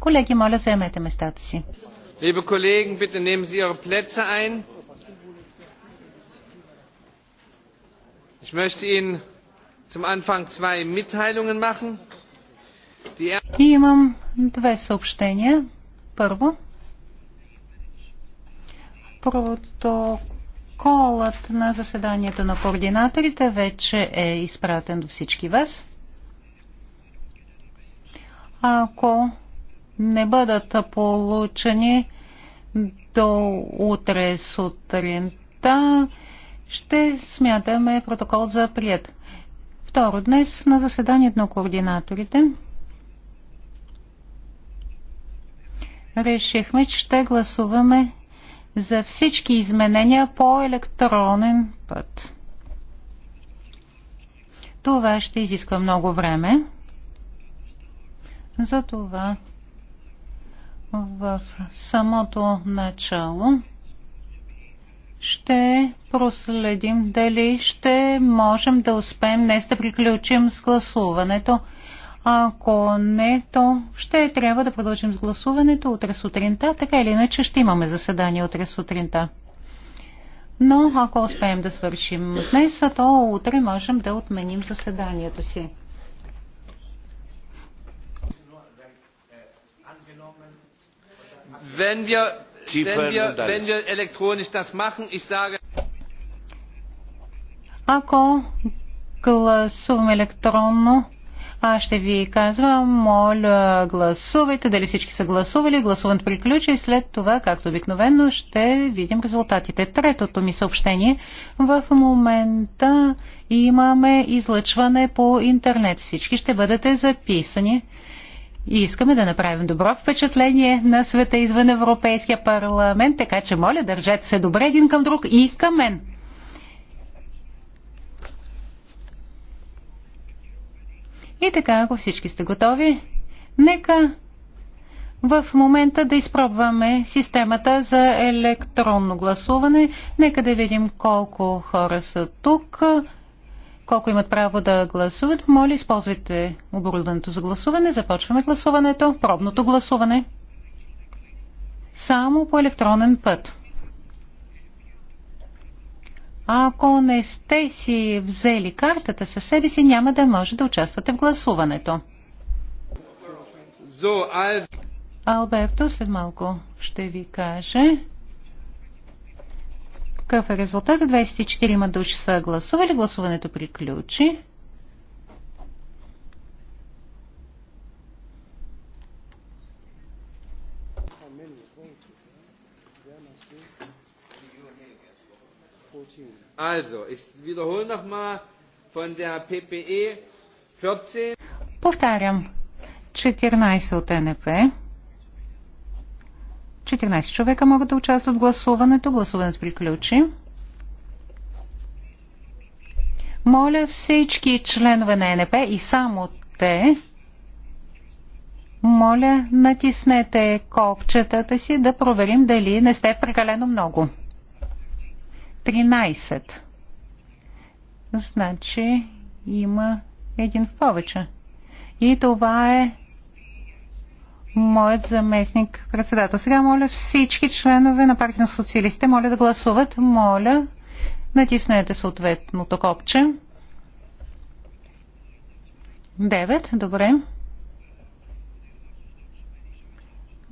Колеги, моля, заемете местата си. Liebe Kollegen, bitte nehmen Sie Ihre Plätze ein. Ich möchte Ihnen zum Anfang zwei Mitteilungen machen. Die er- И имам две съобщения. Първо, протоколът на заседанието на координаторите вече е изпратен до всички вас ако не бъдат получени до утре сутринта, ще смятаме протокол за прият. Второ, днес на заседанието на координаторите решихме, че ще гласуваме за всички изменения по електронен път. Това ще изисква много време. Затова в самото начало ще проследим дали ще можем да успеем днес да приключим с гласуването. Ако не, то ще трябва да продължим с гласуването утре сутринта, така или иначе ще имаме заседание утре сутринта. Но ако успеем да свършим днес, то утре можем да отменим заседанието си. Wenn wir, wenn wir, wenn wir elektronisch das machen, ich sage. Ако гласуваме електронно, аз ще ви казвам, моля, гласувайте, дали всички са гласували, гласуването приключи и след това, както обикновено, ще видим резултатите. Третото ми съобщение. В момента имаме излъчване по интернет. Всички ще бъдете записани. И искаме да направим добро впечатление на света извън Европейския парламент, така че моля, държете се добре един към друг и към мен. И така, ако всички сте готови, нека в момента да изпробваме системата за електронно гласуване. Нека да видим колко хора са тук колко имат право да гласуват. Моля, използвайте оборудването за гласуване. Започваме гласуването, пробното гласуване. Само по електронен път. Ако не сте си взели картата със себе си, няма да може да участвате в гласуването. Алберто след малко ще ви каже. Какъв е резултатът? 24 души са гласували. Гласуването приключи. Also, ich wiederhole nochmal von der PPE 14. Повтарям. 14 от НП. 14 човека могат да участват в гласуването. Гласуването приключи. Моля всички членове на НП и само те, моля натиснете копчетата си да проверим дали не сте прекалено много. 13. Значи има един в повече. И това е моят заместник председател. Сега моля всички членове на партия на социалистите, моля да гласуват. Моля, натиснете съответното копче. Девет, добре.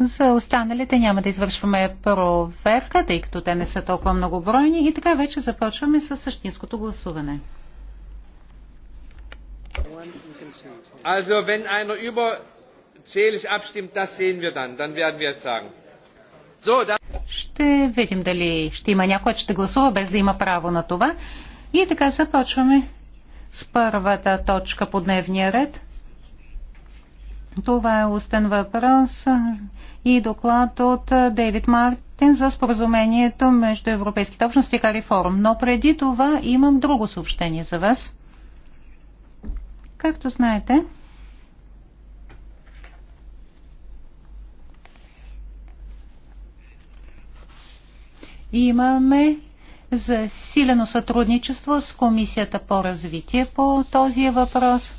За останалите няма да извършваме проверка, тъй като те не са толкова многобройни. И така вече започваме с същинското гласуване. Also, wenn einer über zählisch abstimmt, das sehen wir dann. Dann werden wir es sagen. So, Ще видим дали ще има някой, ще гласува без да има право на това. И така започваме с първата точка по дневния ред. Това е устен въпрос и доклад от Дейвид Мартин за споразумението между Европейските общности и Карифорум. Но преди това имам друго съобщение за вас. Както знаете, имаме засилено сътрудничество с Комисията по развитие по този въпрос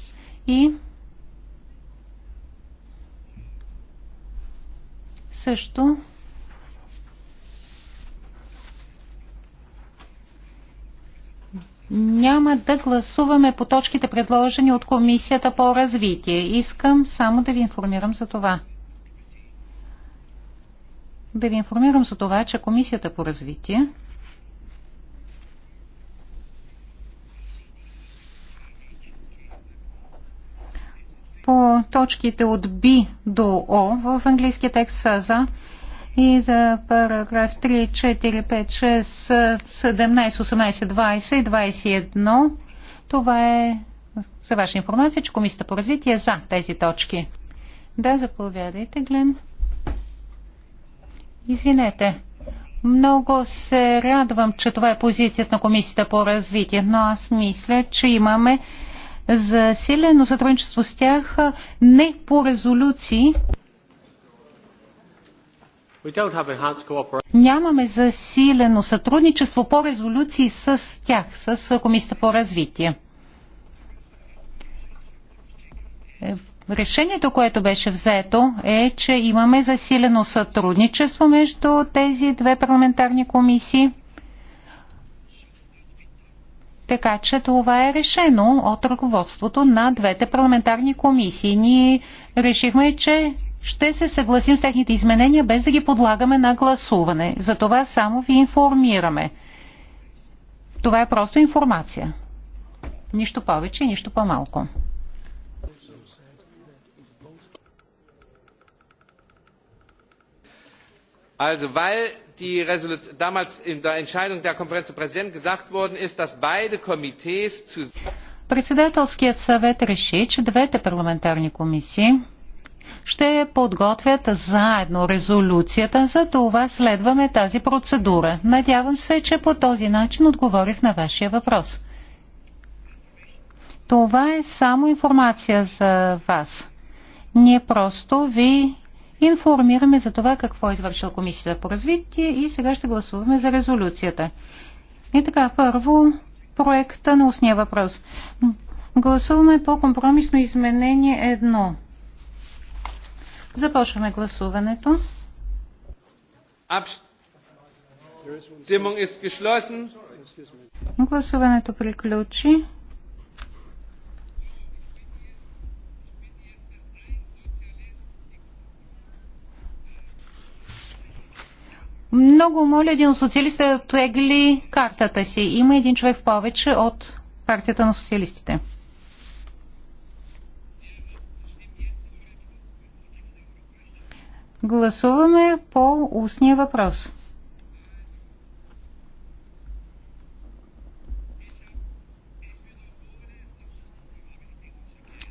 и също няма да гласуваме по точките предложени от Комисията по развитие. Искам само да ви информирам за това да ви информирам за това, че Комисията по развитие по точките от B до О в английския текст са за и за параграф 3, 4, 5, 6, 17, 18, 20 и 21. Това е за ваша информация, че Комисията по развитие е за тези точки. Да, заповядайте, Глен. Извинете. Много се радвам, че това е позицията на Комисията по развитие, но аз мисля, че имаме засилено сътрудничество с тях не по резолюции. Нямаме засилено сътрудничество по резолюции с тях, с Комисията по развитие. Решението, което беше взето е, че имаме засилено сътрудничество между тези две парламентарни комисии. Така че това е решено от ръководството на двете парламентарни комисии. Ние решихме, че ще се съгласим с техните изменения, без да ги подлагаме на гласуване. За това само ви информираме. Това е просто информация. Нищо повече, нищо по-малко. also weil damals in der entscheidung der konferenz der präsidenten gesagt worden ist dass beide komitees Председателският съвет реши, че двете парламентарни комисии ще подготвят заедно резолюцията, за това следваме тази процедура. Надявам се, че по този начин отговорих на вашия въпрос. Това е само информация за вас. Ние просто ви информираме за това какво е извършила Комисията по развитие и сега ще гласуваме за резолюцията. И така, първо проекта на устния въпрос. Гласуваме по компромисно изменение едно. Започваме гласуването. Гласуването приключи. Много моля един от социалистите да тегли картата си. Има един човек повече от партията на социалистите. Гласуваме по устния въпрос.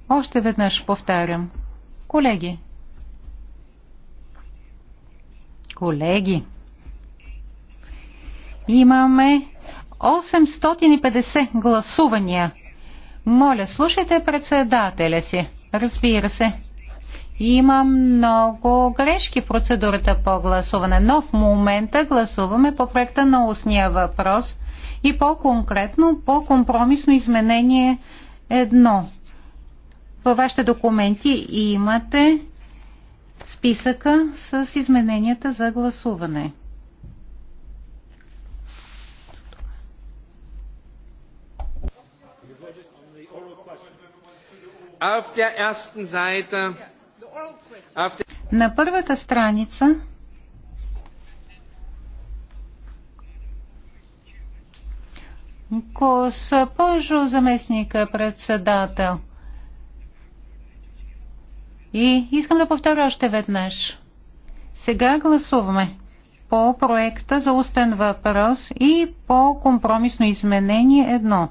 Още веднъж повтарям. Колеги. Колеги имаме 850 гласувания. Моля, слушайте председателя си. Разбира се. Има много грешки в процедурата по гласуване, но в момента гласуваме по проекта на устния въпрос и по-конкретно по компромисно изменение едно. Във вашите документи имате списъка с измененията за гласуване. На първата страница Госпожо заместника председател, и искам да повторя още веднъж. Сега гласуваме по проекта за устен въпрос и по компромисно изменение едно.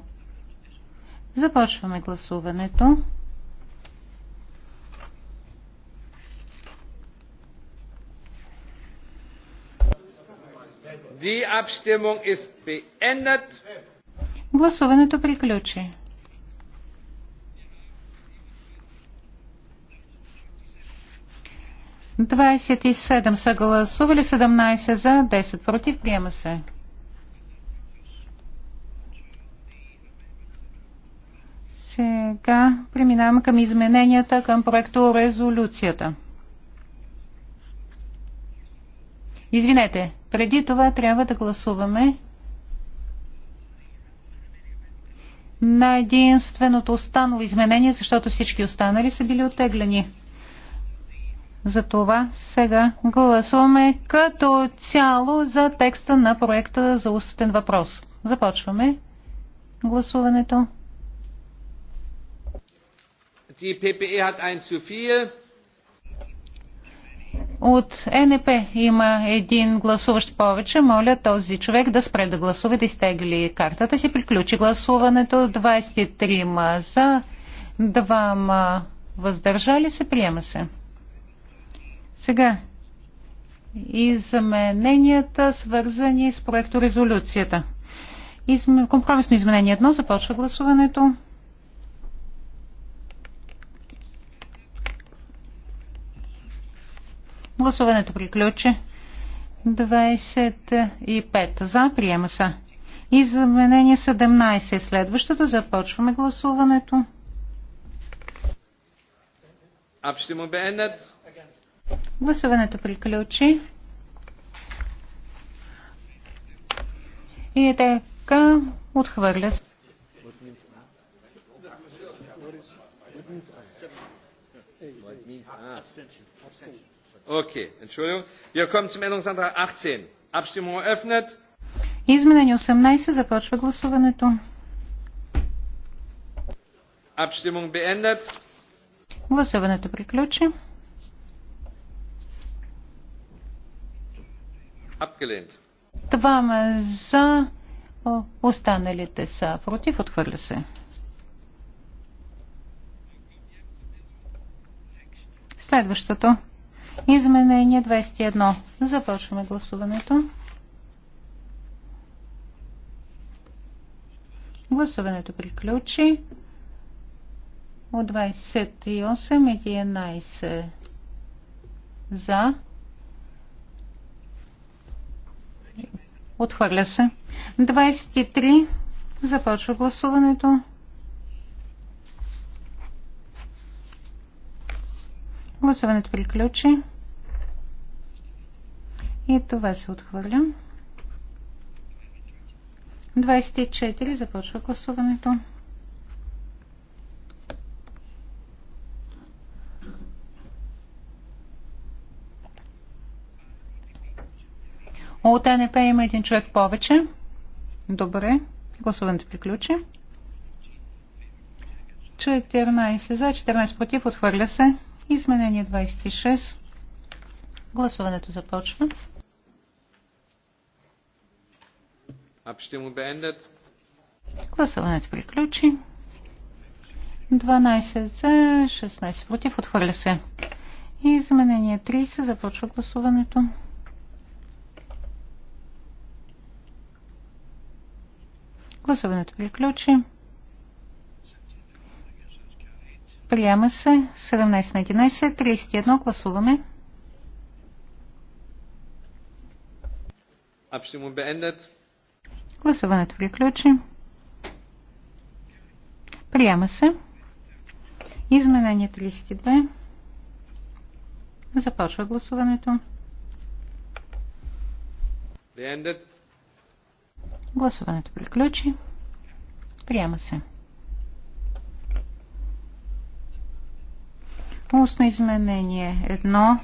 Започваме гласуването. Гласуването приключи. Двадесет и седем са гласували, 17 за, 10 против. Приема се. Сега преминаваме към измененията към проекто резолюцията. Извинете, преди това трябва да гласуваме на единственото останало изменение, защото всички останали са били отеглени. Затова сега гласуваме като цяло за текста на проекта за устен въпрос. Започваме гласуването. Die PPE hat zu от НП има един гласуващ повече. Моля този човек да спре да гласува, да изтегли картата си. Приключи гласуването. 23 за, 2 въздържали се. Приема се. Сега измененията, свързани с резолюцията. Изм... Компромисно изменение 1 започва гласуването. Гласуването приключи. 25 за. Приема са. Изменение 17. Следващото. Започваме гласуването. Гласуването приключи. И така отхвърля. Abstention. Abstention. Okay, Entschuldigung. Wir kommen zum Änderungsantrag 18. Abstimmung eröffnet. Изменение 18 започва гласуването. Abstimmung beendet. Гласуването приключи. Abgelehnt. Двама за, останалите са против, отхвърля се. Следващото. Изменение 21. Започваме гласуването. Гласуването приключи. От 28 11 за. Отхвърля се. 23. Започва гласуването. Гласуването приключи. И това се отхвърля. 24 започва гласуването. От НП има един човек повече. Добре. Гласуването приключи. 14 за, 14 против. Отхвърля се. Изменение 26. Гласуването започва. Гласуването приключи. 12 за, 16 против. Отхвърля се. изменение 30. Започва гласуването. Гласуването приключи. Приема се 17 на 11, 31 гласуваме. Гласуването приключи. Приема се. Изменение 32. Започва гласуването. Гласуването приключи. Приема се. Устно изменение едно.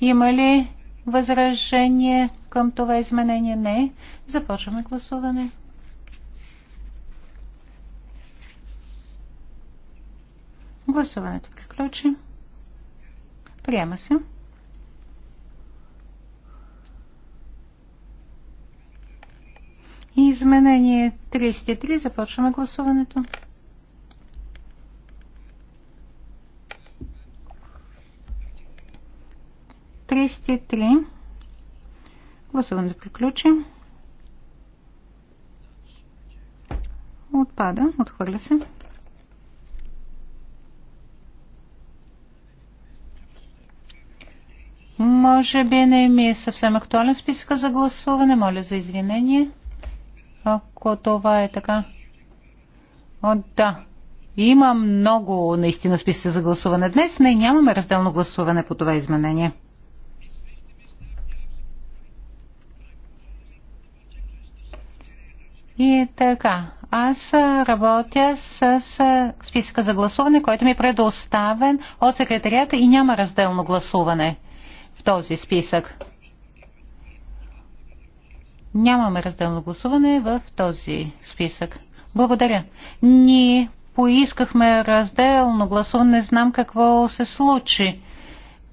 Има ли възражение към това изменение? Не. Започваме гласуване. Гласуването приключи. Приема се. Изменение 33. Започваме гласуването. 33. Гласуването приключи. Отпада. Отхвърля се. Може би не ми е съвсем актуален списъка за гласуване. Моля за извинение. Ако това е така. О, да. Има много наистина списъци за гласуване днес. Не, нямаме разделно гласуване по това изменение. И така, аз работя с списка за гласуване, който ми е предоставен от секретарията и няма разделно гласуване в този списък. Нямаме разделно гласуване в този списък. Благодаря. Ние поискахме разделно гласуване, не знам какво се случи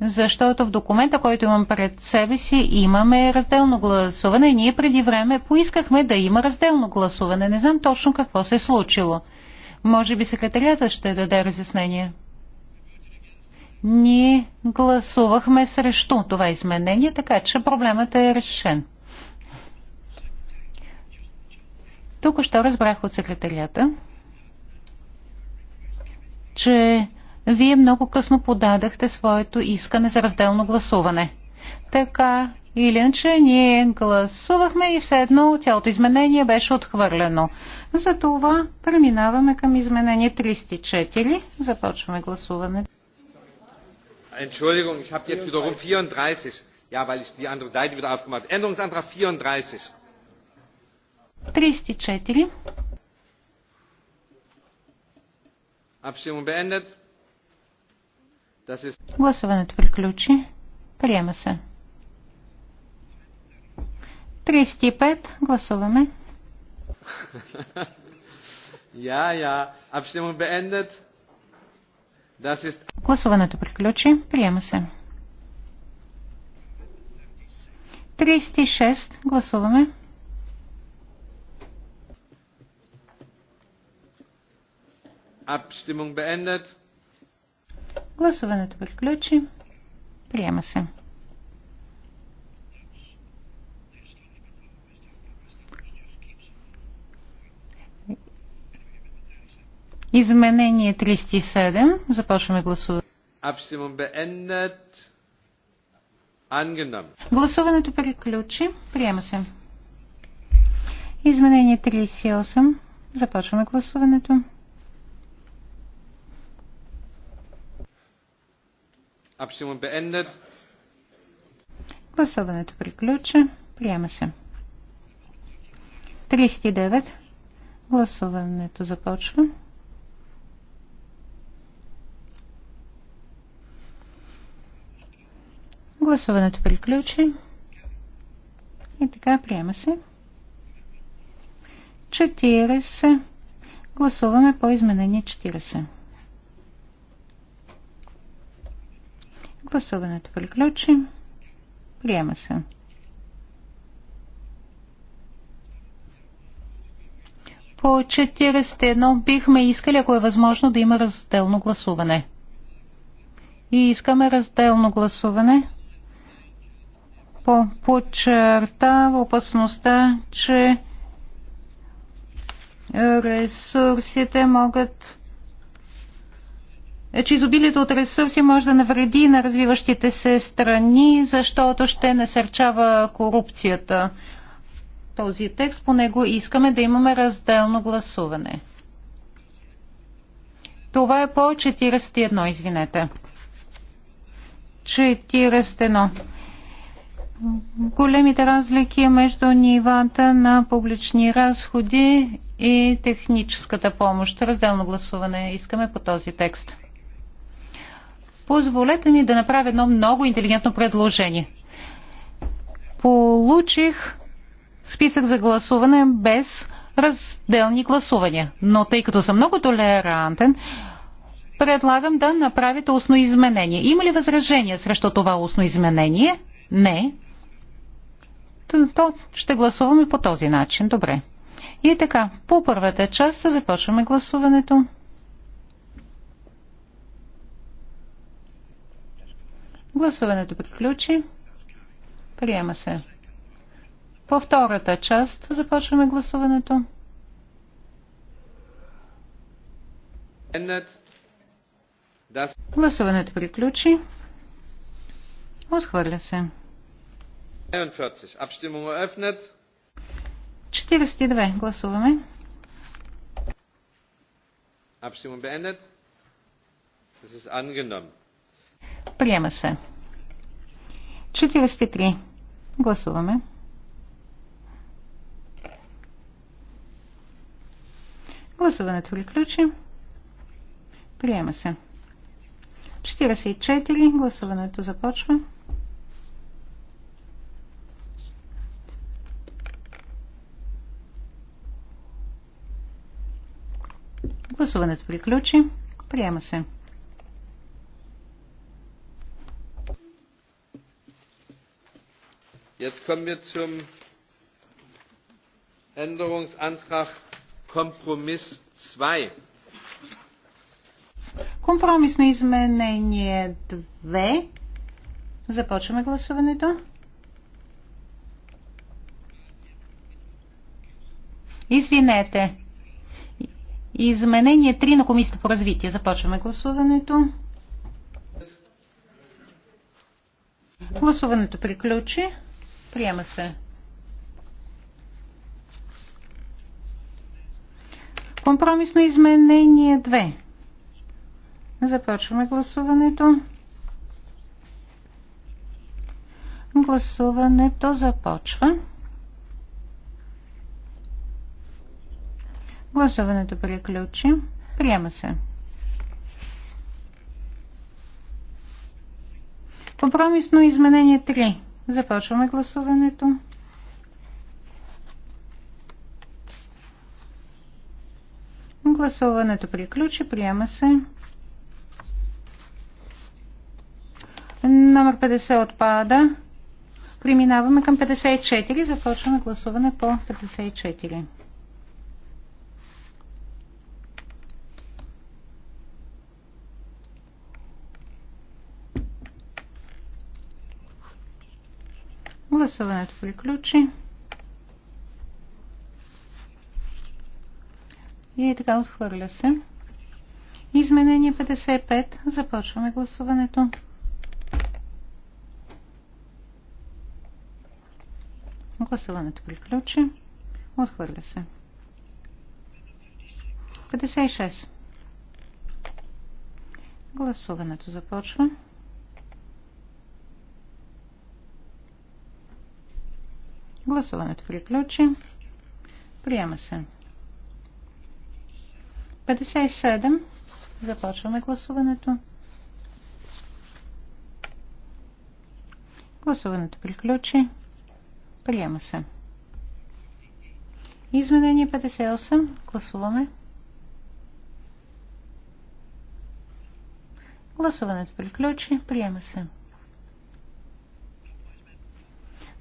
защото в документа, който имам пред себе си, имаме разделно гласуване. Ние преди време поискахме да има разделно гласуване. Не знам точно какво се е случило. Може би секретарията ще даде разяснение. Ние гласувахме срещу това изменение, така че проблемът е решен. Тук що разбрах от секретарията, че вие много късно подадахте своето искане за разделно гласуване. Така или иначе, ние гласувахме и все едно цялото изменение беше отхвърлено. Затова преминаваме към изменение 34. Започваме гласуване. Entschuldigung, ich habe jetzt wiederum 34. Ja, weil ich die andere Seite wieder aufgemacht habe. Änderungsantrag 34. 34. Abstimmung beendet. Гласуването приключи. Приема се. 35. Гласуваме. Ja, ja. Abstimmung beendet. Das ist... Гласуването приключи. Приема се. 36. Гласуваме. Abstimmung beendet. Гласуването приключи. Приема се. Изменение 37. Започваме гласуване. Гласуването приключи. Приема се. Изменение 38. Започваме гласуването. Abstimmung beendet. Гласуването приключи. Приема се. 39. Гласуването започва. Гласуването приключи. И така приема се. 40. Гласуваме по изменение 40. Гласуването приключи. Приема се. По 41 бихме искали, ако е възможно, да има разделно гласуване. И искаме разделно гласуване. По подчерта опасността, че ресурсите могат е, че изобилието от ресурси може да навреди на развиващите се страни, защото ще насърчава корупцията. Този текст по него искаме да имаме разделно гласуване. Това е по 41, извинете. 41. Големите разлики между нивата на публични разходи и техническата помощ. Разделно гласуване искаме по този текст. Позволете ми да направя едно много интелигентно предложение. Получих списък за гласуване без разделни гласувания. Но тъй като съм много толерантен, предлагам да направите устно изменение. Има ли възражение срещу това устно изменение? Не. То ще гласуваме по този начин. Добре. И така, по първата част започваме гласуването. Гласуването приключи. Приема се. По втората част започваме гласуването. Гласуването приключи. Отхвърля се. 42. Гласуваме. Abstimmung beendet. Es ist angenommen. Приема се. 43. Гласуваме. Гласуването приключи. Приема се. 44. Гласуването започва. Гласуването приключи. Приема се. jetzt kommen wir zum änderungsantrag kompromiss zwei компромисно изменение 2 започваме гласуването Извинете. Изменение 3 на Комисията по развитие. Започваме гласуването. Гласуването приключи. Приема се. Компромисно изменение 2. Започваме гласуването. Гласуването започва. Гласуването приключи. Приема се. Компромисно изменение 3. Започваме гласуването. Гласуването приключи. Приема се. Номер 50 отпада. Преминаваме към 54. Започваме гласуване по 54. Гласуването приключи. И така отхвърля се. Изменение 55. Започваме гласуването. Гласуването приключи. Отхвърля се. 56. Гласуването започва. Гласуването приключи. Приема се. 57. Започваме гласуването. Гласуването приключи. Приема се. Изменение 58. Гласуваме. Гласуването приключи. Приема се.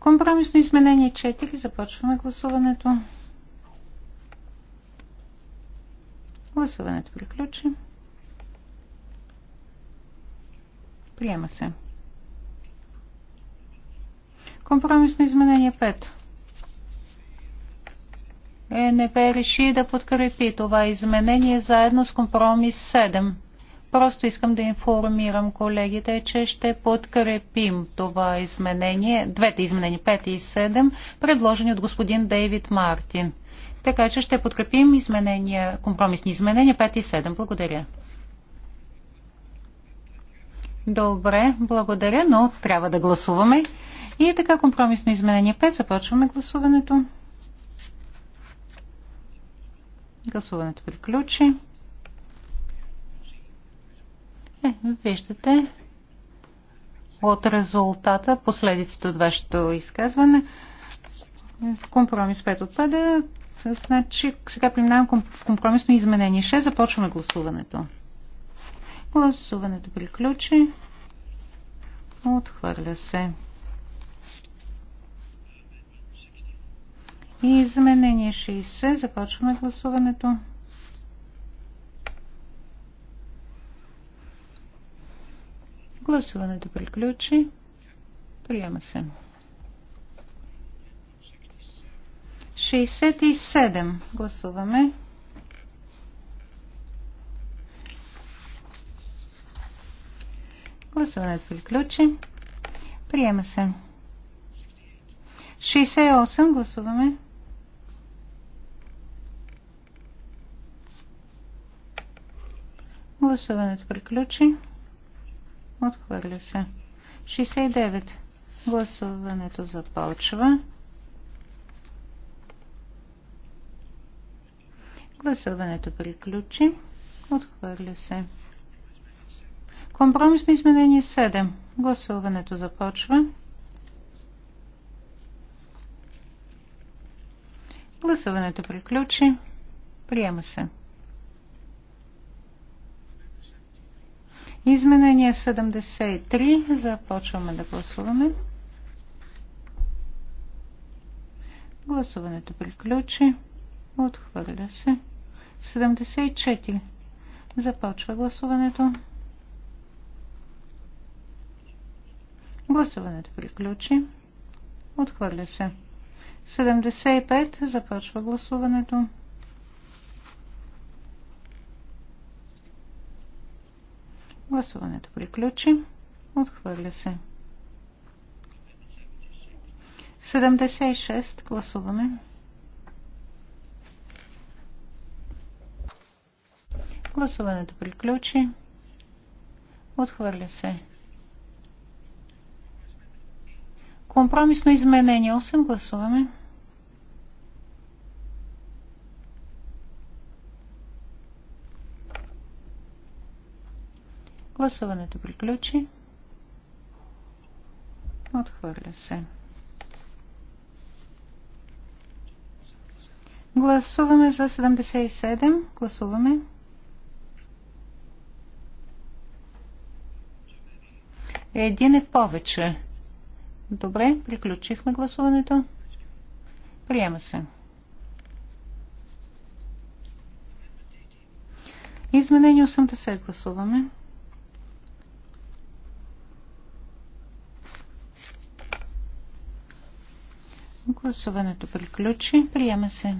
Компромисно изменение 4. Започваме гласуването. Гласуването приключи. Приема се. Компромисно изменение 5. ЕНП реши да подкрепи това изменение заедно с компромис 7. Просто искам да информирам колегите, че ще подкрепим това изменение, двете изменения 5 и 7, предложени от господин Дейвид Мартин. Така че ще подкрепим изменения, компромисни изменения 5 и 7. Благодаря. Добре, благодаря, но трябва да гласуваме. И така компромисно изменение 5. Започваме гласуването. Гласуването приключи. Е, виждате от резултата, последиците от вашето изказване. Компромис 5 отпада. Значи, сега преминавам в компромисно изменение 6. Започваме гласуването. Гласуването приключи. Отхвърля се. изменение 60. Започваме гласуването. Гласуването приключи. Приема се. 67. Гласуваме. Гласуването приключи. Приема се. 68. Гласуваме. Гласуването приключи. Отхвърля се. 69. Гласуването започва. Гласуването приключи. Отхвърля се. Компромисно изменение 7. Гласуването започва. Гласуването приключи. Приема се. Изменение 73. Започваме да гласуваме. Гласуването приключи. Отхвърля се. 74. Започва гласуването. Гласуването приключи. Отхвърля се. 75. Започва гласуването. Гласуването приключи. Отхвърля се. 76. Гласуваме. Гласуването приключи. Отхвърля се. Компромисно изменение 8. Гласуваме. Гласуването приключи. Отхвърля се. Гласуваме за 77. Гласуваме. Един е повече. Добре, приключихме гласуването. Приема се. Изменение 80 гласуваме. Гласуването приключи. Приема се.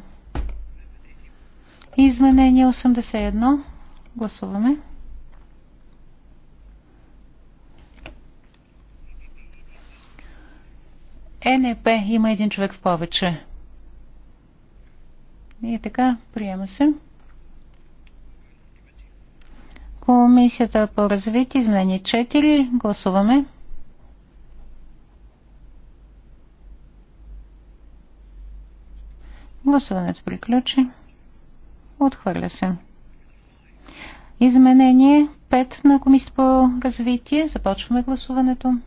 Изменение 81. Гласуваме. Е НЕП има един човек в повече. И е така, приема се. Комисията по развитие, изменение 4. Гласуваме. Гласуването приключи. Отхвърля се. Изменение 5 на Комисията по развитие. Започваме гласуването.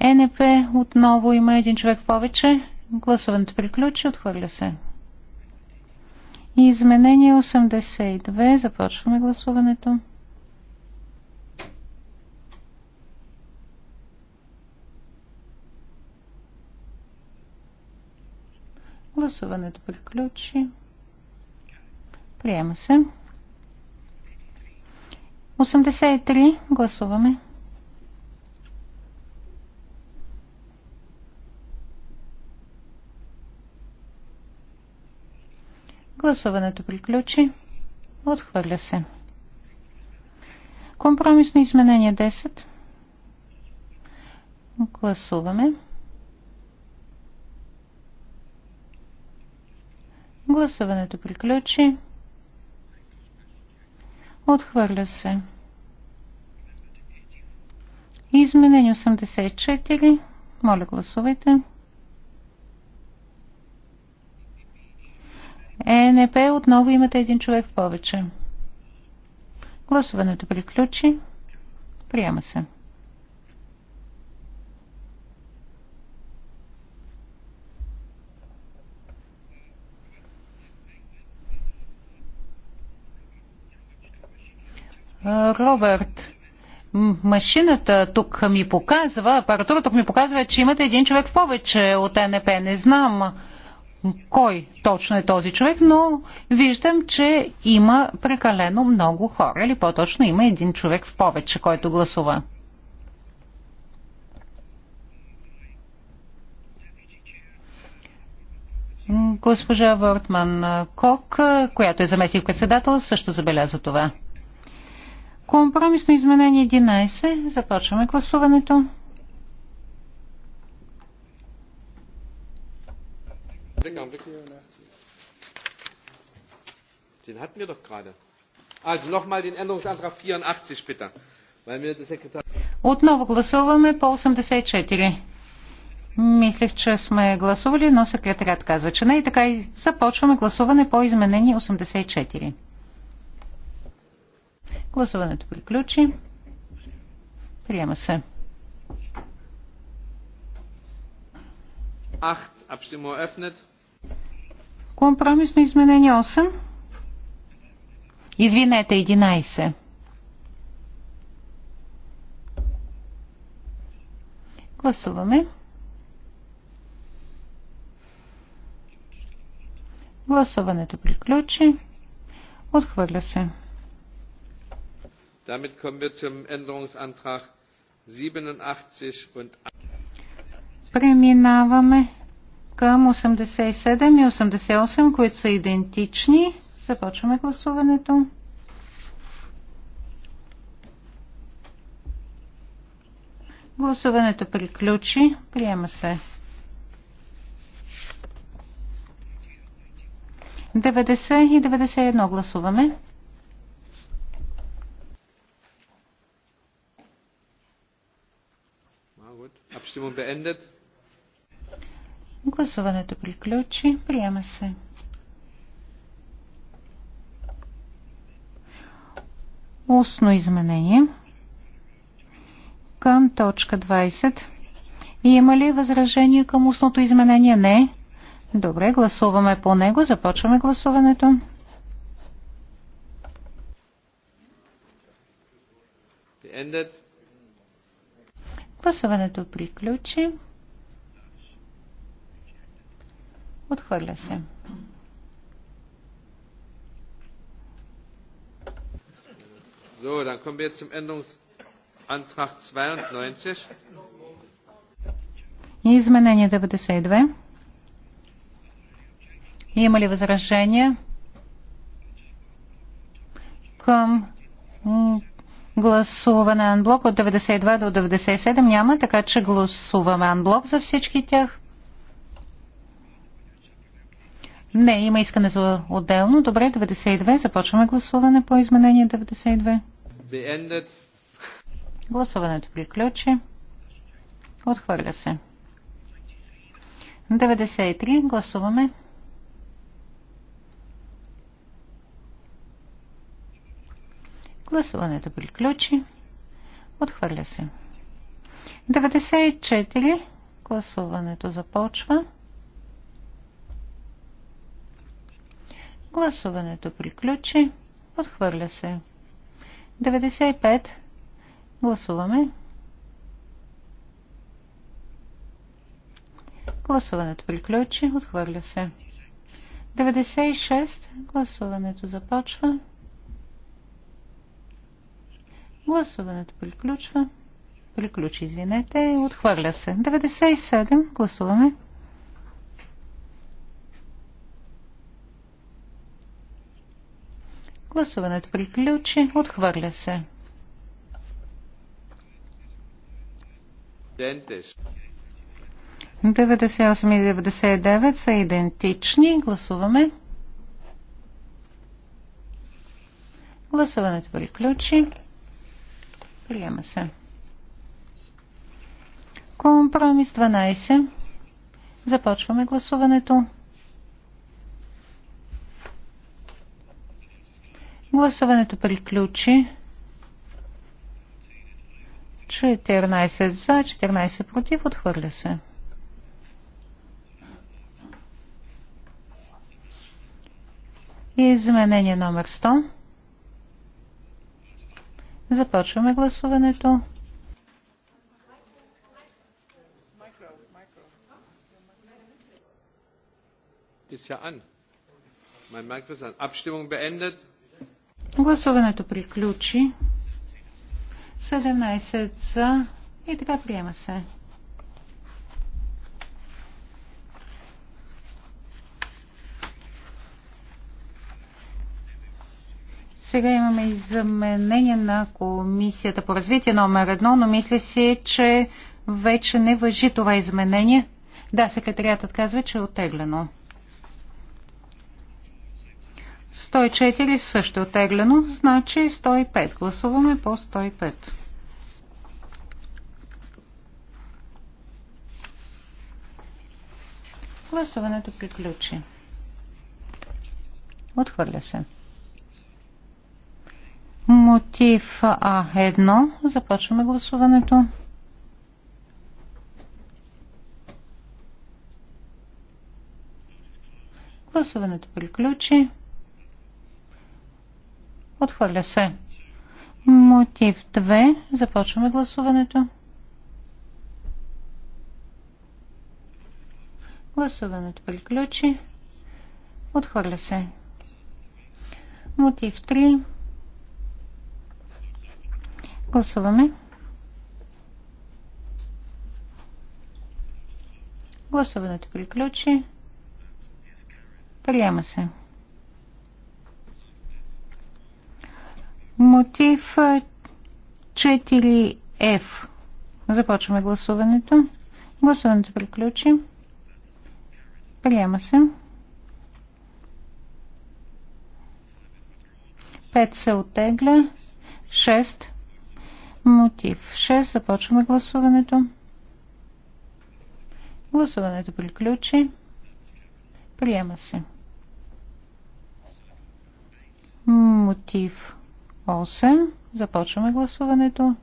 Е НП отново има един човек повече. Гласуването приключи. Отхвърля се. Изменение 82. Започваме гласуването. Гласуването приключи. Приема се. 83. Гласуваме. Гласуването приключи. Отхвърля се. Компромисно изменение 10. Гласуваме. Гласуването приключи. Отхвърля се. Изменение 84. Моля, гласувайте. ЕНП отново имате един човек в повече. Гласуването приключи. Приема се. Робърт, машината тук ми показва, апаратура тук ми показва, че имате един човек повече от НП. Не знам кой точно е този човек, но виждам, че има прекалено много хора, или по-точно има един човек в повече, който гласува. Госпожа Вортман Кок, която е заместник председател, също забеляза това. Компромисно изменение 11. Започваме гласуването. Den hatten wir doch gerade. Also nochmal den Änderungsantrag 84 bitte. Weil mir der Sekretär... Отново гласуваме по 84. Мислех, че сме гласували, но секретарят казва, че не. И така и започваме гласуване по изменение 84. Гласуването приключи. Приема се. 8. Абстимо ефнет. Компромисно изменение 8. Извинете, 11. Гласуваме. Гласуването приключи. Отхвърля се. Damit kommen wir zum Änderungsantrag 87 und Преминаваме към 87 и 88, които са идентични. Започваме гласуването. Гласуването приключи. Приема се. 90 и 91 гласуваме. Гласуването приключи. Приема се. Устно изменение към точка 20. Има ли възражение към устното изменение? Не. Добре, гласуваме по него. Започваме гласуването. Beendet. Гласуването приключи. Отхвърля се. So, dann kommen wir jetzt zum Änderungsantrag 92. Изменение 92. Има ли възражения към гласуване анблок от 92 до 97 няма, така че гласуваме анблок за всички тях. Не, има искане за отделно. Добре, 92. Започваме гласуване по изменение 92. Гласуването приключи. Отхвърля се. 93. Гласуваме. Гласуването приключи. Отхвърля се. 94. Гласуването започва. Гласуването приключи. Отхвърля се. 95. Гласуваме. Гласуването приключи. Отхвърля се. 96. Гласуването започва. Гласуването приключва. Приключи, извинете. Отхвърля се. 97. Гласуваме. Гласуването приключи. Отхвърля се. Дентес. 98 и 99 са идентични. Гласуваме. Гласуването приключи. Приема се. Компромис 12. Започваме гласуването. Гласуването приключи. 14 за, 14 против, отхвърля се. изменение номер 100. Започваме гласуването. Гласуването приключи. 17 за и така приема се. Сега имаме изменение на Комисията по развитие номер едно, но мисля си, че вече не въжи това изменение. Да, секретариатът казва, че е отеглено. 104 също е отеглено, значи 105. Гласуваме по 105. Гласуването приключи. Отхвърля се. Мотив А1. Започваме гласуването. Гласуването приключи. Отхвърля се. Мотив 2. Започваме гласуването. Гласуването приключи. Отхвърля се. Мотив 3. Гласуваме. Гласуването приключи. Приема се. Мотив 4F. Започваме гласуването. Гласуването приключи. Приема се. 5 се отегля. 6 Мотив 6. Започваме гласуването. Гласуването приключи. Приема се. Мотив 8. Започваме гласуването.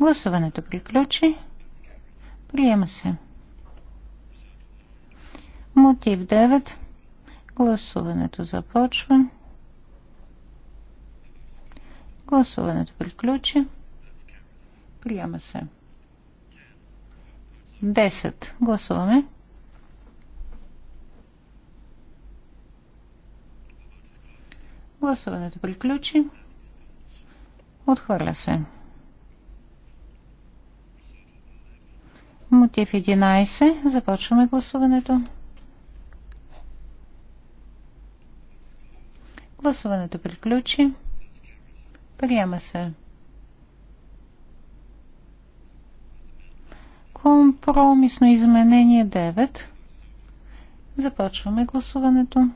Гласуването приключи. Приема се. Мотив 9. Гласуването започва. Гласуването приключи. Приема се. 10. Гласуваме. Гласуването приключи. Отхвърля се. Мотив 11. Започваме гласуването. Гласуването приключи. Приема се. Компромисно изменение 9. Започваме гласуването.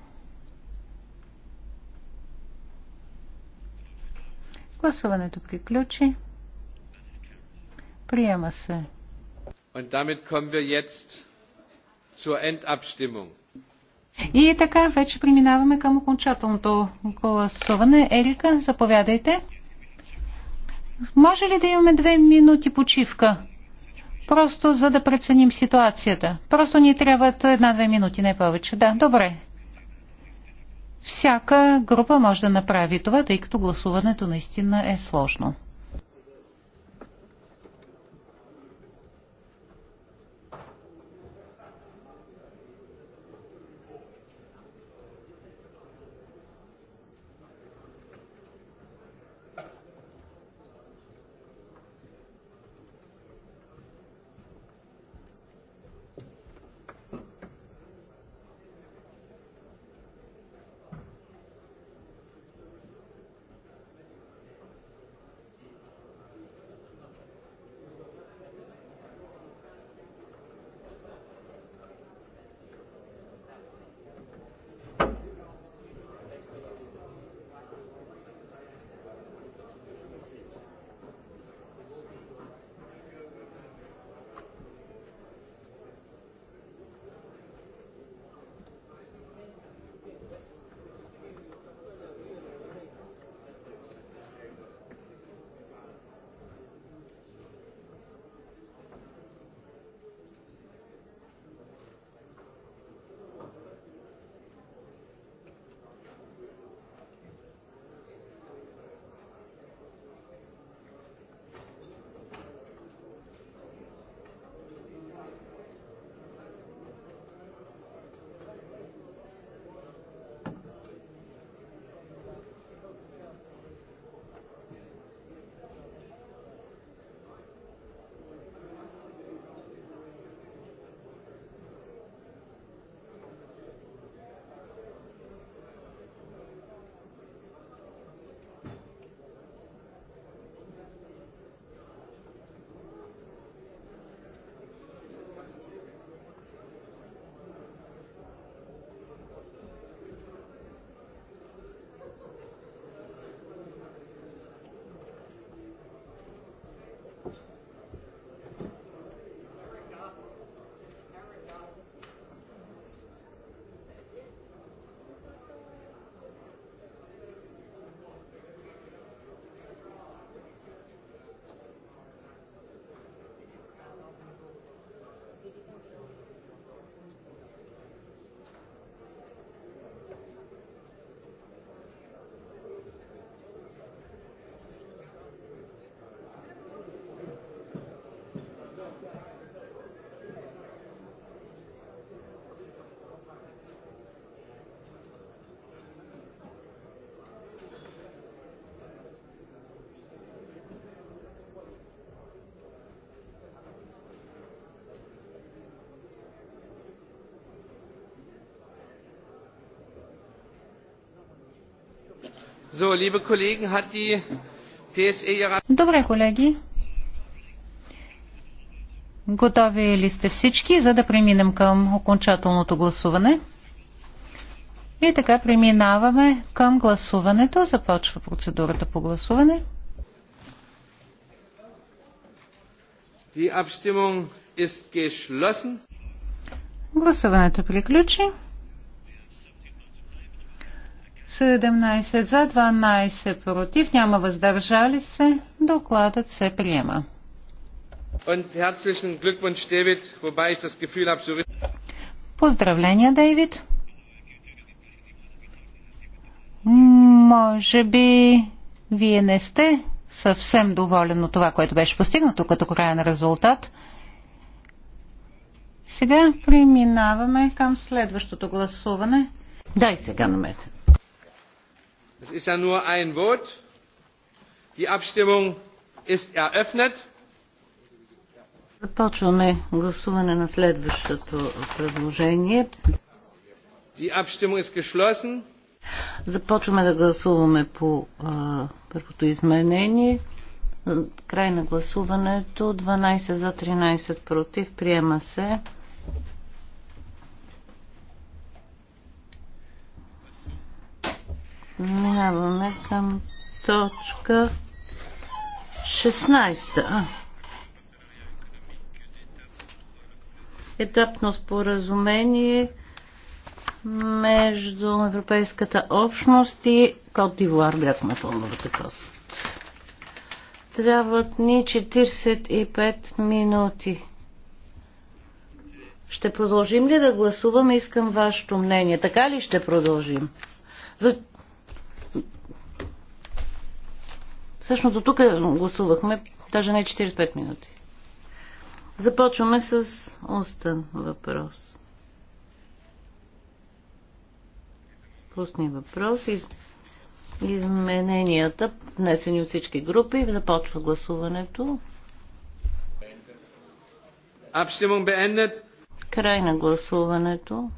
Гласуването приключи. Приема се. Und damit kommen wir jetzt zur Endabstimmung. И така вече преминаваме към окончателното гласуване. Ерика, заповядайте. Може ли да имаме две минути почивка? Просто за да преценим ситуацията. Просто ни трябват една-две минути, не повече. Да, добре. Всяка група може да направи това, тъй като гласуването наистина е сложно. E Добре, колеги. Готови ли сте всички, за да преминем към окончателното гласуване? И така преминаваме към гласуването. Започва процедурата по гласуване. Гласуването приключи. 17 за 12 против, няма въздържали се. Докладът се приема. Поздравления, Дейвид. Може би вие не сте съвсем доволен от това, което беше постигнато като крайен резултат. Сега преминаваме към следващото гласуване. Дай сега намете. Es ist ja nur ein vot. Die Abstimmung ist eröffnet. Започваме гласуване на следващото предложение. Die Abstimmung ist geschlossen. Започваме да гласуваме по а, първото изменение. Край на гласуването 12 за 13 против. Приема се. Минаваме към точка 16. Етапно споразумение между Европейската общност и Кот Дивуар, бряг на Пълновата кост. Трябват ни 45 минути. Ще продължим ли да гласуваме? Искам вашето мнение. Така ли ще продължим? За Всъщност до тук гласувахме, даже не 45 минути. Започваме с устен въпрос. Пусни въпрос. Из... Измененията, внесени от всички групи, започва гласуването. беендет. Край на гласуването.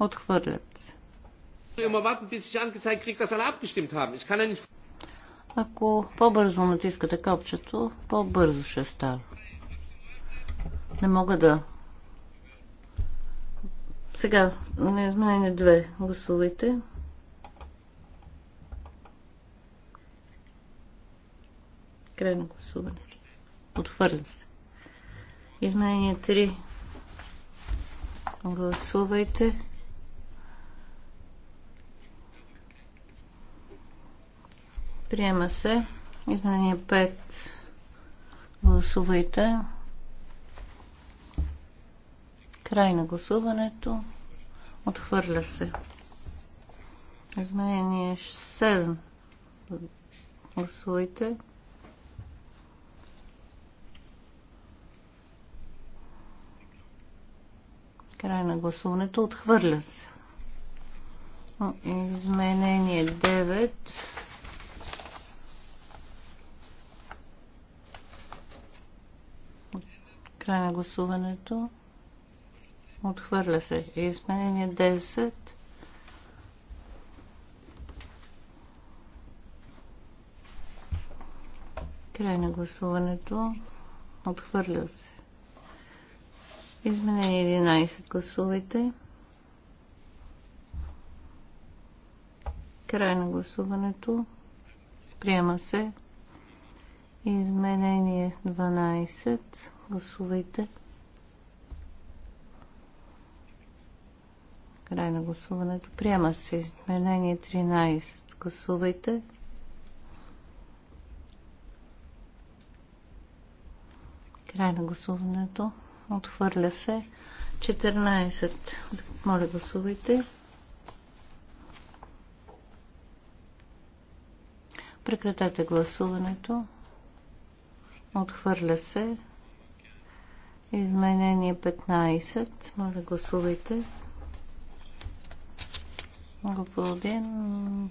Отхвърлят се ich angezeigt dass alle abgestimmt haben. Ich kann ja nicht... Ако по-бързо натискате копчето, по-бързо ще става. Не мога да... Сега, на изменение две, гласувайте. Край на гласуване. Отвърля се. Изменение 3. Гласувайте. Приема се. Изменение 5. Гласувайте. Край на гласуването. Отхвърля се. Изменение 7. Гласувайте. Край на гласуването. Отхвърля се. Изменение 9. Край на гласуването. Отхвърля се. Изменение 10. Край на гласуването. Отхвърля се. Изменение 11. Гласувайте. Край на гласуването. Приема се. Изменение 12. Гласувайте. Край на гласуването. Приема се изменение 13. Гласувайте. Край на гласуването. Отхвърля се. 14. Моля, гласувайте. Прекратете гласуването. Отхвърля се. Изменение 15. Моля, гласувайте. Господин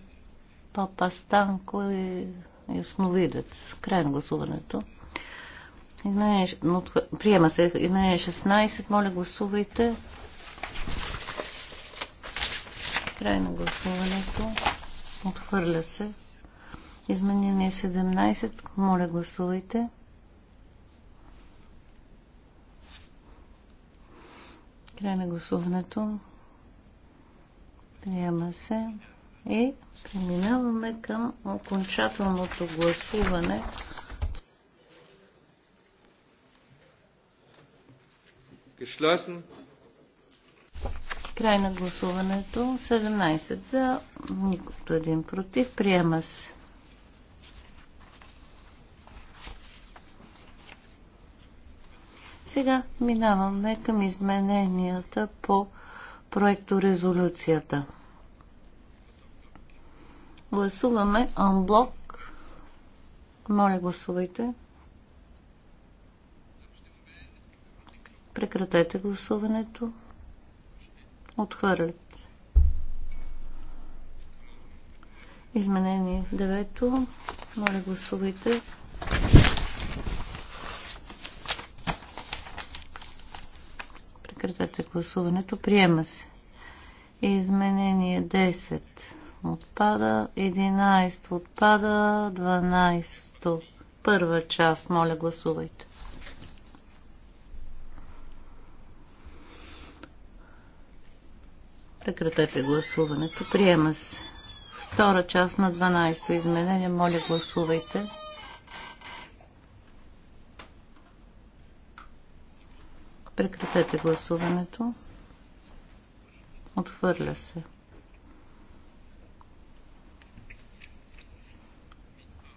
Папа Станко е ясновидец. Край на гласуването. Изменение, приема се изменение 16. Моля, гласувайте. Край на гласуването. Отхвърля се. Изменение 17. Моля, гласувайте. Край на гласуването. Приема се. И преминаваме към окончателното гласуване. Geschlossen. Край на гласуването. 17 за, никото един против. Приема се. Сега минаваме към измененията по проекто резолюцията. Гласуваме анблок. Моля, гласувайте. Прекратете гласуването. Отхвърлят Изменение 9. Моля, гласувайте. Прекратете гласуването. Приема се. Изменение 10 отпада. 11 отпада. 12. Първа част. Моля, гласувайте. Прекратете гласуването. Приема се. Втора част на 12 изменение. Моля, гласувайте. Прекратете гласуването. Отхвърля се.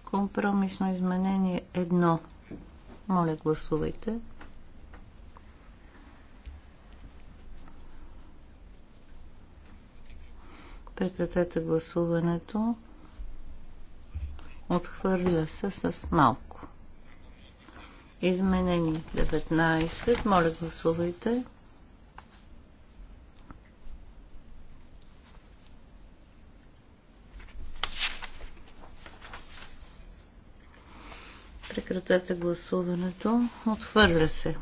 Компромисно изменение 1. Моля, гласувайте. Прекратете гласуването. Отхвърля се с малко. Изменени 19. Моля, гласувайте. Прекратете гласуването. Отхвърля се.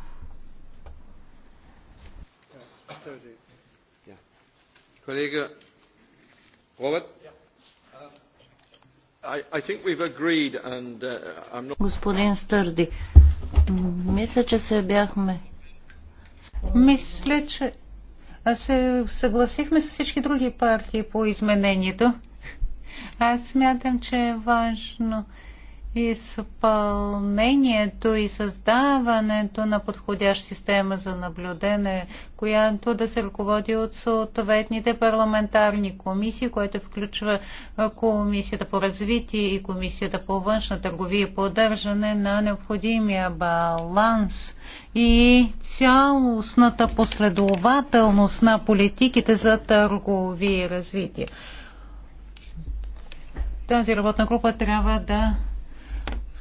Колега Робът? Uh, Господин Стърди, мисля, че се бяхме. Мисля, че аз се съгласихме с всички други партии по изменението. Аз смятам, че е важно изпълнението и създаването на подходяща система за наблюдение, която да се ръководи от съответните парламентарни комисии, което включва Комисията по развитие и Комисията по външна търговия и поддържане на необходимия баланс и цялостната последователност на политиките за търговия и развитие. Тази работна група трябва да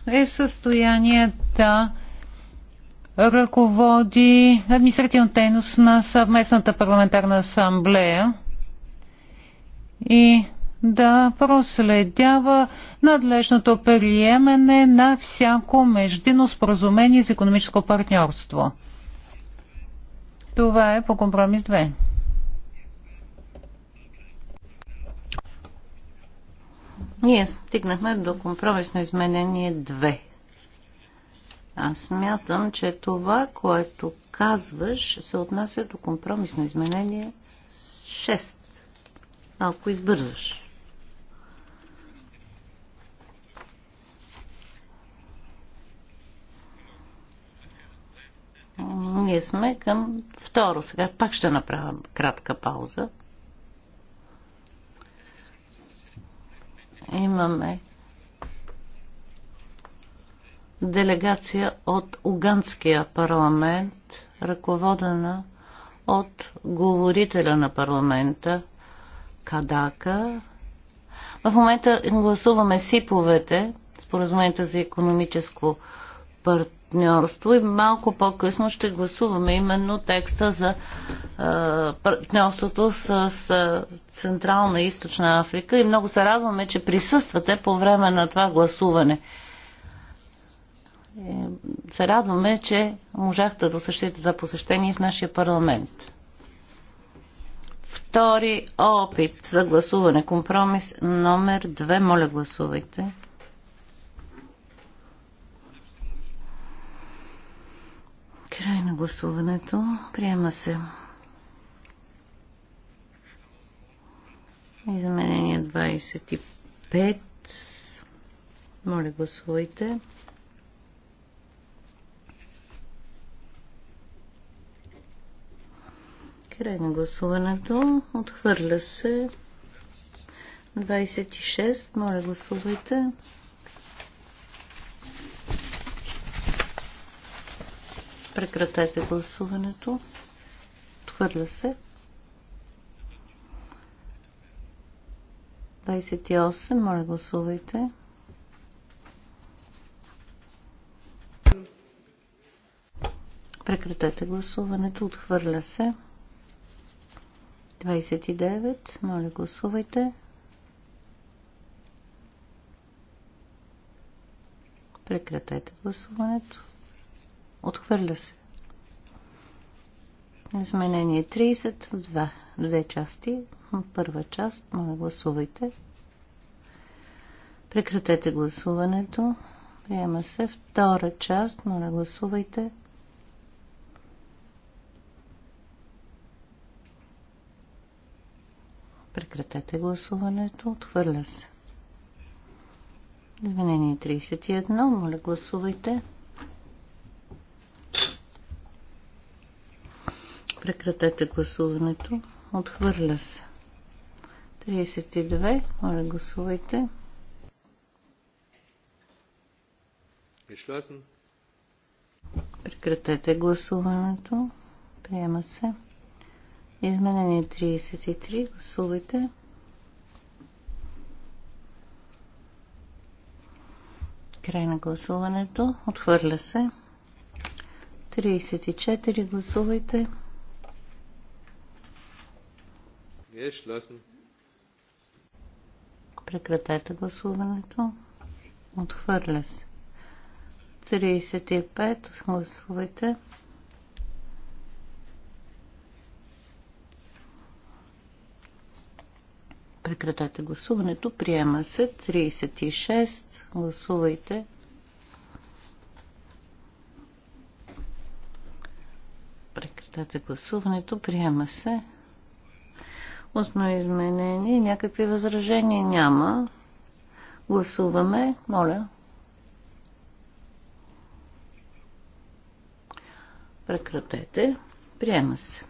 е в състояние да ръководи административната дейност на съвместната парламентарна асамблея и да проследява надлежното приемане на всяко междинно споразумение за економическо партньорство. Това е по компромис 2. Ние стигнахме до компромисно изменение 2. Аз смятам, че това, което казваш, се отнася до компромисно изменение 6. Малко избързваш. Ние сме към второ. Сега пак ще направя кратка пауза. имаме делегация от Уганския парламент, ръководена от говорителя на парламента Кадака. В момента гласуваме СИПовете, споразумението за економическо партньорство и малко по-късно ще гласуваме именно текста за е, партньорството с Централна и Източна Африка и много се радваме, че присъствате по време на това гласуване. Е, се радваме, че можахте да осъществите това посещение в нашия парламент. Втори опит за гласуване. Компромис номер 2. Моля, гласувайте. Край на гласуването. Приема се. Изменение 25. Моля, гласувайте. Край на гласуването. Отхвърля се. 26. Моля, гласувайте. Прекратете гласуването. Отхвърля се. 28. Моля, гласувайте. Прекратете гласуването. Отхвърля се. 29. Моля, гласувайте. Прекратете гласуването. Отхвърля се. Изменение 30 в два, две части. Първа част, моля гласувайте. Прекратете гласуването. Приема се втора част, моля гласувайте. Прекратете гласуването. Отхвърля се. Изменение 31. Моля гласувайте. Прекратете гласуването. Отхвърля се. 32. Моля, гласувайте. Geschlossen. Прекратете гласуването. Приема се. Изменение 33. Гласувайте. Край на гласуването. Отхвърля се. 34. Гласувайте. Прекратете гласуването. Отхвърля се. 35. Гласувайте. Прекратете гласуването. Приема се. 36. Гласувайте. Прекратете гласуването. Приема се. Устно изменение. Някакви възражения няма. Гласуваме. Моля. Прекратете. Приема се.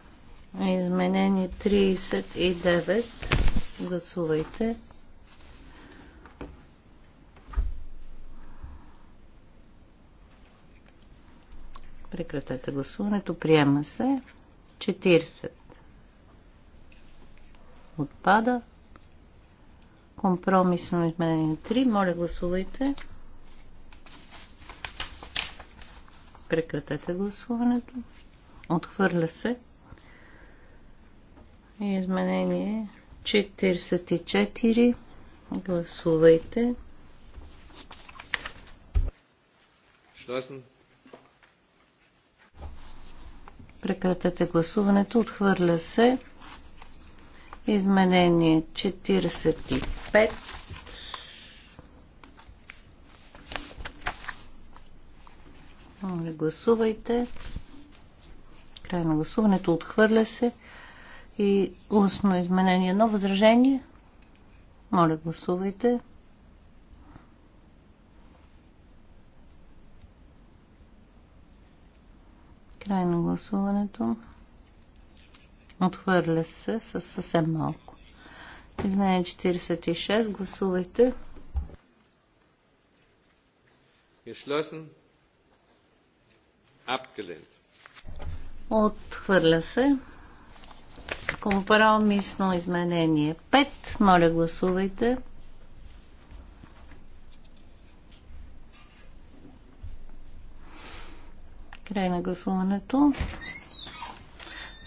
Изменение 39. Гласувайте. Прекратете гласуването. Приема се. 40. Отпада. Компромисно изменение 3. Моля, гласувайте. Прекратете гласуването. Отхвърля се. Изменение 44. Гласувайте. Шлесен. Прекратете гласуването. Отхвърля се. Изменение 45. гласувайте. Край на гласуването. Отхвърля се. И устно изменение. Едно възражение. Моля, гласувайте. Край на гласуването. Отхвърля се с съвсем малко. Измене 46. Гласувайте. Geschlossen. Abgelehnt. Отхвърля се. Компромисно изменение 5. Моля, гласувайте. Край на гласуването.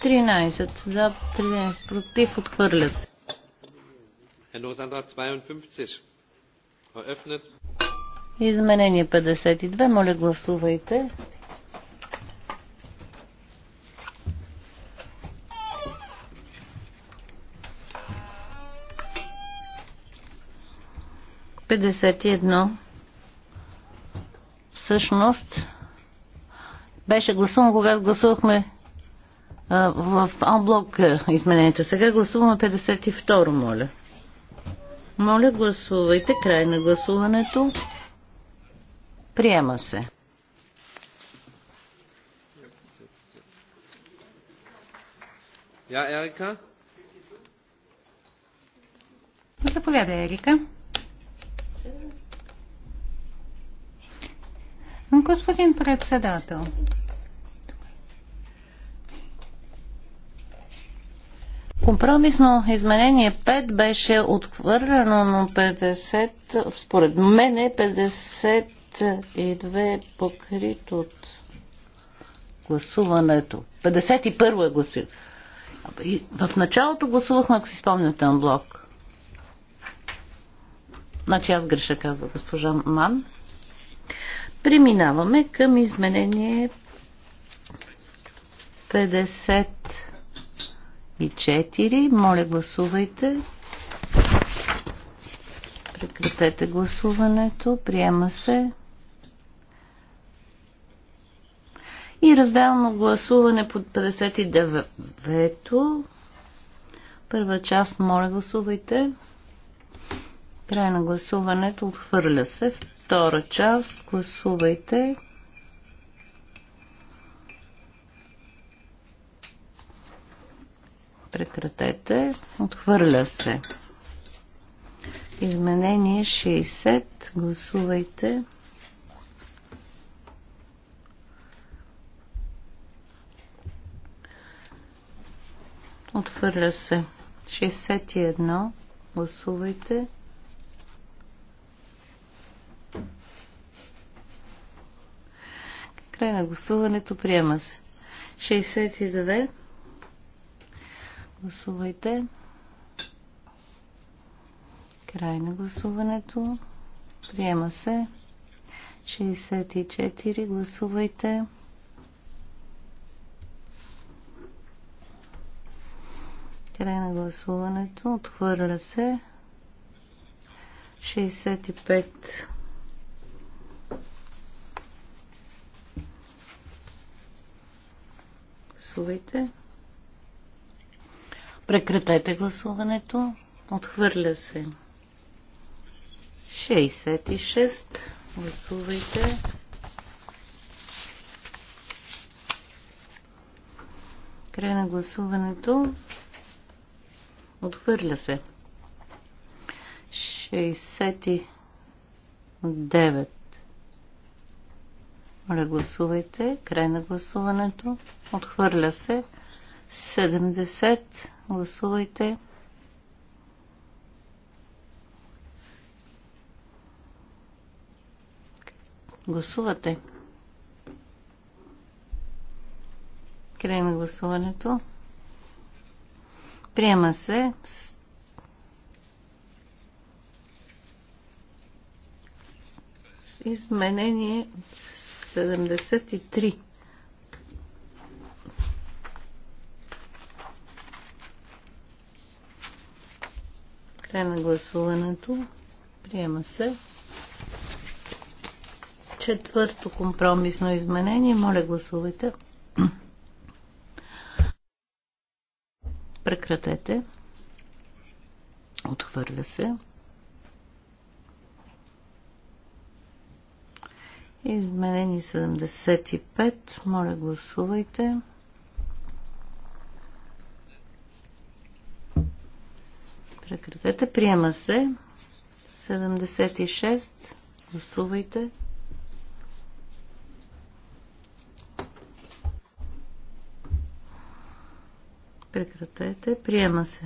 13 за, 13 против, отхвърля се. Änderungsantrag 52. Eröffnet. Изменение 52. Моля гласувайте. Петдесет Всъщност беше гласувано, когато гласувахме в анблок е, измененията. Сега гласуваме 52, моля. Моля, гласувайте. Край на гласуването. Приема се. Я, Ерика? Заповядай, Ерика. Господин председател, Компромисно изменение 5 беше отхвърлено, но 50, според мен е 52 покрит от гласуването. 51 е гласил. В началото гласувахме, ако си спомняте, на блок. Значи аз греша, казва госпожа Ман. Преминаваме към изменение 50. 4, Моля, гласувайте. Прекратете гласуването. Приема се. И разделно гласуване под 59-то. Първа част, моля гласувайте. Край на гласуването отхвърля се. Втора част, гласувайте. Прекратете. Отхвърля се. Изменение 60. Гласувайте. Отхвърля се. 61. Гласувайте. Край на гласуването приема се. 62. Гласувайте. Край на гласуването. Приема се. 64. Гласувайте. Край на гласуването. Отхвърля се. 65. Гласувайте. Прекратете гласуването. Отхвърля се. 66. Гласувайте. Край на гласуването. Отхвърля се. 69. Моля, гласувайте. Край на гласуването. Отхвърля се. 70. Гласувайте. Гласувате. Край на гласуването. Приема се. Изменение 73. Край на гласуването. Приема се. Четвърто компромисно изменение. Моля гласувайте. Прекратете. Отхвърля се. Изменени 75. Моля гласувайте. Гласувайте. Прекратете. Приема се. 76. Гласувайте. Прекратете. Приема се.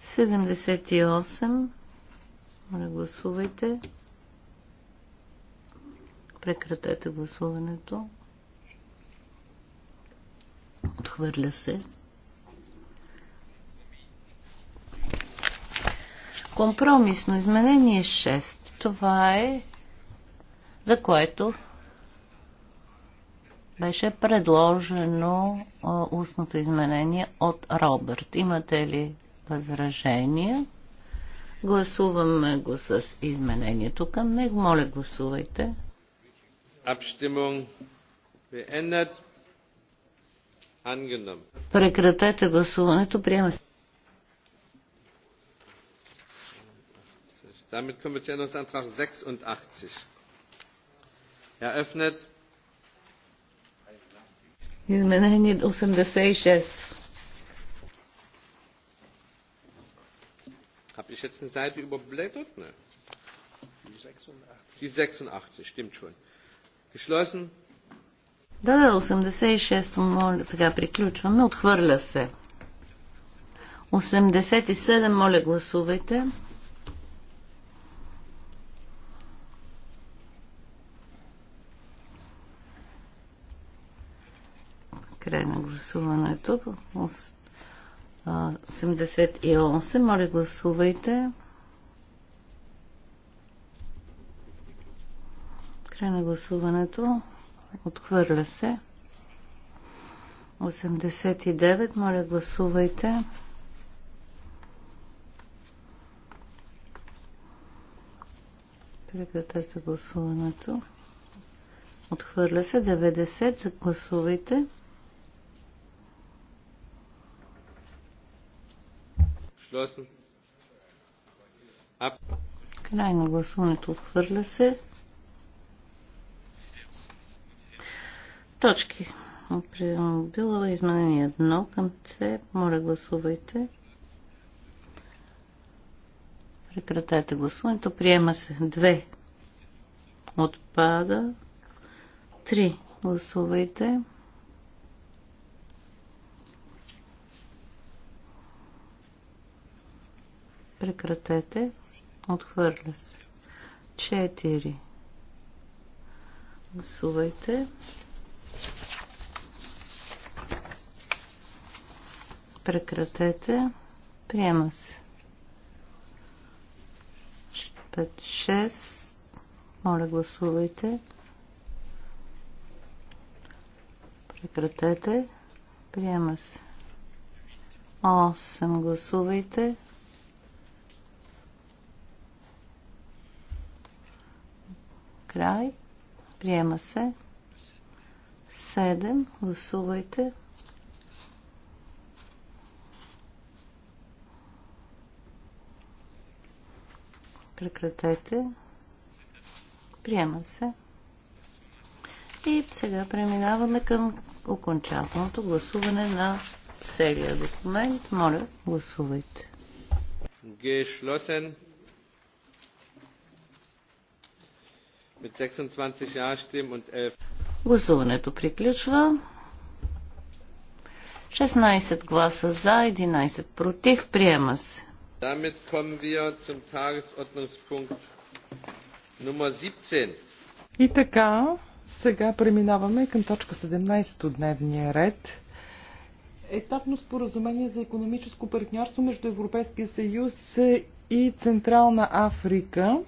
78. Моля, гласувайте. Прекратете гласуването. Отхвърля се. Компромисно изменение 6. Това е за което беше предложено а, устното изменение от Робърт. Имате ли възражения? Гласуваме го с изменението към него. Моля, гласувайте. Е-, Прекратете гласуването. Приема се. Damit kommen wir zu Änderungsantrag 86. Eröffnet. Изменение 86. Habe ich jetzt eine Seite überblättert? Ne? Die 86. Die 86, stimmt schon. Geschlossen. Да, да, 86-то, моля, така приключваме. Отхвърля се. 87, моля, гласувайте. гласуването. 88. Моля, гласувайте. Край на гласуването. Отхвърля се. 89. Моля, гласувайте. Прекратете гласуването. Отхвърля се. 90. Загласувайте. гласувайте. geschlossen. Край на гласуването отхвърля се. Точки. Била изменение 1 към С. Моля гласувайте. Прекратете гласуването. Приема се 2. Отпада. 3. Гласувайте. Прекратете. Отхвърля се. 4. Гласувайте. Прекратете. Приема се. 5, 6. Моля, гласувайте. Прекратете. Приема се. 8. Гласувайте. Край. Приема се. 7. Гласувайте. Прекратете. Приема се. И сега преминаваме към окончателното гласуване на целият документ. Моля, гласувайте. Geschlossen. Гласуването приключва. 16 гласа за, 11 против. Приема се. Damit kommen wir zum Tagesordnungspunkt Nummer 17. И така, сега преминаваме към точка 17 от дневния ред. Етапно споразумение за економическо партньорство между Европейския съюз и Централна Африка.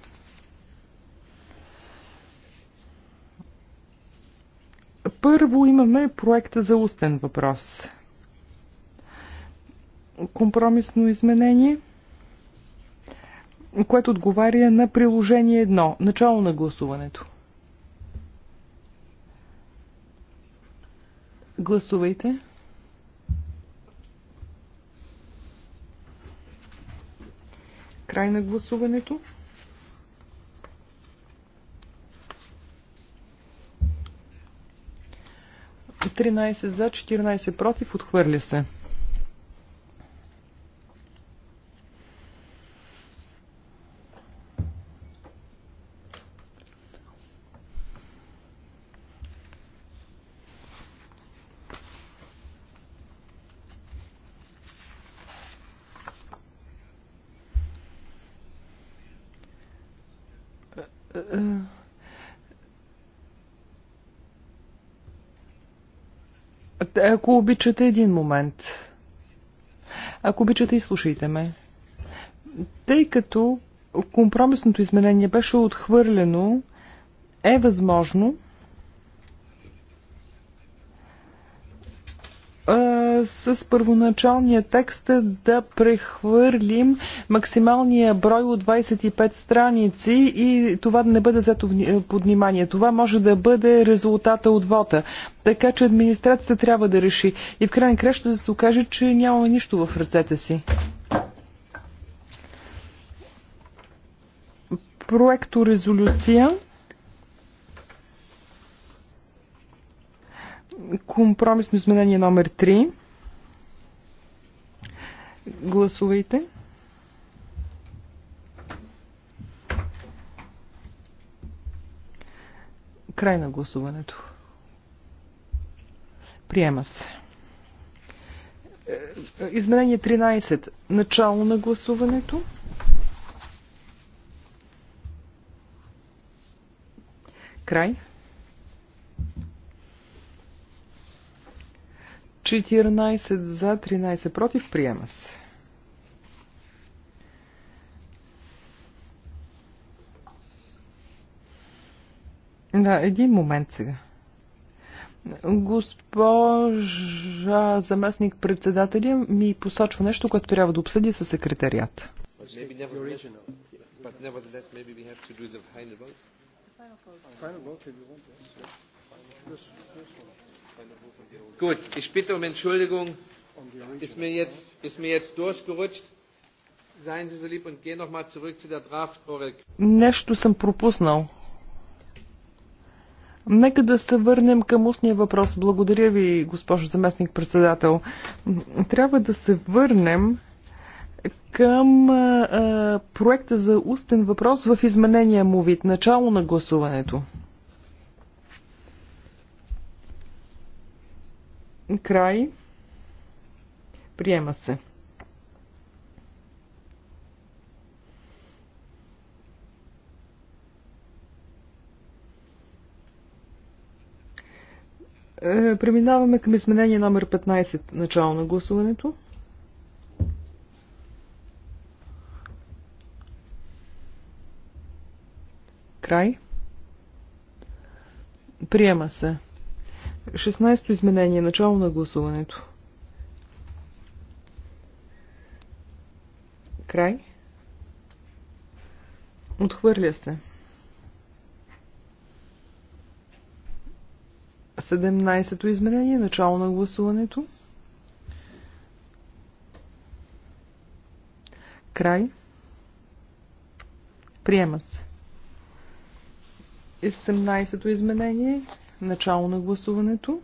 Първо имаме проекта за устен въпрос. Компромисно изменение, което отговаря на приложение 1, начало на гласуването. Гласувайте. Край на гласуването. 13 за, 14 против, отхвърля се. Ако обичате един момент. Ако обичате, и слушайте ме. Тъй като компромисното изменение беше отхвърлено, е възможно с първоначалния текст да прехвърлим максималния брой от 25 страници и това да не бъде взето под внимание. Това може да бъде резултата от вота. Така че администрацията трябва да реши. И в крайна краща да се окаже, че нямаме нищо в ръцете си. Проекто резолюция. компромисно изменение номер 3. Гласувайте. Край на гласуването. Приема се. Изменение 13. Начало на гласуването. Край. 14 за, 13 против. Приема се. Да, един момент сега. Госпожа заместник председателя ми посочва нещо, което трябва да обсъди със секретарията. Final vote if you want, yes. Yes, yes, yes. Gut, ich bitte um Entschuldigung. Ist mir jetzt, ist mir jetzt durchgerutscht. Seien Sie so lieb und gehen nochmal zurück zu der Draft Oral. Нещо съм пропуснал. Нека да се върнем към устния въпрос. Благодаря ви, госпожо заместник председател. Трябва да се върнем към а, проекта за устен въпрос в изменения му вид. Начало на гласуването. Край. Приема се. Е, преминаваме към изменение номер 15, начало на гласуването. Край. Приема се. 16-то изменение. Начало на гласуването. Край. Отхвърля се. 17-то изменение. Начало на гласуването. Край. Приема се. 17-то изменение. Начало на гласуването.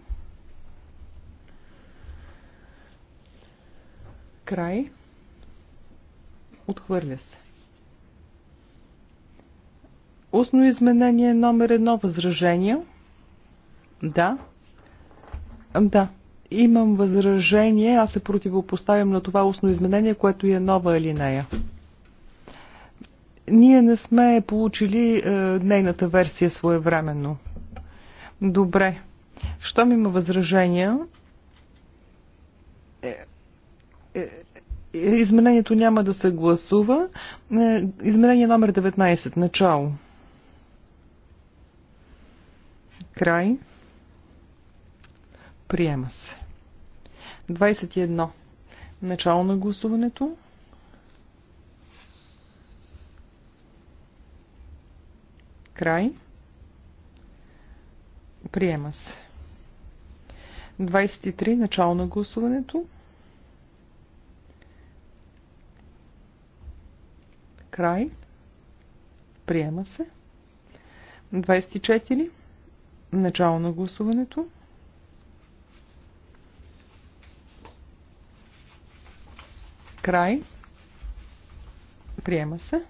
Край. Отхвърля се. Устно изменение номер едно. възражение. Да. Да. Имам възражение. Аз се противопоставям на това устно изменение, което е нова алинея ние не сме получили е, нейната версия своевременно. Добре. Щом има възражения, е, е, е, изменението няма да се гласува. Изменение номер 19. Начало. Край. Приема се. 21. Начало на гласуването. Край. Приема се. 23. Начало на гласуването. Край. Приема се. 24. Начало на гласуването. Край. Приема се.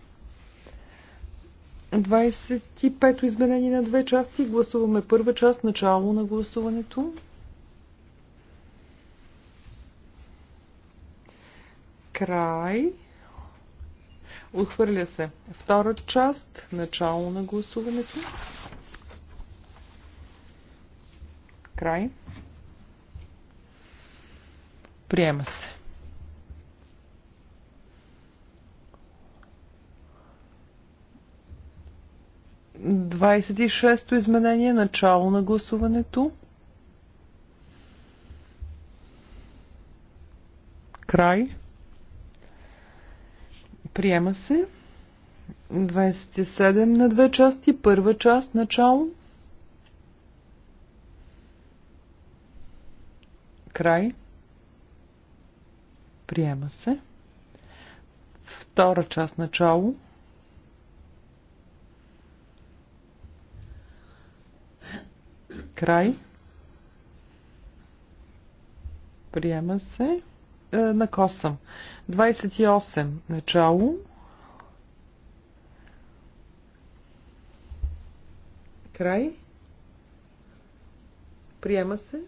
25-то изменение на две части. Гласуваме първа част, начало на гласуването. Край. Отхвърля се. Втора част, начало на гласуването. Край. Приема се. 26-то изменение, начало на гласуването. Край. Приема се. 27 на две части, първа част, начало. Край. Приема се. Втора част, начало. Начало. Край. Приема се. Е, на косъм. 28. Начало. Край. Приема се.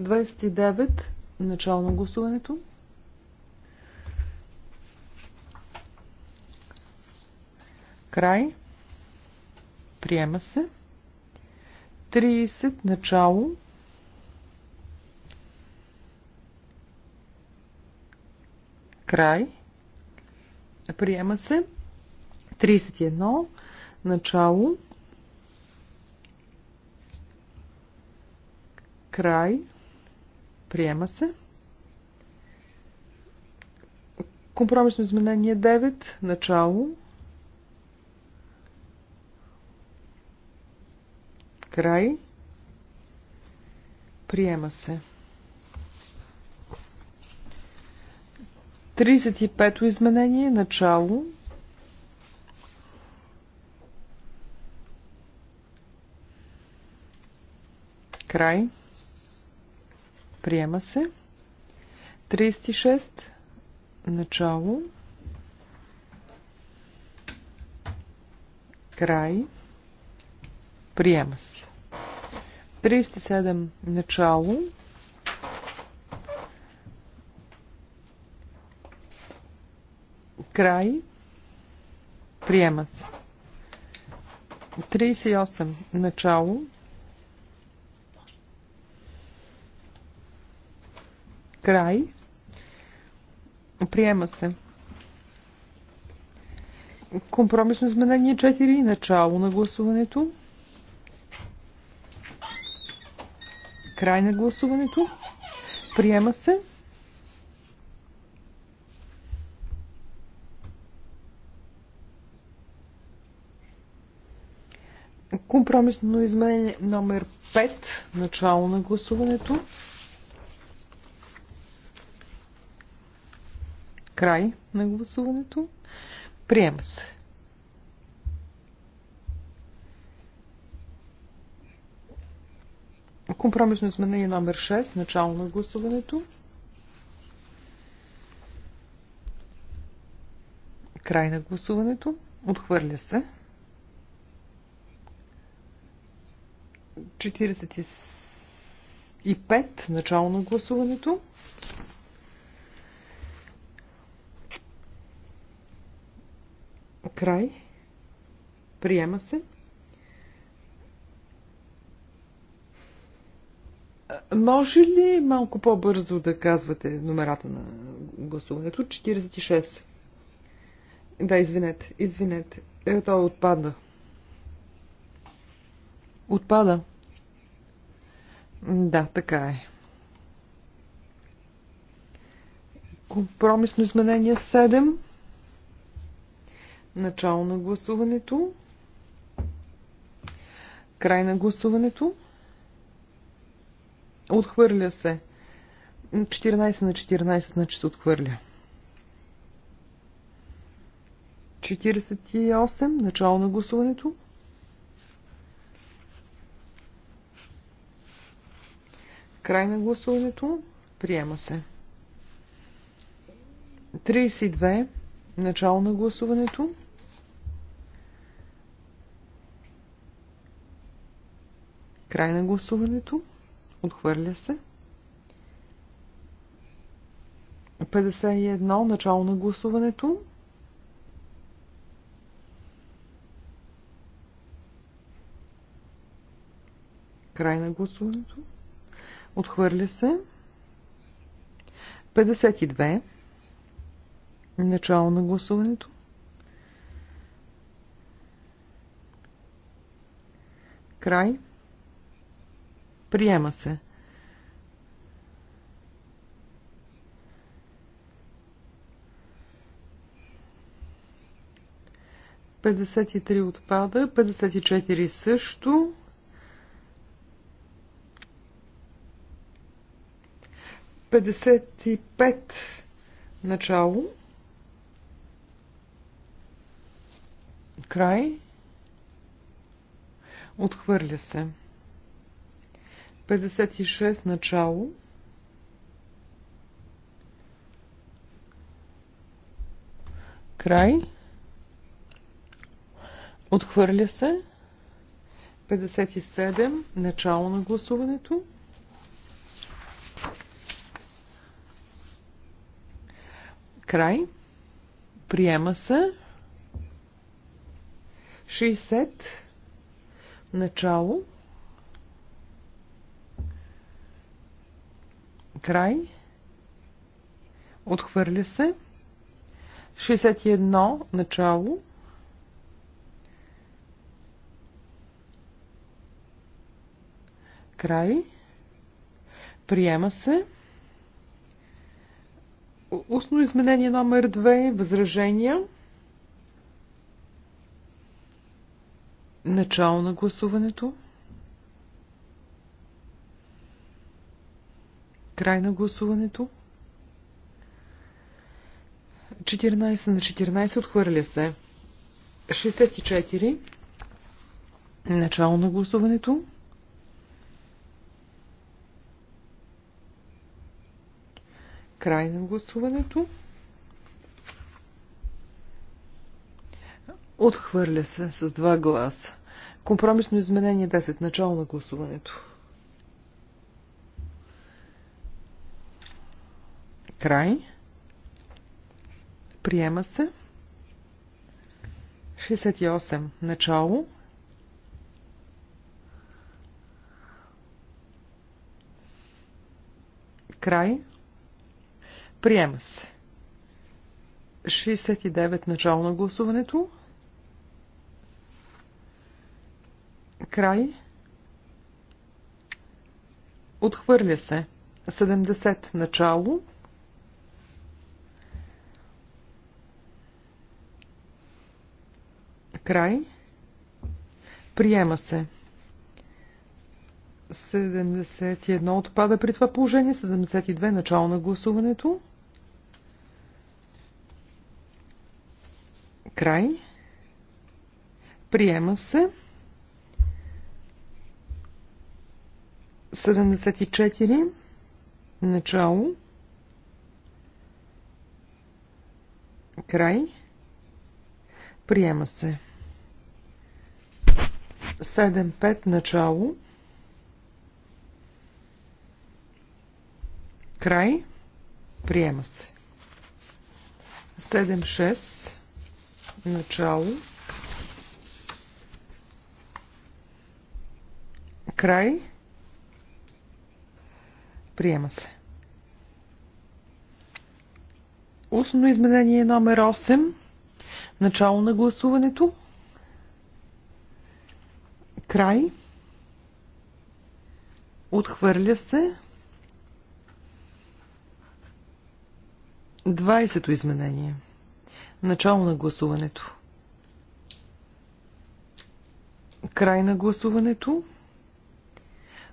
29. Начало на гласуването. Край. Приема се. 30 начало. Край. Приема се. 31 начало. Край. Приема се. Компромисно изменение 9. Начало. Край. Приема се. 35-то изменение. Начало. Край. Приема се. 36. Начало. Край. Приема се. 37 начало. Край. Приема се. 38 начало. Край. Приема се. Компромисно изменение 4 начало на гласуването. Край на гласуването. Приема се. Компромисно изменение номер 5. Начало на гласуването. Край на гласуването. Приема се. Компромисно изменение номер 6, начало на гласуването. Край на гласуването. Отхвърля се. 45, начало на гласуването. Край. Приема се. 46. Може ли малко по-бързо да казвате номерата на гласуването? 46. Да, извинете, извинете. Ето, отпада. Отпада. Да, така е. Компромисно изменение 7. Начало на гласуването. Край на гласуването. Отхвърля се. 14 на 14, значи се отхвърля. 48, начало на гласуването. Край на гласуването. Приема се. 32. Начало на гласуването. Край на гласуването. Отхвърля се. 51. Начало на гласуването. Край на гласуването. Отхвърля се. 52. Начало на гласуването. Край. 53. Приема се. Петдесет и три отпада, петдесет и четири също. Петдесет и пет начало. Край. Отхвърля се. 56 начало. Край. Отхвърля се. 57 начало на гласуването. Край. Приема се. 60 начало. Край. Отхвърля се. 61. Начало. Край. Приема се. Устно изменение номер 2. Възражения. Начало на гласуването. Край на гласуването. 14 на 14 отхвърля се. 64. Начало на гласуването. Край на гласуването. Отхвърля се с два гласа. Компромисно изменение 10. Начало на гласуването. Край. Приема се. 68. Начало. Край. Приема се. 69. Начало на гласуването. Край. Отхвърля се. 70. Начало. Начало. Край. Приема се. 71 отпада при това положение, 72 начало на гласуването. Край. Приема се. 74 начало. Край. Приема се. 7-5 начало. Край. Приема се. 7-6 начало. Край. Приема се. Устно изменение номер 8. Начало на гласуването. Край. Отхвърля се. 20-то изменение. Начало на гласуването. Край на гласуването.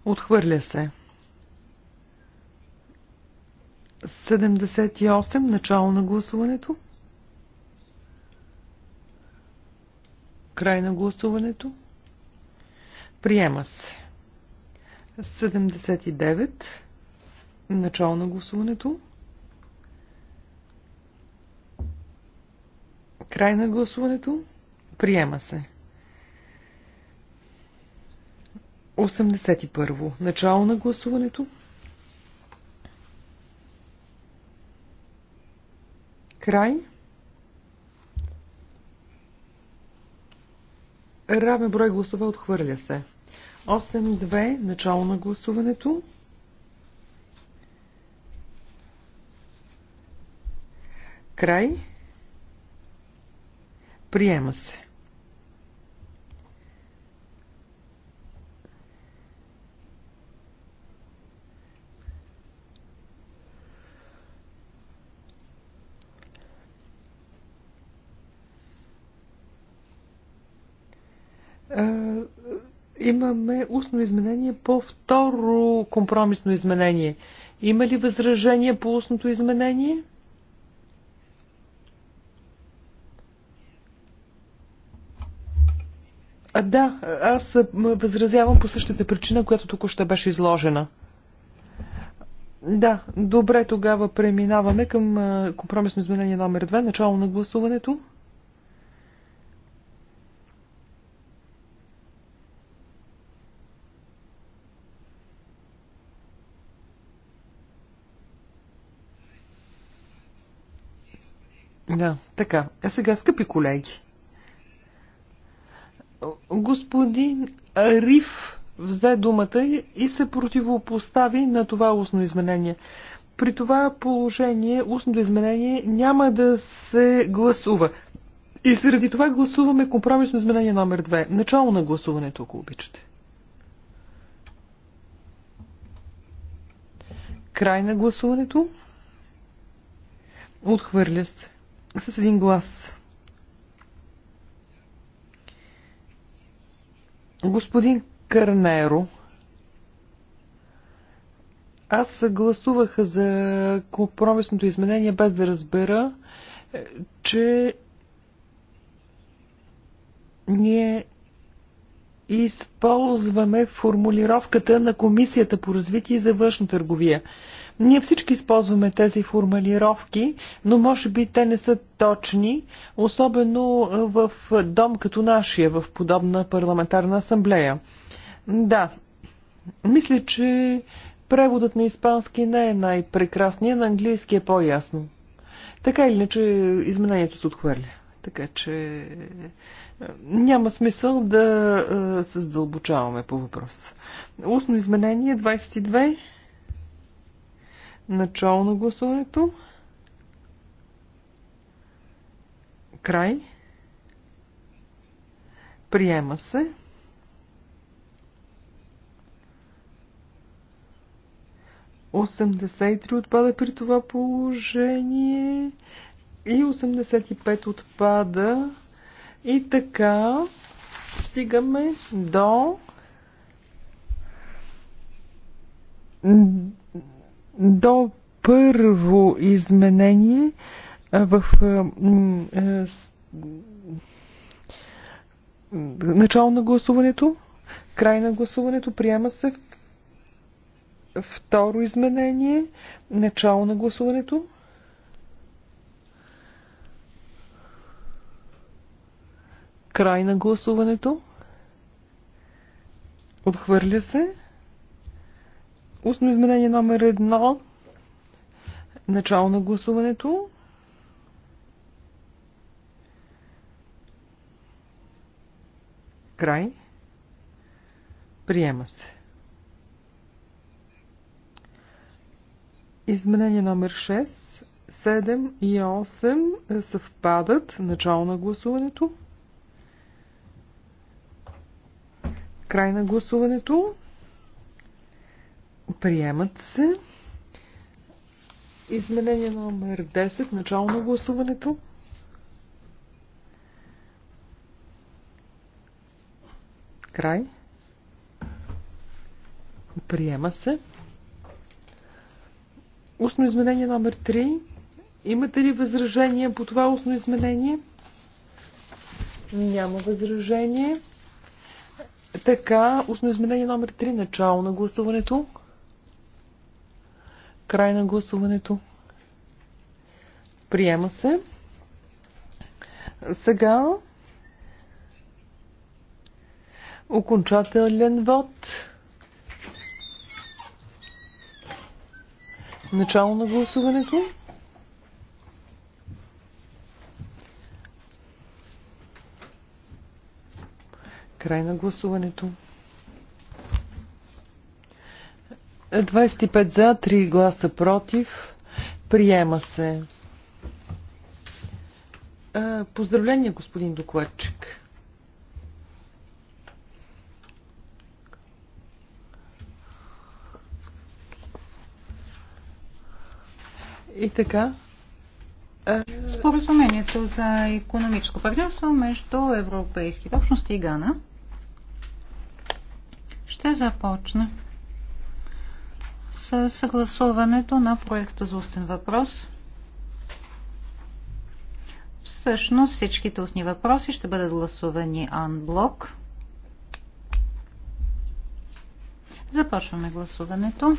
Отхвърля се. 78. Начало на гласуването. Край на гласуването. Приема се. 79. Начало на гласуването. Край на гласуването. Приема се. 81. Начало на гласуването. Край. Равен брой гласове отхвърля се. 8.2. Начало на гласуването. Край. Приема се. Имаме устно изменение по второ компромисно изменение. Има ли възражение по устното изменение? А, да, аз възразявам по същата причина, която току-що беше изложена. Да, добре, тогава преминаваме към компромисно изменение номер 2, начало на гласуването. Да, така. А сега, скъпи колеги, господин Риф взе думата и се противопостави на това устно изменение. При това положение устното изменение няма да се гласува. И заради това гласуваме компромисно изменение номер 2. Начало на гласуването, ако обичате. Край на гласуването. Отхвърля се с един глас. Господин Карнеро, аз гласувах за компромисното изменение без да разбера, е, че ние използваме формулировката на Комисията по развитие за външна търговия. Ние всички използваме тези формулировки, но може би те не са точни, особено в дом като нашия, в подобна парламентарна асамблея. Да, мисля, че преводът на испански не е най-прекрасният, на английски е по-ясно. Така или иначе, изменението се отхвърля. Така че няма смисъл да се задълбочаваме по въпрос. Устно изменение 22. Начало на гласуването. Край. Приема се. Осемдесет отпада при това положение. И 85 отпада. И така стигаме до до първо изменение в начало на гласуването, край на гласуването, приема се второ изменение, начало на гласуването. Край на гласуването. Отхвърля се. Устно изменение номер едно. Начало на гласуването. Край. Приема се. Изменение номер 6, 7 и 8 съвпадат. Начало на гласуването. Край на гласуването. Приемат се. Изменение номер 10. Начало на гласуването. Край. Приема се. Устно изменение номер 3. Имате ли възражение по това устно изменение? Няма възражение. Така, устно изменение номер 3. Начало на гласуването. Край на гласуването. Приема се. Сега окончателен вод. Начало на гласуването. Край на гласуването. 25 за, 3 гласа против. Приема се. Поздравление, господин докладчик. И така. Споразумението за економическо партньорство между европейските общности и Гана ще започне съгласуването на проекта за устен въпрос. Всъщност всичките устни въпроси ще бъдат гласувани анблок. Започваме гласуването.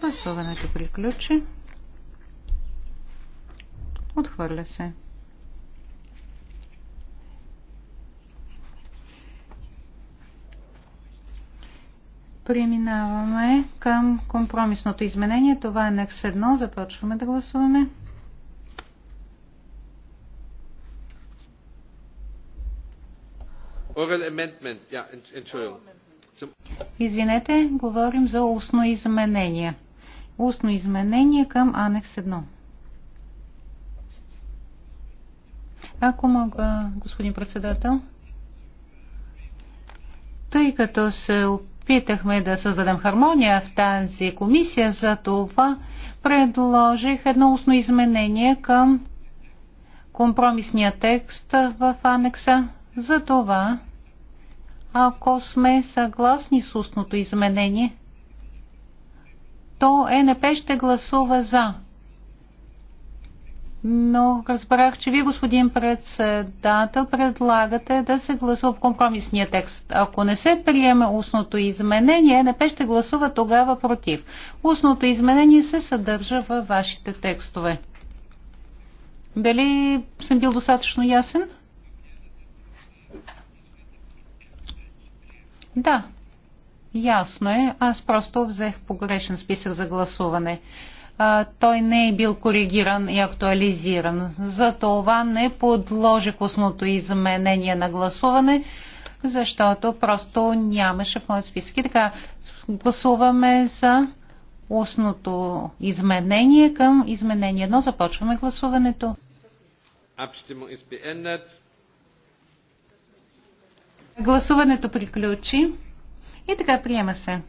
Гласуването приключи. Отхвърля се. Преминаваме към компромисното изменение. Това е анекс 1. Започваме да гласуваме. Извинете, говорим за устно изменение. Устно изменение към анекс 1. Ако мога, господин председател, тъй като се опитвам опитахме да създадем хармония в тази комисия, за това предложих едно устно изменение към компромисния текст в анекса. За това, ако сме съгласни с устното изменение, то ЕНП ще гласува за но разбрах, че ви, господин председател, предлагате да се гласува в компромисния текст. Ако не се приеме устното изменение, НП ще гласува тогава против. Устното изменение се съдържа във вашите текстове. Дали съм бил достатъчно ясен? Да, ясно е. Аз просто взех погрешен списък за гласуване той не е бил коригиран и актуализиран. За това не подложих устното изменение на гласуване, защото просто нямаше в моят списък. И така, гласуваме за устното изменение към изменение но Започваме гласуването. Гласуването приключи и така приема се.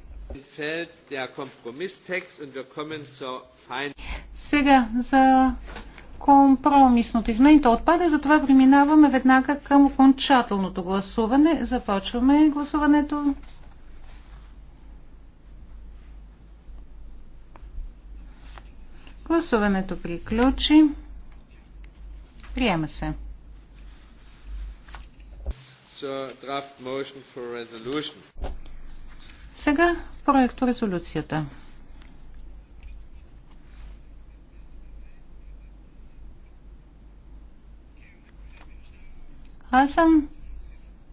Сега за компромисното изменение. То отпада, затова преминаваме веднага към окончателното гласуване. Започваме гласуването. Гласуването приключи. Приема се. Draft motion for resolution. Сега проекто резолюцията. Аз съм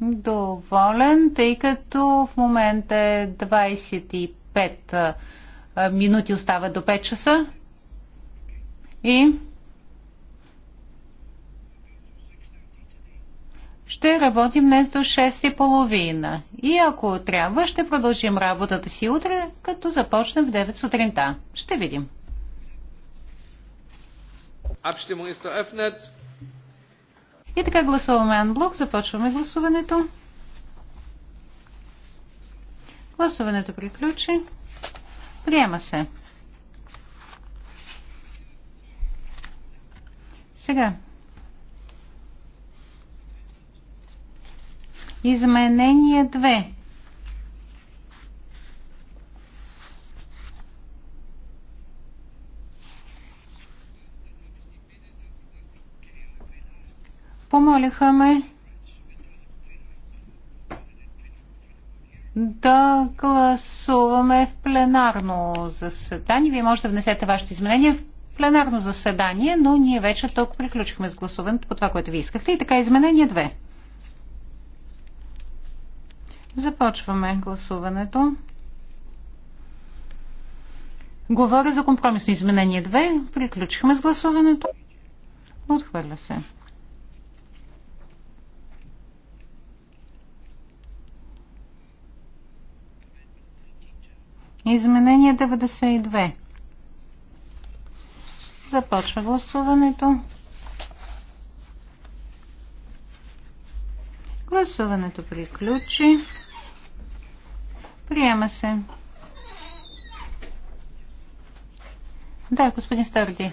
доволен, тъй като в момента е 25 минути остават до 5 часа. И Ще работим днес до 6.30 и ако трябва, ще продължим работата си утре, като започнем в 9 сутринта. Ще видим. И така гласуваме анблок. Започваме гласуването. Гласуването приключи. Приема се. Сега Изменение 2. Помолиха ме да гласуваме в пленарно заседание. Вие може да внесете вашето изменение в пленарно заседание, но ние вече тук приключихме с гласуването по това, което ви искахте. И така, изменение 2. Започваме гласуването. Говоря за компромисно изменение 2. Приключихме с гласуването. Отхвърля се. Изменение 92. Започва гласуването. Гласуването приключи. Приема се. Да, господин Старди.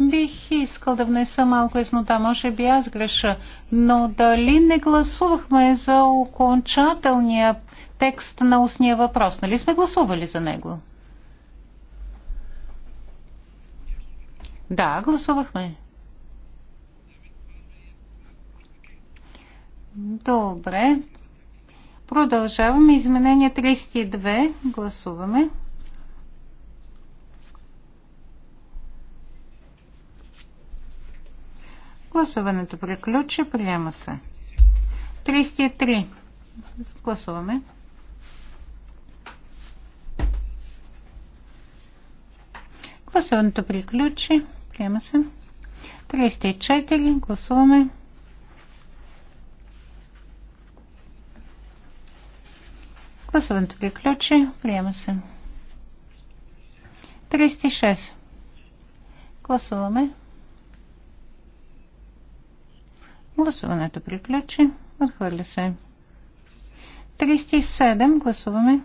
Бих искал да внеса малко яснота, може би аз греша, но дали не гласувахме за окончателния текст на устния въпрос? Нали сме гласували за него? Да, гласувахме. Добре. Продължаваме. Изменение 32. Гласуваме. Гласуването приключи. Приема се. 33. Гласуваме. Гласуването приключи. Приема се. 34. Гласуваме. Гласуването приключи. Приема се. 36. Гласуваме. Гласуването приключи. Отхвърля се. 37. Гласуваме.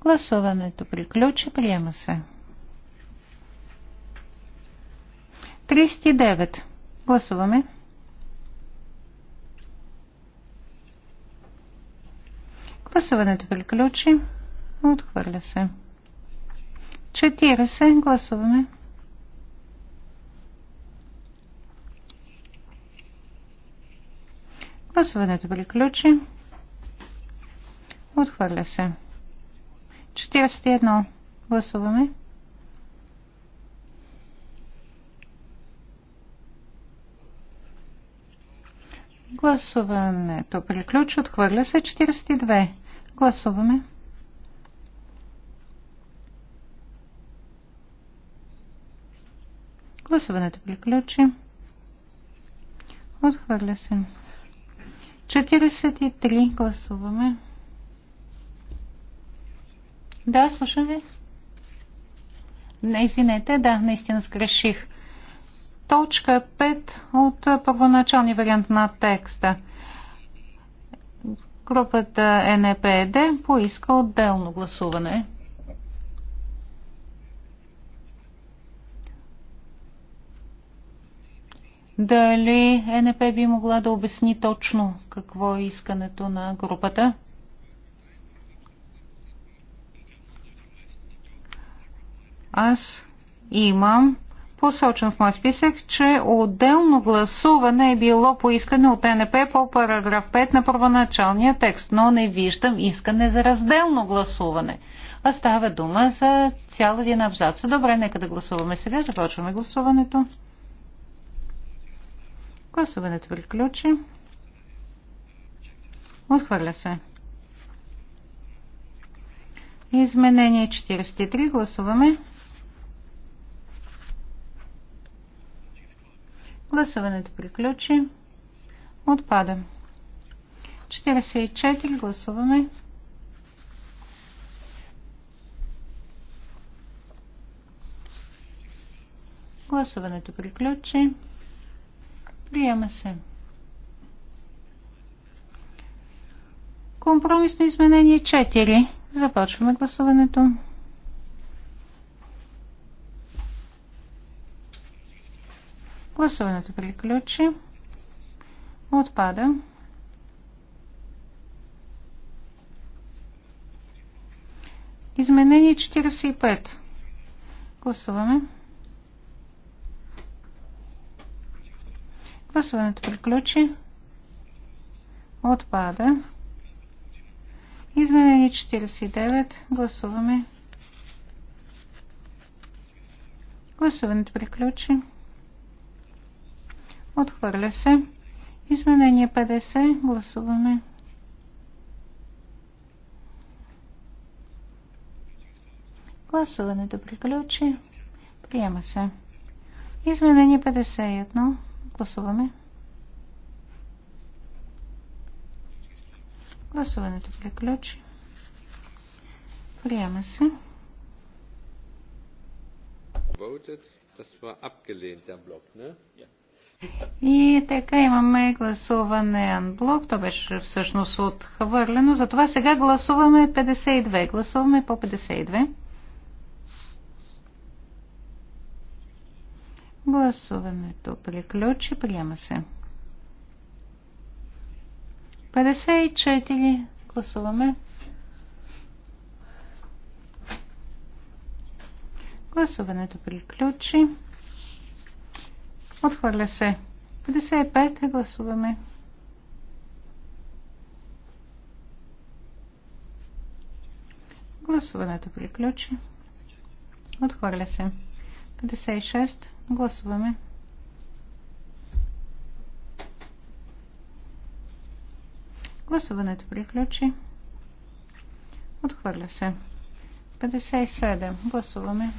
Гласуването приключи. Приема се. 39. Гласуваме. 39. Гласуването приключи. Отхвърля се. 40. Гласуваме. Гласуването приключи. Отхвърля се. 41. Гласуваме. Гласуването приключи. Отхвърля се 42. Гласуваме. Гласуването приключи. Отхвърля се. 43 гласуваме. Да, слушам ви. Не, извинете, да, наистина сгреших точка 5 от първоначалния вариант на текста. Групата НПД поиска отделно гласуване. Дали НП би могла да обясни точно какво е искането на групата? Аз имам посочен в мой списък, че отделно гласуване е било поискане от НП по параграф 5 на първоначалния текст, но не виждам искане за разделно гласуване. А става дума за цял един абзац. Добре, нека да гласуваме сега. Започваме гласуването. Гласуването приключи. Отхвърля се. Изменение 43. Гласуваме. Гласуването приключи. Отпада. 44. Гласуваме. Гласуването приключи. Приема се. Компромисно изменение 4. Започваме гласуването. Гласуването приключи. Отпада. Изменение 45. Гласуваме. Гласуването приключи. Отпада. Изменение 49. Гласуваме. Гласуването приключи. Отхвърля се. Изменение 50. Гласуваме. Гласуването приключи. Приема се. Изменение 51. Гласуваме. Гласуването приключи. Приема се. Voted. Das war abgelehnt, der Block, ne? Ja. И така имаме гласуване анблок. То беше всъщност отхвърлено. Затова сега гласуваме 52. Гласуваме по 52. Гласуването приключи. Приема се. 54. Гласуваме. Гласуването приключи. Отхвърля се. 55. Е гласуваме. Гласуването приключи. Отхвърля се. 56. Гласуваме. Гласуването приключи. Отхвърля се. 57. Гласуваме.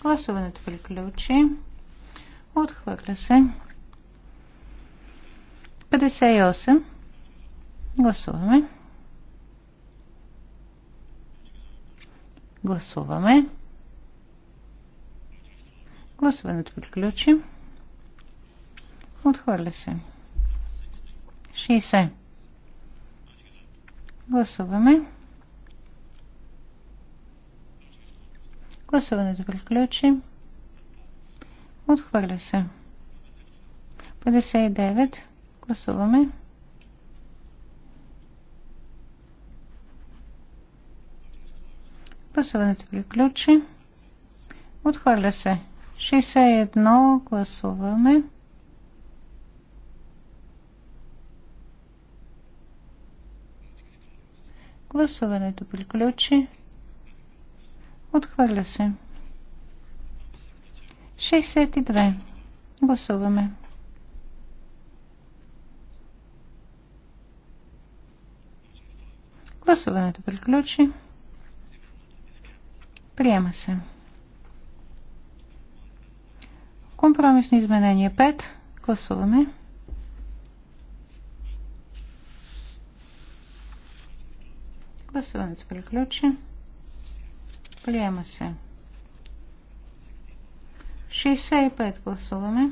Гласуването приключи. Отхвърля се. 58. Гласуваме. Гласуваме. Гласуването приключи. Отхвърля се. 60. Гласуваме. Гласуването приключи. Отхвърля се. 59. Гласуваме. Гласуването приключи. Отхвърля се. 61. Гласуваме. Гласуването приключи. Отхвърля се. 62. Гласуваме. Гласуването приключи. Приема се. Компромисно изменение 5. Гласуваме. Гласуването приключи. Приема се. 65 гласуваме.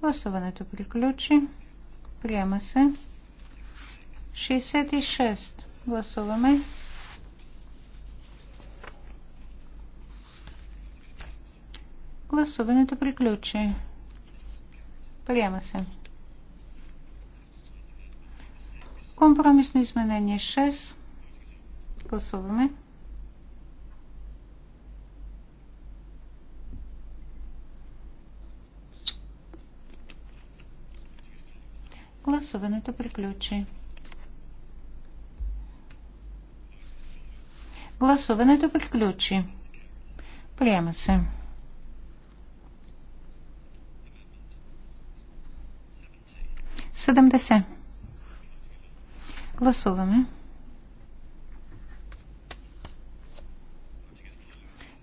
Гласуването приключи. Приема се. 66. Гласуваме. Гласуването приключи. Приема се. Компромисно изменение 6. Гласуваме. Гласуването приключи. Гласуването приключи. Приема се. Седемдесет. Гласуваме.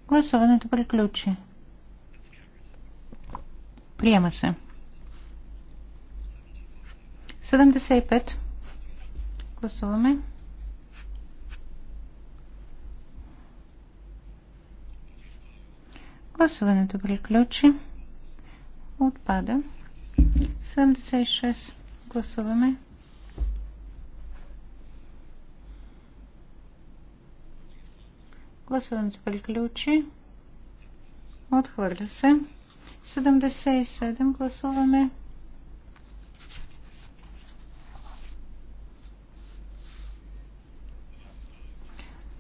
Гласуването приключи. Приема се. 75. Гласуваме. Гласуването приключи. Отпада. 76. Гласуваме. Гласуването приключи. Отхвърля се. 77 гласуваме.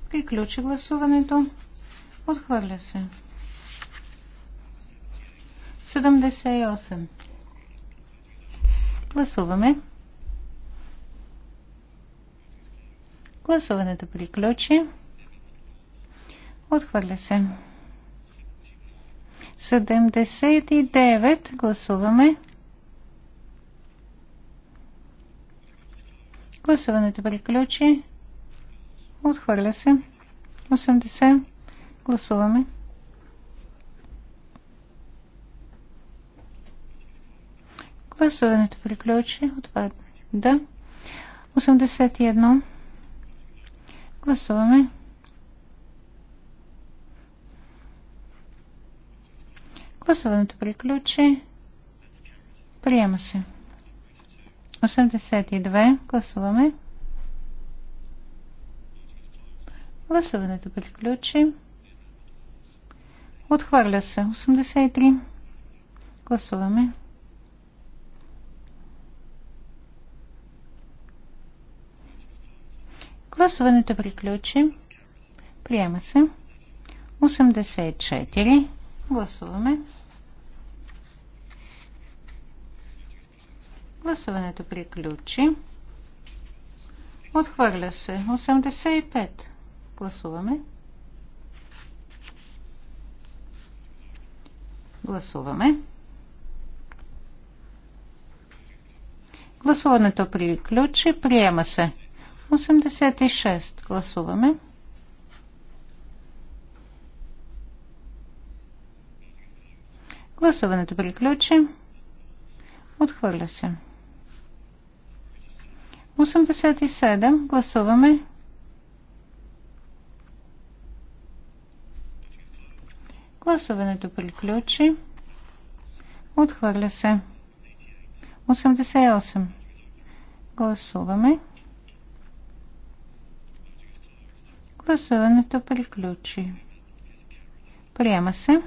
Приключи гласуването. Отхвърля се. 78. Гласуваме. Гласуването приключи. Отхвърля се. 79. Гласуваме. Гласуването приключи. Отхвърля се. 80. Гласуваме. Гласуването приключи. Отпада. Да. 81. Гласуваме. Гласуването приключи. Приема се. 82. Гласуваме. Гласуването приключи. Отхвърля се. 83. Гласуваме. Гласуването приключи. Приема се. 84. Гласуваме. Гласуването приключи. Отхвърля се. 85. Гласуваме. Гласуваме. Гласуването приключи. Приема се. 86. Гласуваме. Гласуването приключи. Отхвърля се. 87. Гласуваме. Гласуването приключи. Отхвърля се. 88. Гласуваме. Гласуването приключи. Приема се.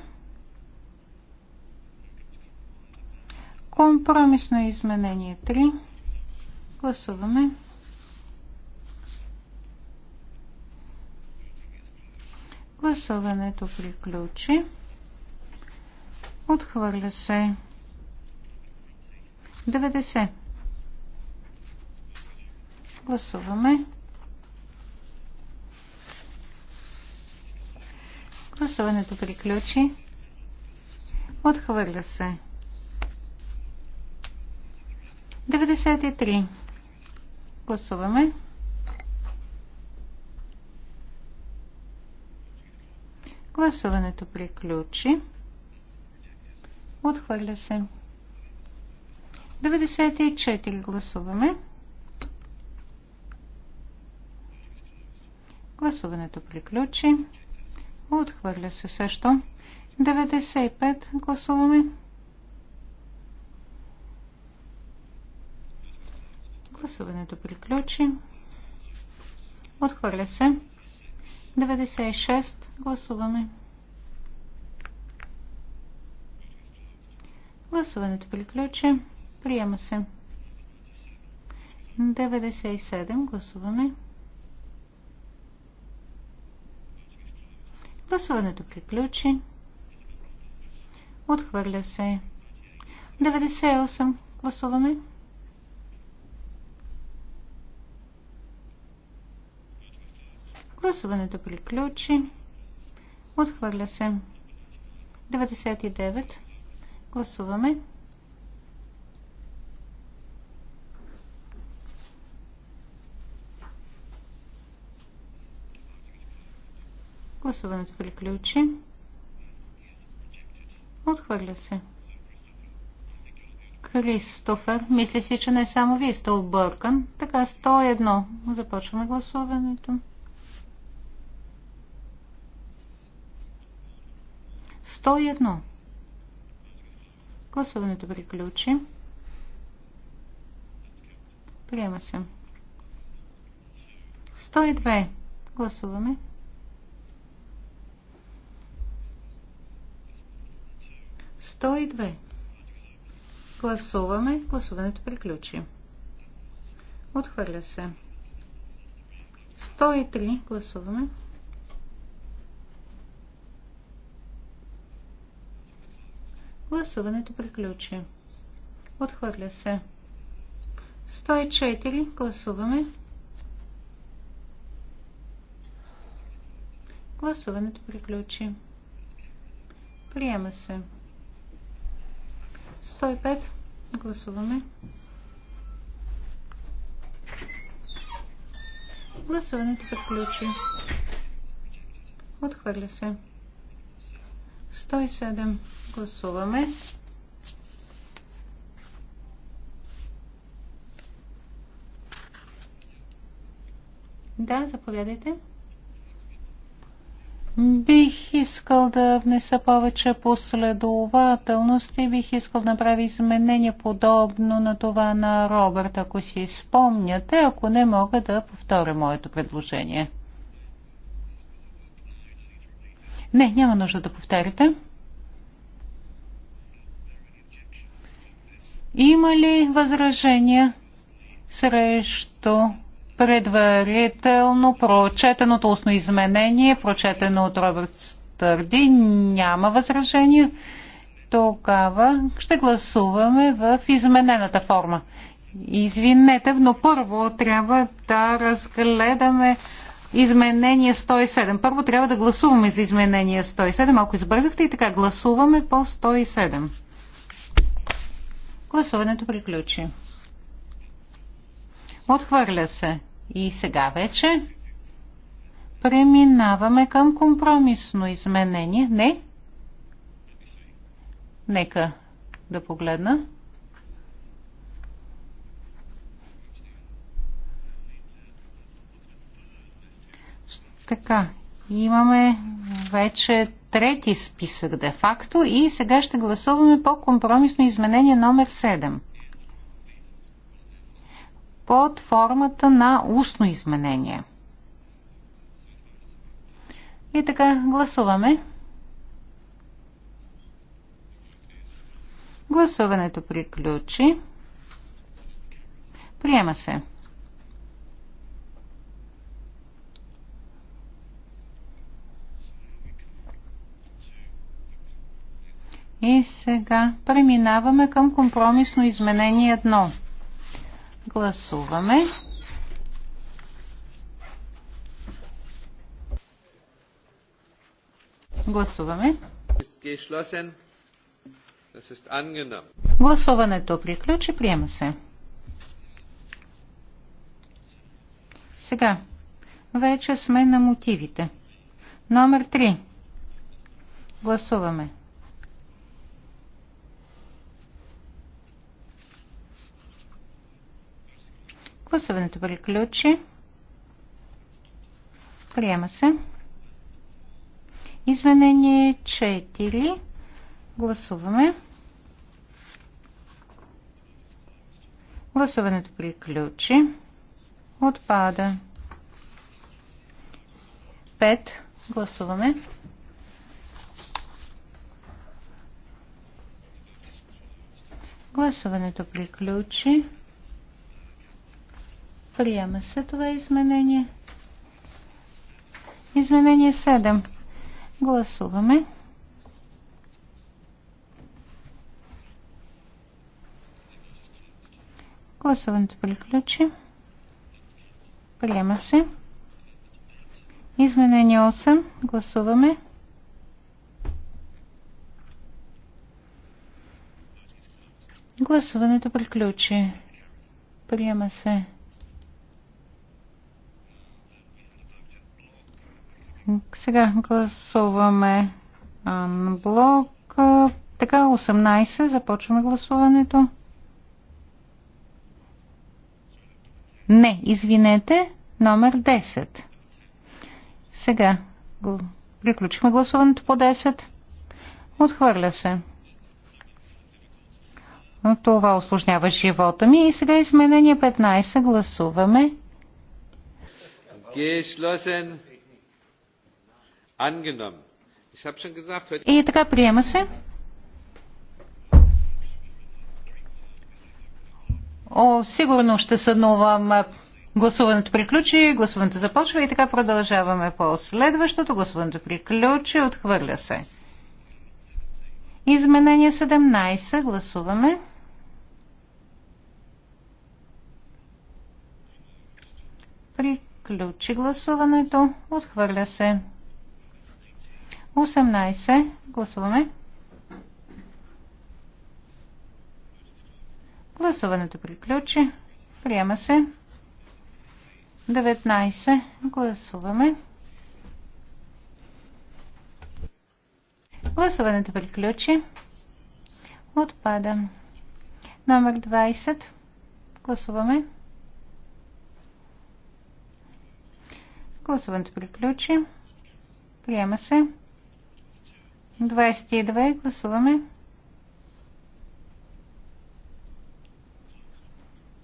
Компромисно изменение 3. Гласуваме. Гласуването приключи. Отхвърля се. 90. Гласуваме. Гласуването приключи. Отхвърля се. 93. Гласуваме. Гласуването приключи. Отхвърля се. 94 гласуваме. Гласуването приключи. Отхвърля се също. 95 гласуваме. Гласуването приключи. Отхвърля се. 96. Гласуваме. Гласуването приключи. Приема се. 97. Гласуваме. Гласуването приключи. Отхвърля се. 98. Гласуваме. Гласуването приключи. Отхвърля се. 99. Гласуваме. Гласуването приключи. Отхвърля се. Кристофер, мисля си, че не само вие сте объркан. Така, 101. Започваме гласуването. 101. Гласуването приключи. Приема се. 102. Гласуваме. Сто и две. Гласуваме. Гласуването приключи. Отхвърля се. 103. Гласуваме. 103. Гласуването приключи. Отхвърля се. 104. Гласуваме. Гласуването приключи. Приема се. 105. Гласуваме. Гласуването приключи. Отхвърля се. 107. Гласуваме. Да, заповядайте. Бих искал да внеса повече последователност и бих искал да направя изменение подобно на това на Робърт, ако си спомняте, ако не мога да повторя моето предложение. Не, няма нужда да повтаряте. Има ли възражения срещу предварително прочетеното устно изменение, прочетено от Робърт Стърди? Няма възражения. Тогава ще гласуваме в изменената форма. Извинете, но първо трябва да разгледаме Изменение 107. Първо трябва да гласуваме за изменение 107. Малко избързахте и така гласуваме по 107. Гласуването приключи. Отхвърля се. И сега вече преминаваме към компромисно изменение. Не? Нека да погледна. Така, имаме вече трети списък де-факто и сега ще гласуваме по компромисно изменение номер 7 под формата на устно изменение. И така, гласуваме. Гласуването приключи. Приема се. И сега преминаваме към компромисно изменение 1. Гласуваме. Гласуваме. Гласуването приключи. Приема се. Сега. Вече сме на мотивите. Номер 3. Гласуваме. Гласуването приключи. Приема се. Изменение 4. Гласуваме. Гласуването приключи. Отпада. 5. Гласуваме. Гласуването приключи. Приема се това изменение. Изменение 7. Гласуваме. Гласуването приключи. Приема се. Изменение 8. Гласуваме. Гласуването приключи. Приема се. Сега гласуваме блок. Така, 18. Започваме гласуването. Не, извинете, номер 10. Сега приключихме гласуването по 10. Отхвърля се. Това осложнява живота ми. И сега изменение 15. Гласуваме. Geschlossen. И така приема се. О, сигурно ще съднувам. Гласуването приключи, гласуването започва и така продължаваме по следващото. Гласуването приключи, отхвърля се. Изменение 17. Гласуваме. Приключи гласуването. Отхвърля се. 18. Гласуваме. Гласуването приключи. Приема се. 19. Гласуваме. Гласуването приключи. Отпада. Номер 20. Гласуваме. Гласуването приключи. Приема се. 22. Гласуваме.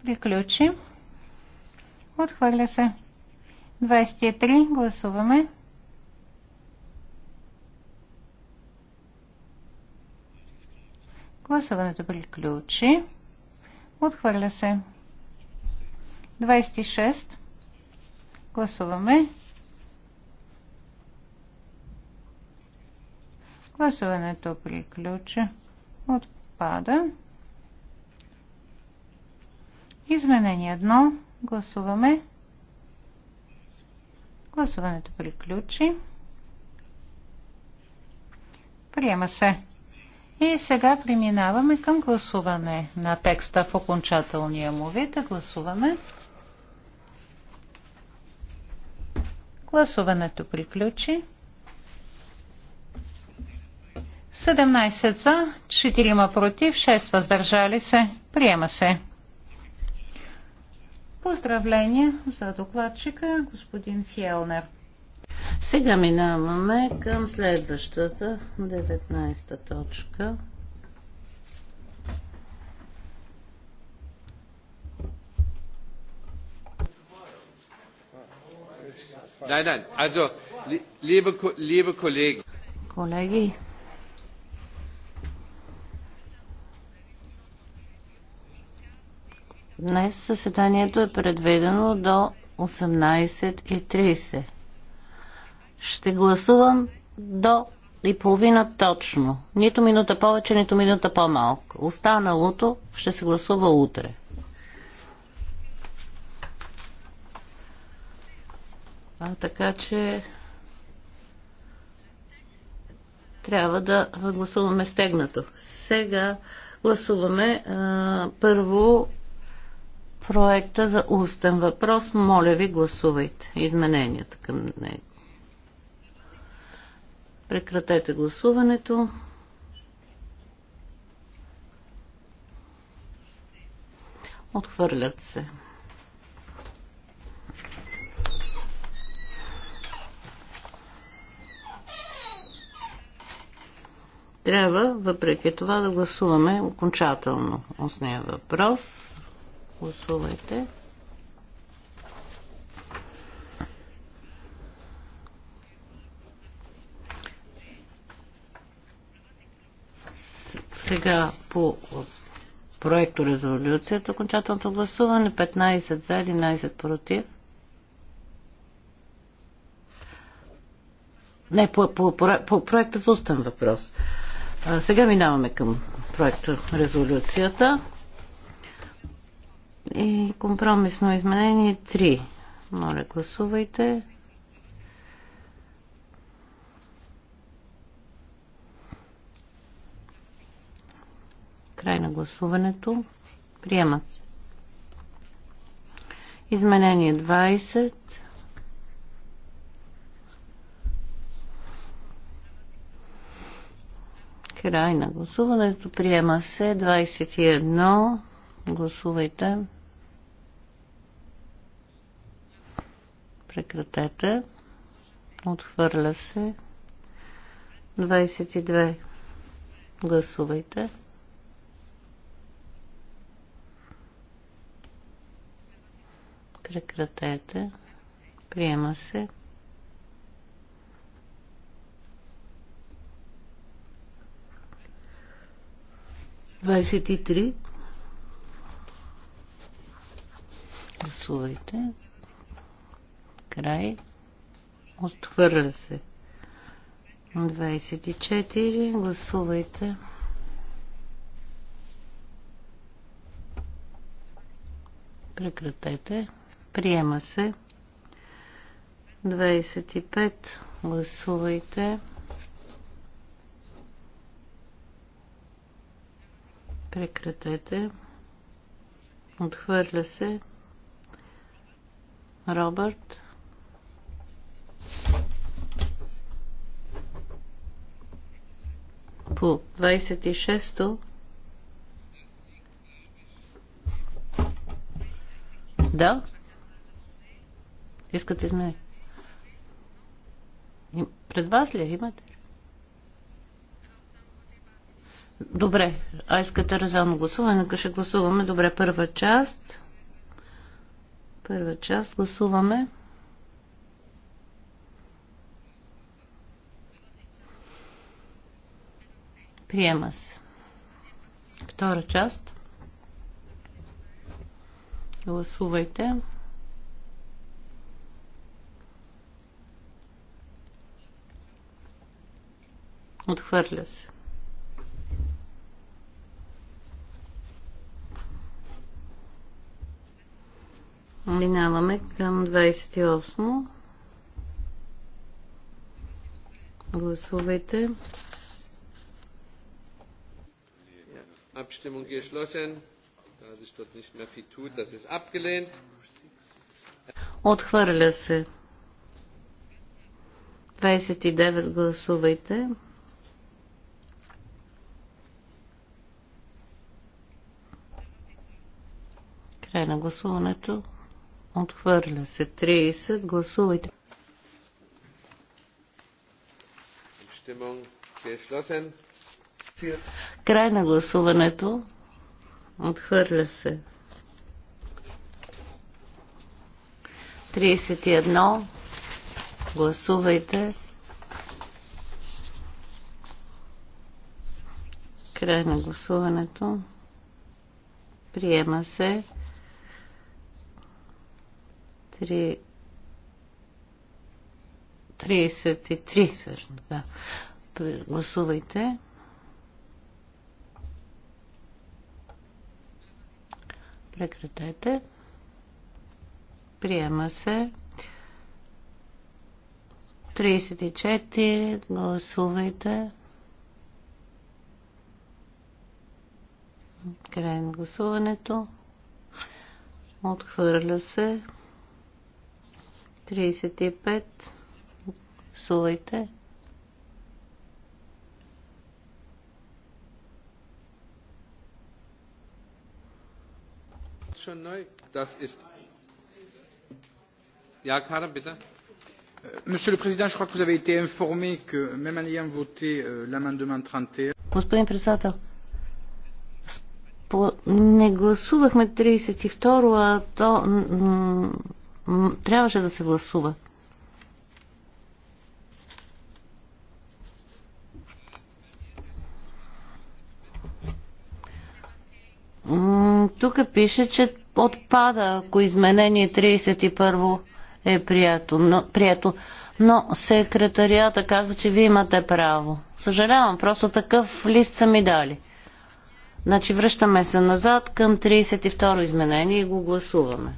Приключи. Отхвърля се. 23. Гласуваме. Гласуването приключи. Отхвърля се. 26. Гласуваме. Гласуването приключи. Отпада. Изменение 1. Гласуваме. Гласуването приключи. Приема се. И сега преминаваме към гласуване на текста в окончателния му вид. Гласуваме. Гласуването приключи. 17 за, 4 против, 6 въздържали се. Приема се. Поздравления за докладчика, господин Фиелнер. Сега минаваме към следващата 19-та точка. Не, не, also, liebe, liebe Колеги, Днес съседанието е предведено до 18.30. Ще гласувам до и половина точно. Нито минута повече, нито минута по-малко. Останалото ще се гласува утре. А, така че трябва да гласуваме стегнато. Сега гласуваме а, първо проекта за устен въпрос. Моля ви, гласувайте измененията към него. Прекратете гласуването. Отхвърлят се. Трябва, въпреки това, да гласуваме окончателно устния въпрос. Гласувайте. Сега по проекто резолюцията, окончателното гласуване 15 за, 11 против. Не, по, по, по проекта за устен въпрос. А, сега минаваме към проекта резолюцията. И компромисно изменение 3. Моля, гласувайте. Край на гласуването. Приемат се. Изменение 20. Край на гласуването. Приема се 21. Гласувайте. Прекратете. Отхвърля се. 22. Гласувайте. Прекратете. Приема се. Двадесет и три. Гласувайте. Край. Отхвърля се. 24. Гласувайте. Прекратете. Приема се. 25. Гласувайте. Прекратете. Отхвърля се. Робърт. по 26-то Да? Искате изменение? Пред вас ли имате? Добре, а искате разделно гласуване, ще гласуваме. Добре, първа част. Първа част гласуваме. Приема се. Втора част. Гласувайте. Отхвърля се. Минаваме към 28. Гласувайте. Гласувайте. Abstimmung geschlossen. Da sich dort nicht mehr viel tut, das ist abgelehnt. Отхвърля се. 29 гласувайте. Край на гласуването. Отхвърля се. 30. Гласувайте. Stimmung geschlossen. Край на гласуването. Отхвърля се. 31. Гласувайте. Край на гласуването. Приема се. 3... 33 всъщност, да. Гласувайте. Прекратете. Приема се. 34. Гласувайте. Край на гласуването. Отхвърля се. 35. Гласувайте. jetzt schon neu? Das ist. Ja, Kader, bitte. Monsieur le Président, je crois que vous avez été informé que, même en ayant voté l'amendement 31, Господин председател, не гласувахме 32, а то трябваше да се гласува. тук пише, че отпада, ако изменение 31 е прието. Но, прието. но секретарията казва, че вие имате право. Съжалявам, просто такъв лист са ми дали. Значи връщаме се назад към 32 изменение и го гласуваме.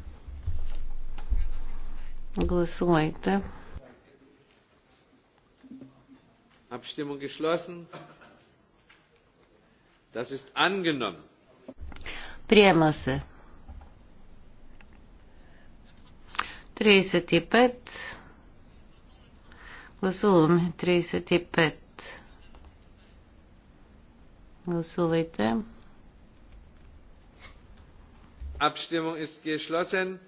Гласувайте. Abstimmung geschlossen. Das ist angenommen. Приема се. 35. Гласуваме 35. Гласувайте. Abstimmung е geschlossen.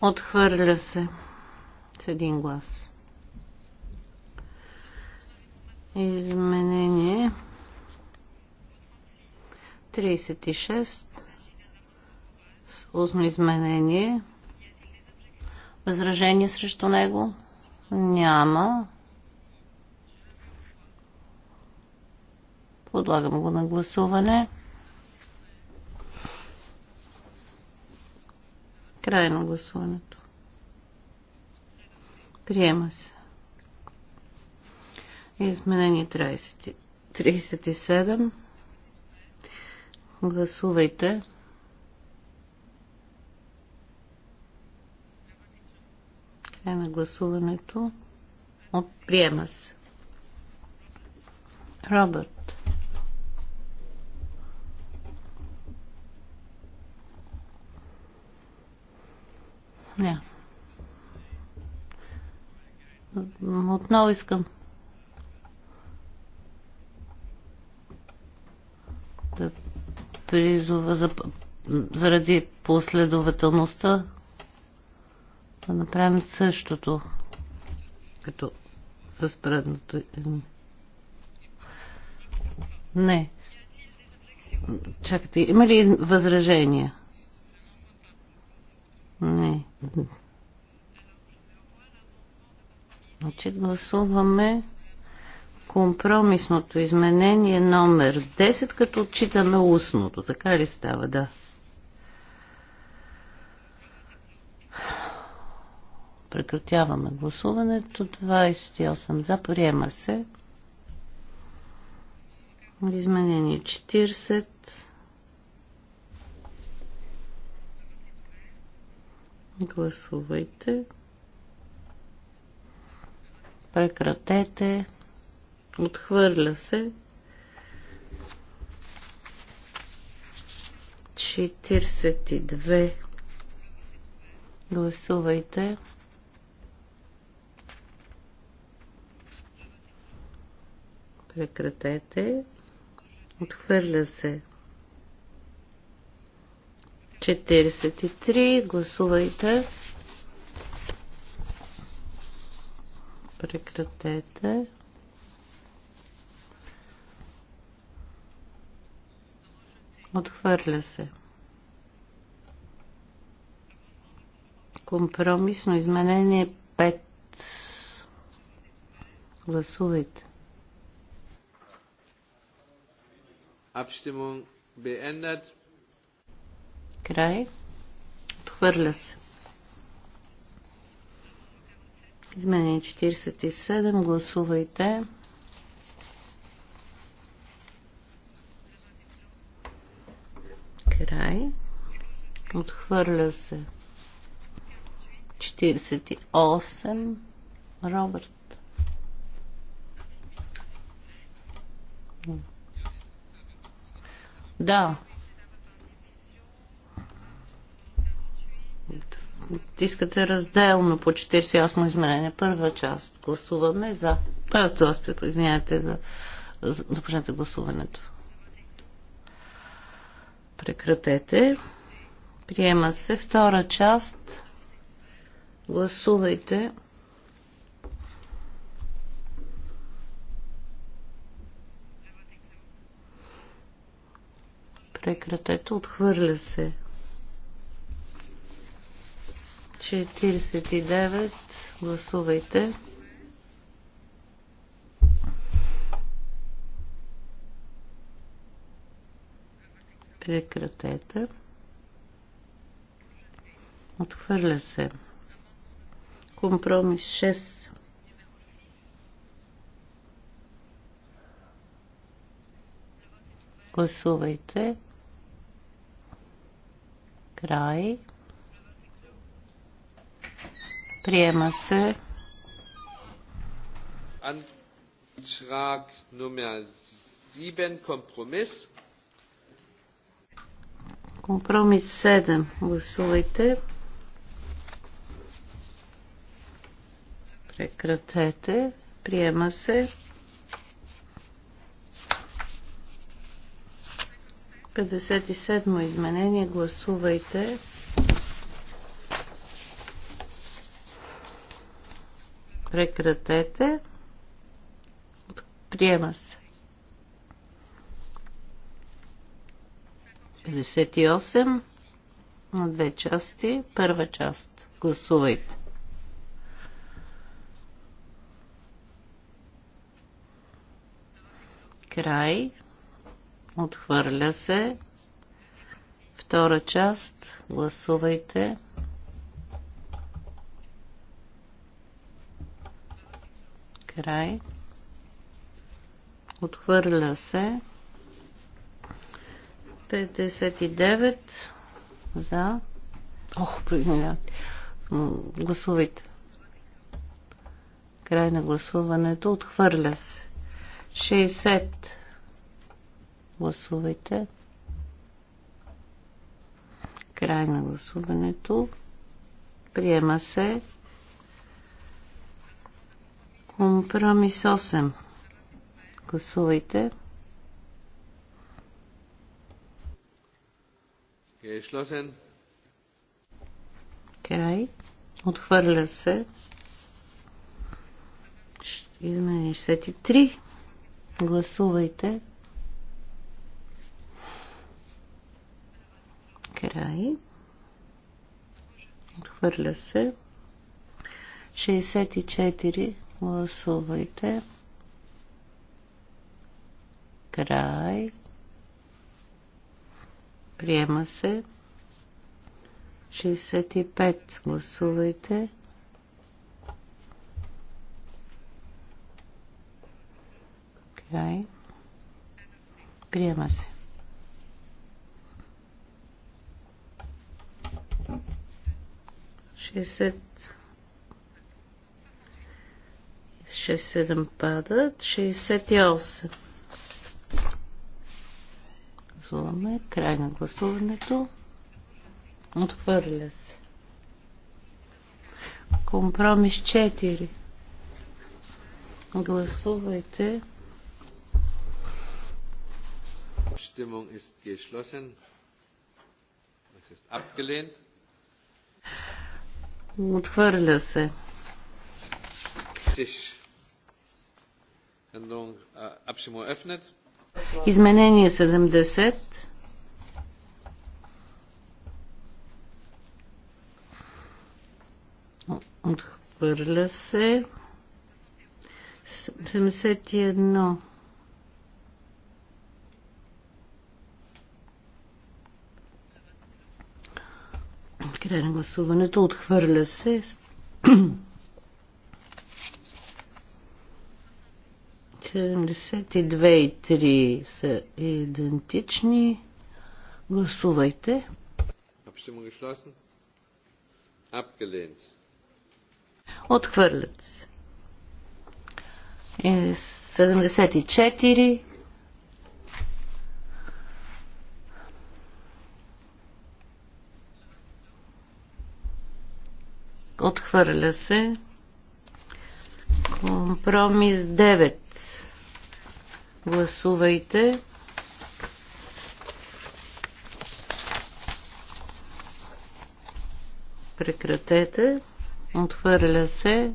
Отхвърля се с един глас. Изменение 36 с устно изменение. Възражение срещу него? Няма. Подлагам го на гласуване. Край на гласуването. Приема се. Изменение 30, 37. Гласувайте. Край на гласуването. От приема се. Робърт. Не. Отново искам призова за, заради последователността да направим същото като с предното. Не. Чакайте, има ли възражения? Не. Значи гласуваме компромисното изменение номер 10, като отчитаме устното. Така ли става? Да. Прекратяваме гласуването. 28 за. Приема се. Изменение 40. Гласувайте. Прекратете. Отхвърля се. 42. Гласувайте. Прекратете. Отхвърля се. 43. Гласувайте. Прекратете. Отхвърля се. Компромисно изменение 5. Гласувайте. БЕ beendet. Край. Отхвърля се. Изменение 47. Гласувайте. Отхвърля се. 48. Робърт. Да. Искате разделно по 48 изменение. Първа част. Гласуваме за. Първа част, извинявайте, за. Започнете гласуването. Прекратете. Приема се втора част. Гласувайте. Прекратете. Отхвърля се. 49. Гласувайте. Прекратете. Отхвърля се. Компромис 6. Гласувайте. Край. Приема се. Антрак номер 7, Компромис. Компромис 7. Гласувайте. Прекратете. Приема се. 57 изменение. Гласувайте. Прекратете. Приема се. 58 на две части. Първа част. Гласувайте. Край. Отхвърля се. Втора част. Гласувайте. Край. Отхвърля се. 59 за. Ох, признавайте. Гласувайте. Край на гласуването. Отхвърля се. 60. Гласувайте. Край на гласуването. Приема се. Компромис 8. Гласувайте. Geschlossen. Е, е Край. Отхвърля се. Измени 63. Гласувайте. Край. Отхвърля се. 64. Гласувайте. Край. Приема се. 65. Гласувайте. Край. Приема се. Шестдесет. 6-7 падат. 68. Гласуваме. Край на гласуването. Отхвърля се. Компромис 4. Гласувайте. Abstimmung ist geschlossen. Es ist abgelehnt. Отхвърля се. Изменение 70. Отхвърля се. 71. Край на гласуването. Отхвърля се. и 3 са идентични. Гласувайте. Отхвърлят се. 74 е, Отхвърля се. Компромис 9. Гласувайте. Прекратете. Отхвърля се.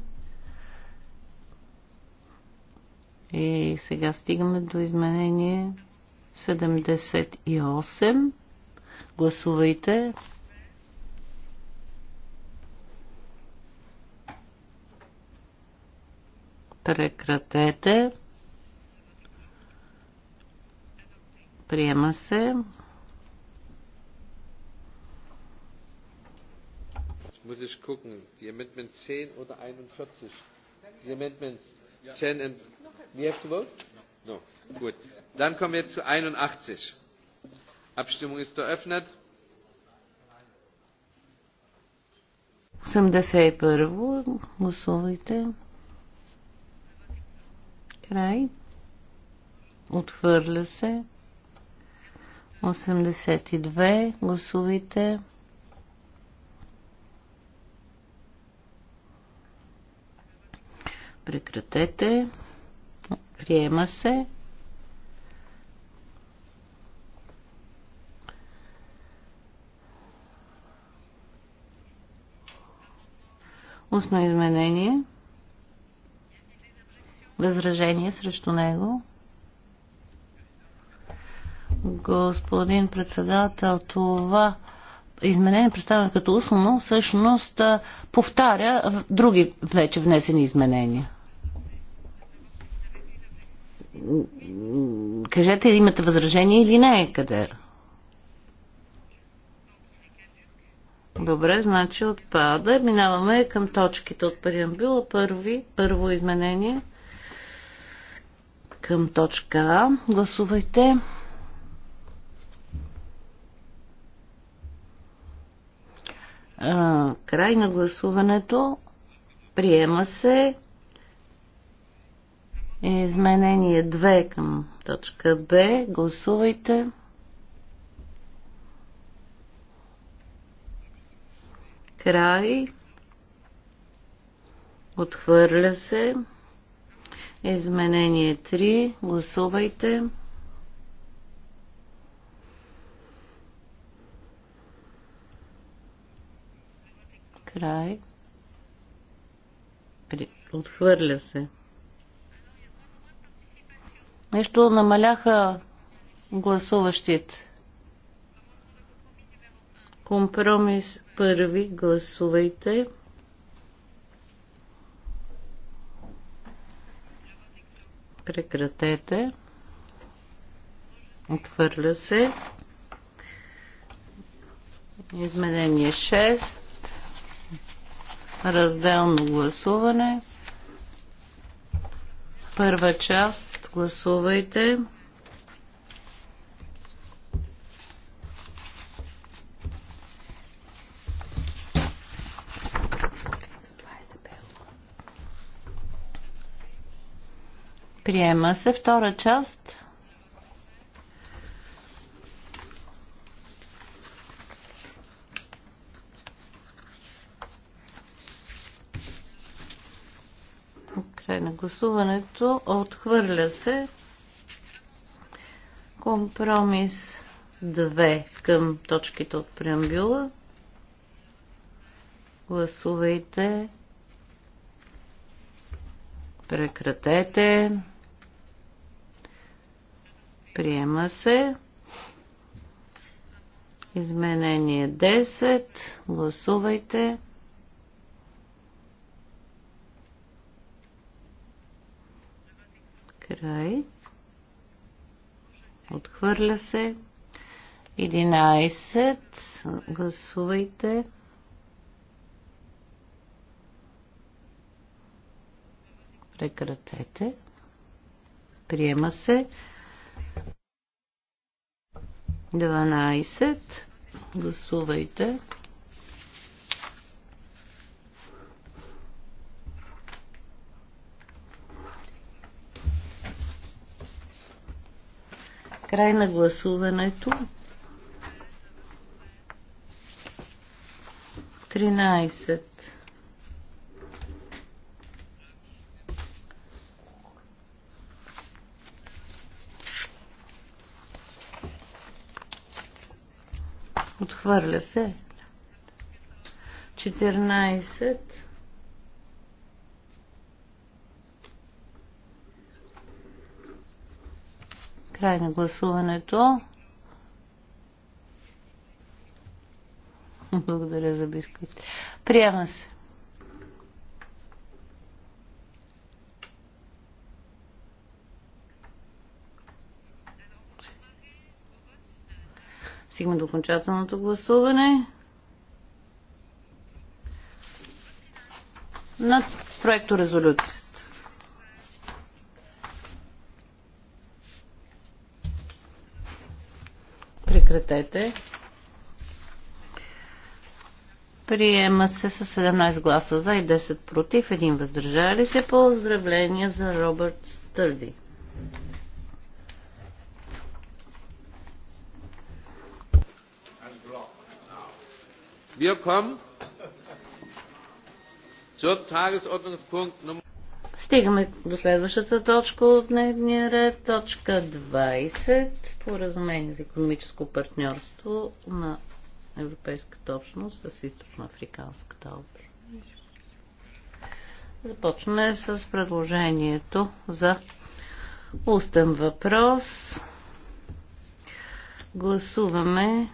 И сега стигаме до изменение 78. Гласувайте. Гласувайте. Прекратете. Приема се. muss ich gucken. Die Amendment 10 oder 41? Die Amendments 10 and... We have to vote? No. Gut. Dann kommen wir zu 81. Abstimmung ist eröffnet. 81. Гласувайте. Край. Отхвърля се. 82. Гласувайте. Прекратете. Приема се. Устно изменение възражение срещу него? Господин председател, това изменение, представено като условно, всъщност повтаря други вече внесени изменения. Кажете, имате възражение или не, Кадер? Добре, значи отпада. Минаваме към точките от преамбюла. Първи, първо изменение – към точка А. Гласувайте. А, край на гласуването. Приема се изменение 2 към точка Б. Гласувайте. Край. Отхвърля се. Изменение 3. Гласувайте. Край. Отхвърля се. Нещо намаляха гласуващите. Компромис първи. Гласувайте. Гласувайте. Прекратете. Отвърля се. Изменение 6. Разделно гласуване. Първа част. Гласувайте. Гласувайте. Приема се втора част. Край на гласуването. Отхвърля се. Компромис 2 към точките от преамбюла. Гласувайте. Прекратете. Приема се. Изменение 10. Гласувайте. Край. Отхвърля се. 11. Гласувайте. Прекратете. Приема се. 12. Гласувайте. Край на гласуването. 13. Отхвърля се. 14. Край на гласуването. Благодаря за бисквит. Приема се. стигне до окончателното гласуване. на проекто резолюцията. Прекратете. Приема се с 17 гласа за и 10 против, един въздържали се. Поздравления за Робърт Стърди. Wir kommen zur Tagesordnungspunkt Nummer Стигаме до следващата точка от дневния ред, точка 20, споразумение за економическо партньорство на Европейската общност с Източно-Африканската общност. Започваме с предложението за устен въпрос. Гласуваме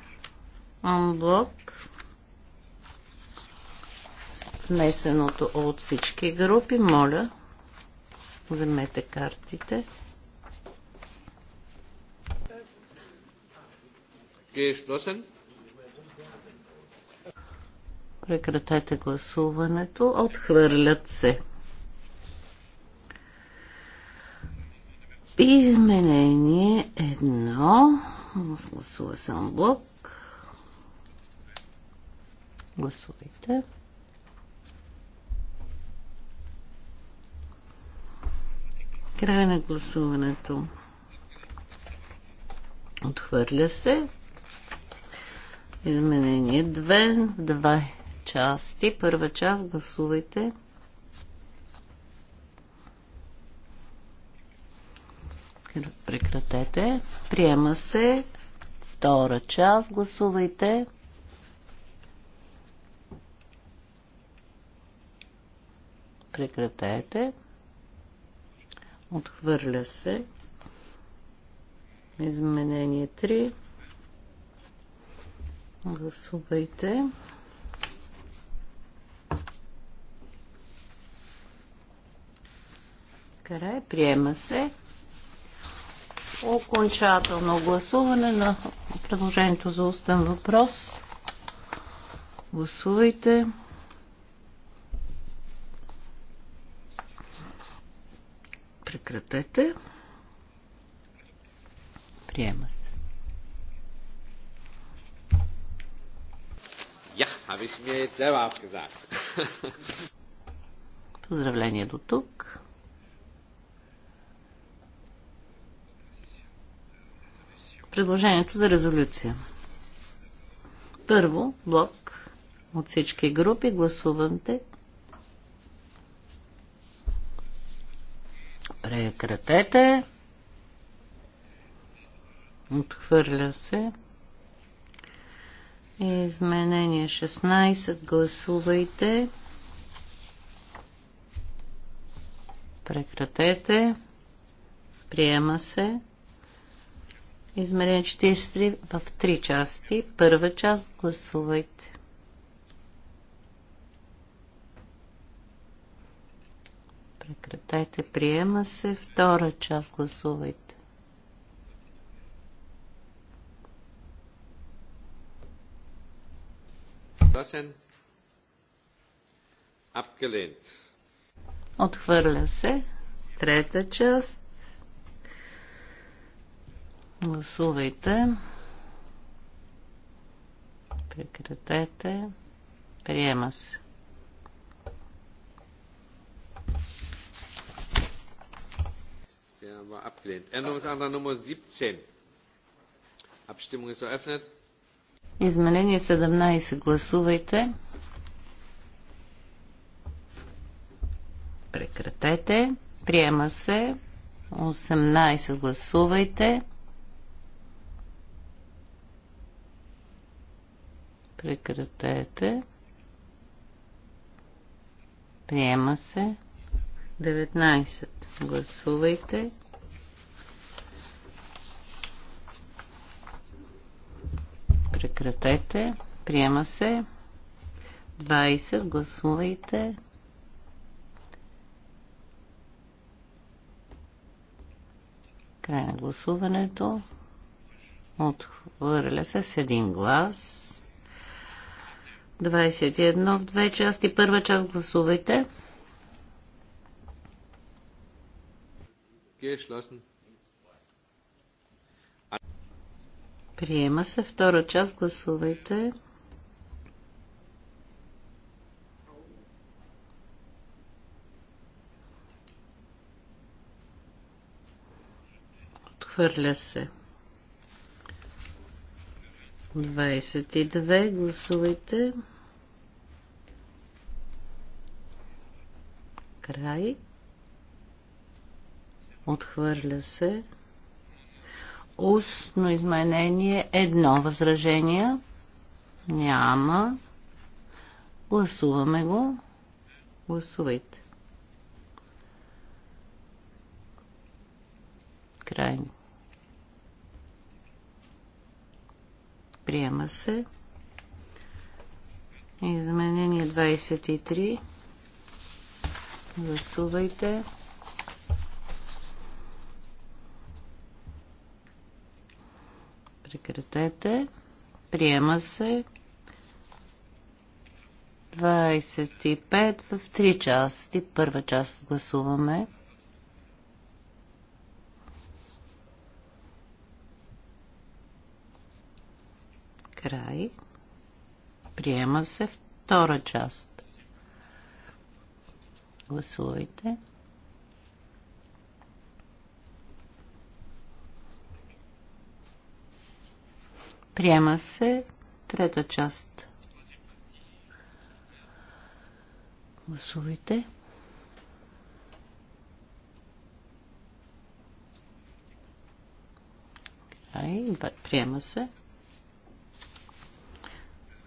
анблок внесеното от всички групи. Моля, вземете картите. Е Прекратете гласуването. Отхвърлят се. Изменение едно. Гласува съм блок. Гласувайте. Край на гласуването. Отхвърля се. Изменение 2 Два части. Първа част гласувайте. Прекратете. Приема се. Втора част гласувайте. Прекратете. Отхвърля се. Изменение 3. Гласувайте. Край. Приема се. Окончателно гласуване на предложението за устен въпрос. Гласувайте. Прекратете. Приема се. Я, а ви mir jetzt selber Поздравление до тук. Предложението за резолюция. Първо, блок от всички групи. Гласувате Прекратете. Отхвърля се. Изменение 16. Гласувайте. Прекратете. Приема се. Измерение 43 в 3 части. Първа част гласувайте. Прекратете. Приема се. Втора част. Гласувайте. Отхвърля се. Трета част. Гласувайте. Прекратете. Приема се. war abgelehnt. Änderungsantrag Nummer 17. Abstimmung ist eröffnet. Изменение 17. Гласувайте. Прекратете. Приема се. 18. Гласувайте. Прекратете. Приема се. 19. Гласувайте. подкрепете. Приема се. 20. Гласувайте. Край на гласуването. Отхвърля се с един глас. 21 в две части. Първа част гласувайте. Geschlossen. Приема се. Втора част гласувайте. Отхвърля се. 22. Гласувайте. Край. Отхвърля се. Устно изменение едно. възражение. Няма. Гласуваме го. Гласувайте. Крайно. Приема се. Изменение 23. Гласувайте. Гласувайте. Прекратете. Приема се. 25 в 3 части. Първа част гласуваме. Край. Приема се втора част. Гласувайте. Приема се трета част. Гласувайте. Ай, приема се.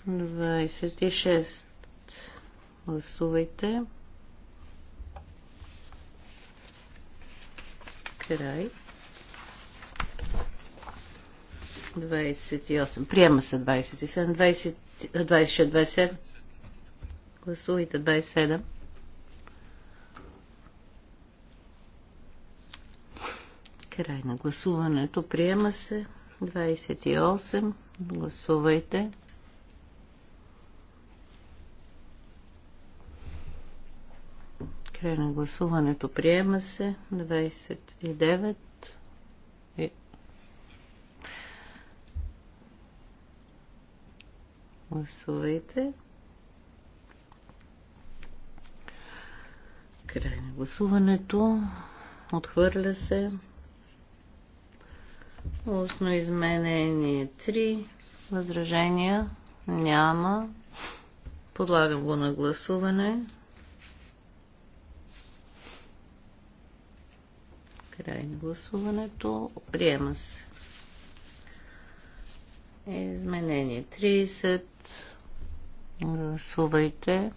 26. Гласувайте. Край. 28. Приема се 27. 20, 26, 27. Гласувайте 27. Край на гласуването. Приема се 28. Гласувайте. Край на гласуването. Приема се 29. Гласувайте. Край на гласуването. Отхвърля се. Устно изменение 3. Възражения няма. Подлагам го на гласуване. Край на гласуването. Приема се. Изменение 30. Гласувайте.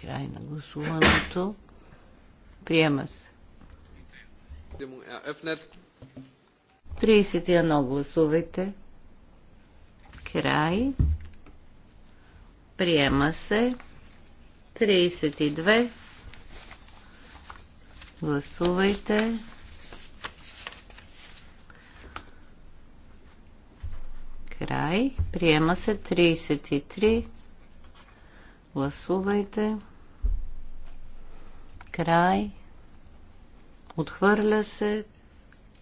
Край на гласуването. Приема се. 31 гласувайте. Край. Приема се. 32. Гласувайте. Край. Приема се 33. Гласувайте. Край. Отхвърля се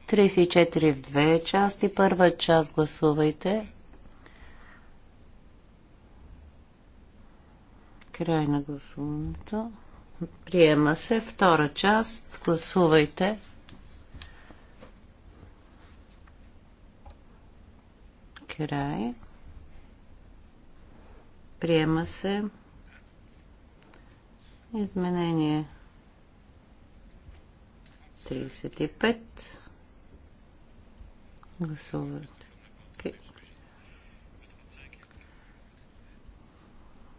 34 в две части. Първа част гласувайте. Край на гласуването. Приема се втора част. Гласувайте. Край. Приема се. Изменение 35. Гласувате. Okay.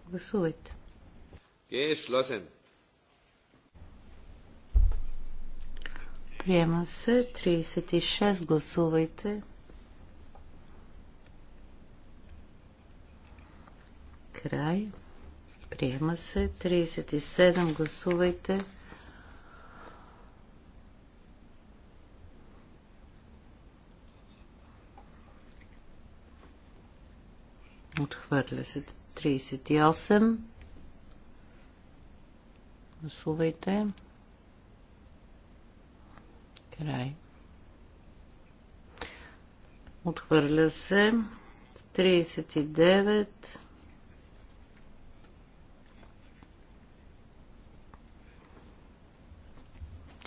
Гласувайте. Geschlossen. Е Приема се 36. Гласувайте. Край. Приема се. 37. Гласувайте. Отхвърля се. 38. Гласувайте. Край. Отхвърля се. 39.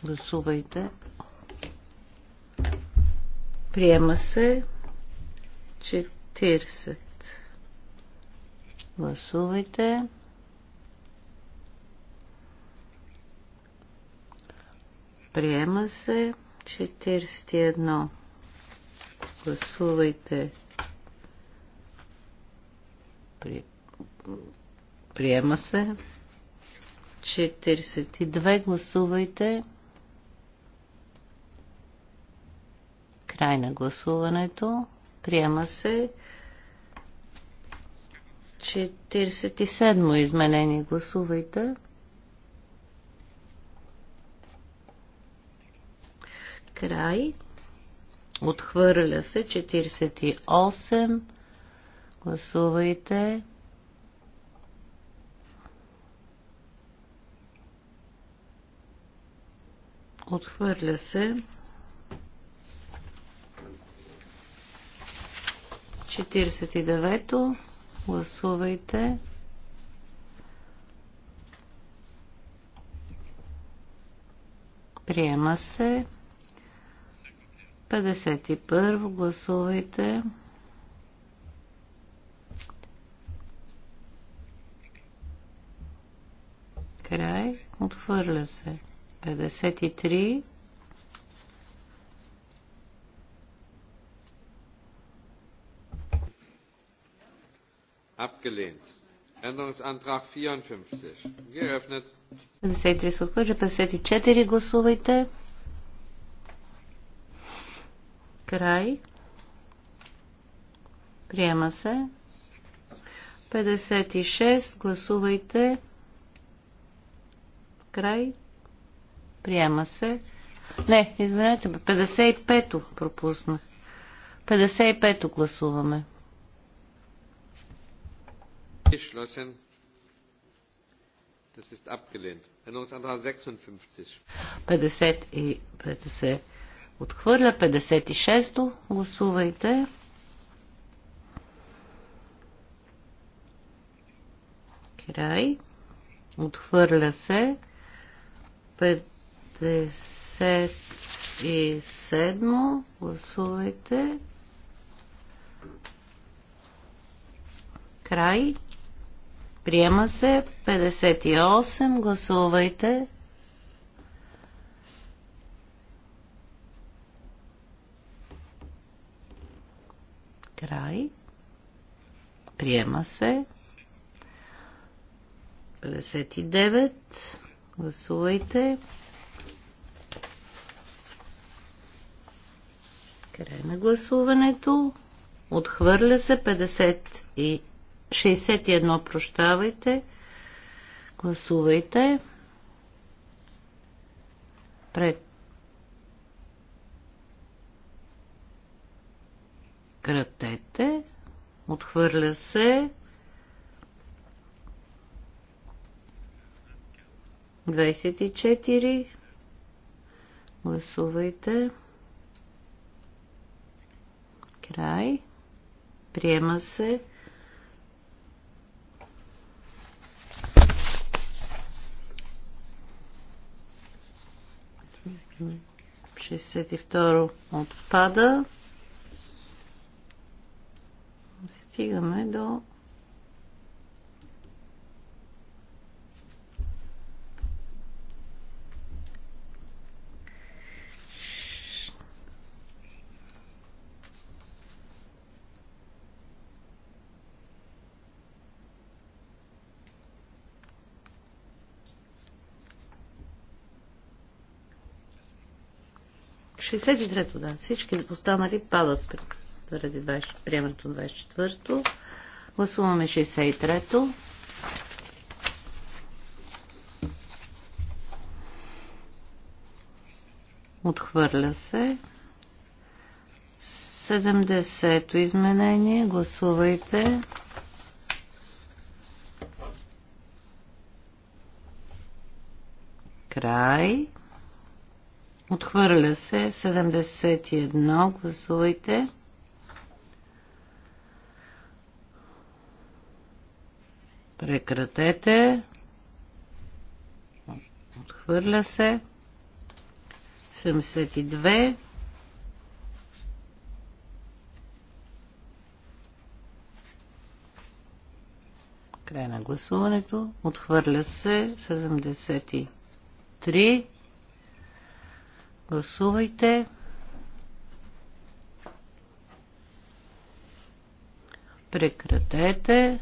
Гласувайте. Приема се 40. Гласувайте. Приема се 41. Гласувайте. При... Приема се. 42. Гласувайте. Край на гласуването. Приема се 47-мо изменение. Гласувайте. Край. Отхвърля се 48. Гласувайте. Отхвърля се 49-то. Гласувайте. Приема се. 51. во Гласувайте. Край. Отхвърля се. 53. Abgelehnt. Änderungsantrag 54. Geöffnet. 53 54 гласувайте. Край. Приема се. 56 гласувайте. Край. Приема се. Не, извинете, 55-то пропуснах. 55-то гласуваме. Geschlossen. Das ist abgelehnt. Änderungsantrag 56. се отхвърля. Гласувайте. Край. Отхвърля се. 57. Гласувайте. Край. Приема се 58. Гласувайте. Край. Приема се. 59. Гласувайте. Край на гласуването. Отхвърля се 59. 61, прощавайте. Гласувайте. Пред. Кратете. Отхвърля се. и четири. Гласувайте. Край. Приема се. 62 отпада. Стигаме до 63-то, да. Всички останали падат заради приемането на 24-то. Гласуваме 63-то. Отхвърля се. 70-то изменение. Гласувайте. Край. Отхвърля се 71. Гласувайте. Прекратете. Отхвърля се. 72. Край на гласуването. Отхвърля се 73. Гласувайте. Прекратете.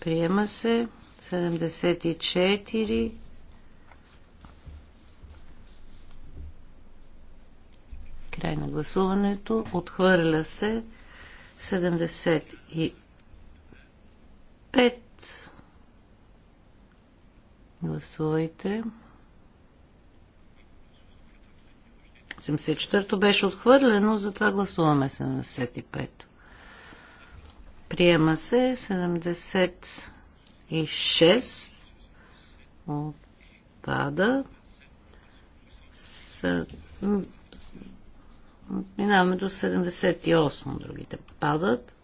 Приема се. 74. Край на гласуването. Отхвърля се. 75. Гласувайте. 74-то беше отхвърлено, затова гласуваме 75-то. Приема се 76. Отпада. С... Минаваме до 78. Другите падат.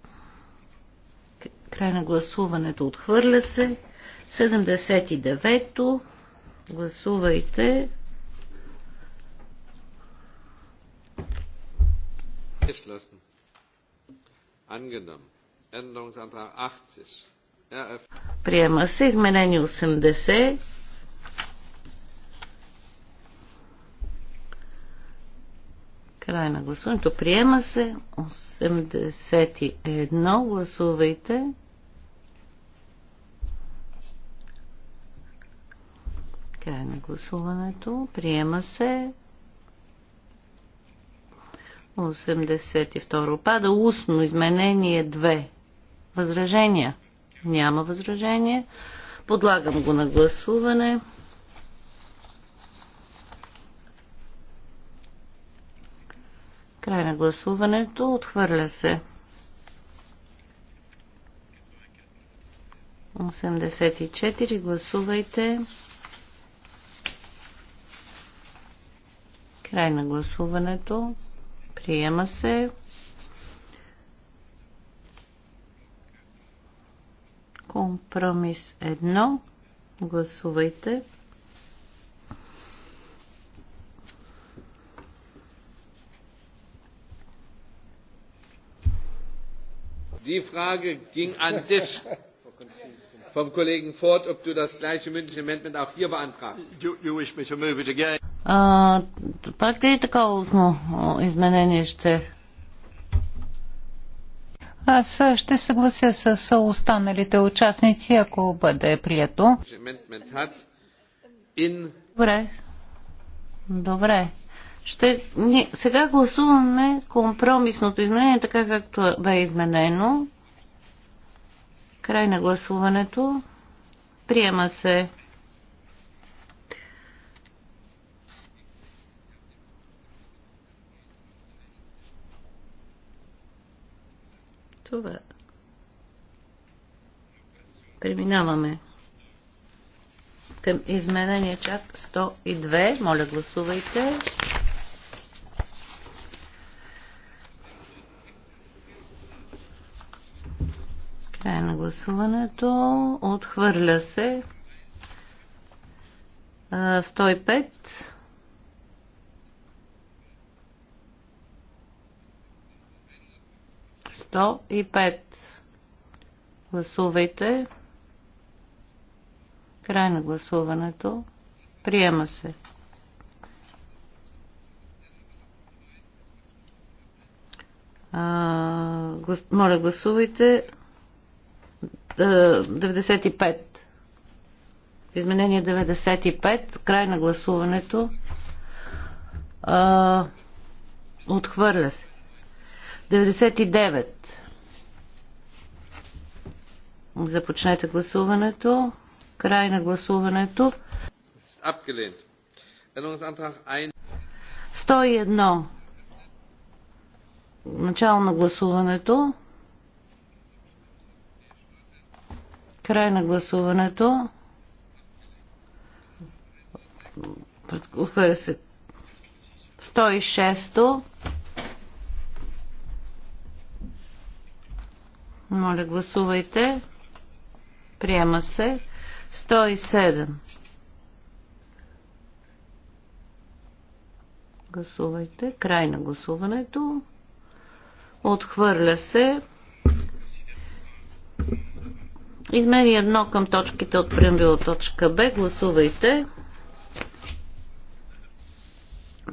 Край на гласуването отхвърля се. 79-то. Гласувайте. abgeschlossen. Angenommen. Änderungsantrag 80. RF. Приема се изменение 80. Край на гласуването. Приема се 81. Гласувайте. Край на гласуването. Приема се 82 пада. Устно изменение 2. Възражения? Няма възражение. Подлагам го на гласуване. Край на гласуването. Отхвърля се. 84. Гласувайте. Край на гласуването. Приема се. Компромис 1. Гласувайте. Die Frage ging an dich vom Kollegen Ford, ob du das gleiche mündliche Amendment auch hier beantragst. You, you wish me to move it again. А, ли така устно изменение ще? Аз ще съглася с останалите участници, ако бъде прието. Добре. Добре. Ще, сега гласуваме компромисното изменение, така както бе изменено. Край на гласуването. Приема се. Това. Преминаваме към изменение чак 102. Моля, гласувайте. Край на гласуването. Отхвърля се. 105. 105. Гласувайте. Край на гласуването. Приема се. А, Моля, гласувайте. 95. Изменение 95. Край на гласуването. А, отхвърля се. 99. Започнете гласуването. Край на гласуването. 101. Начало на гласуването. Край на гласуването. Отхвърля се 106-то. Моля, гласувайте. Приема се. 107. Гласувайте. Край на гласуването. Отхвърля се. Измери едно към точките от преамбюла точка Б. Гласувайте.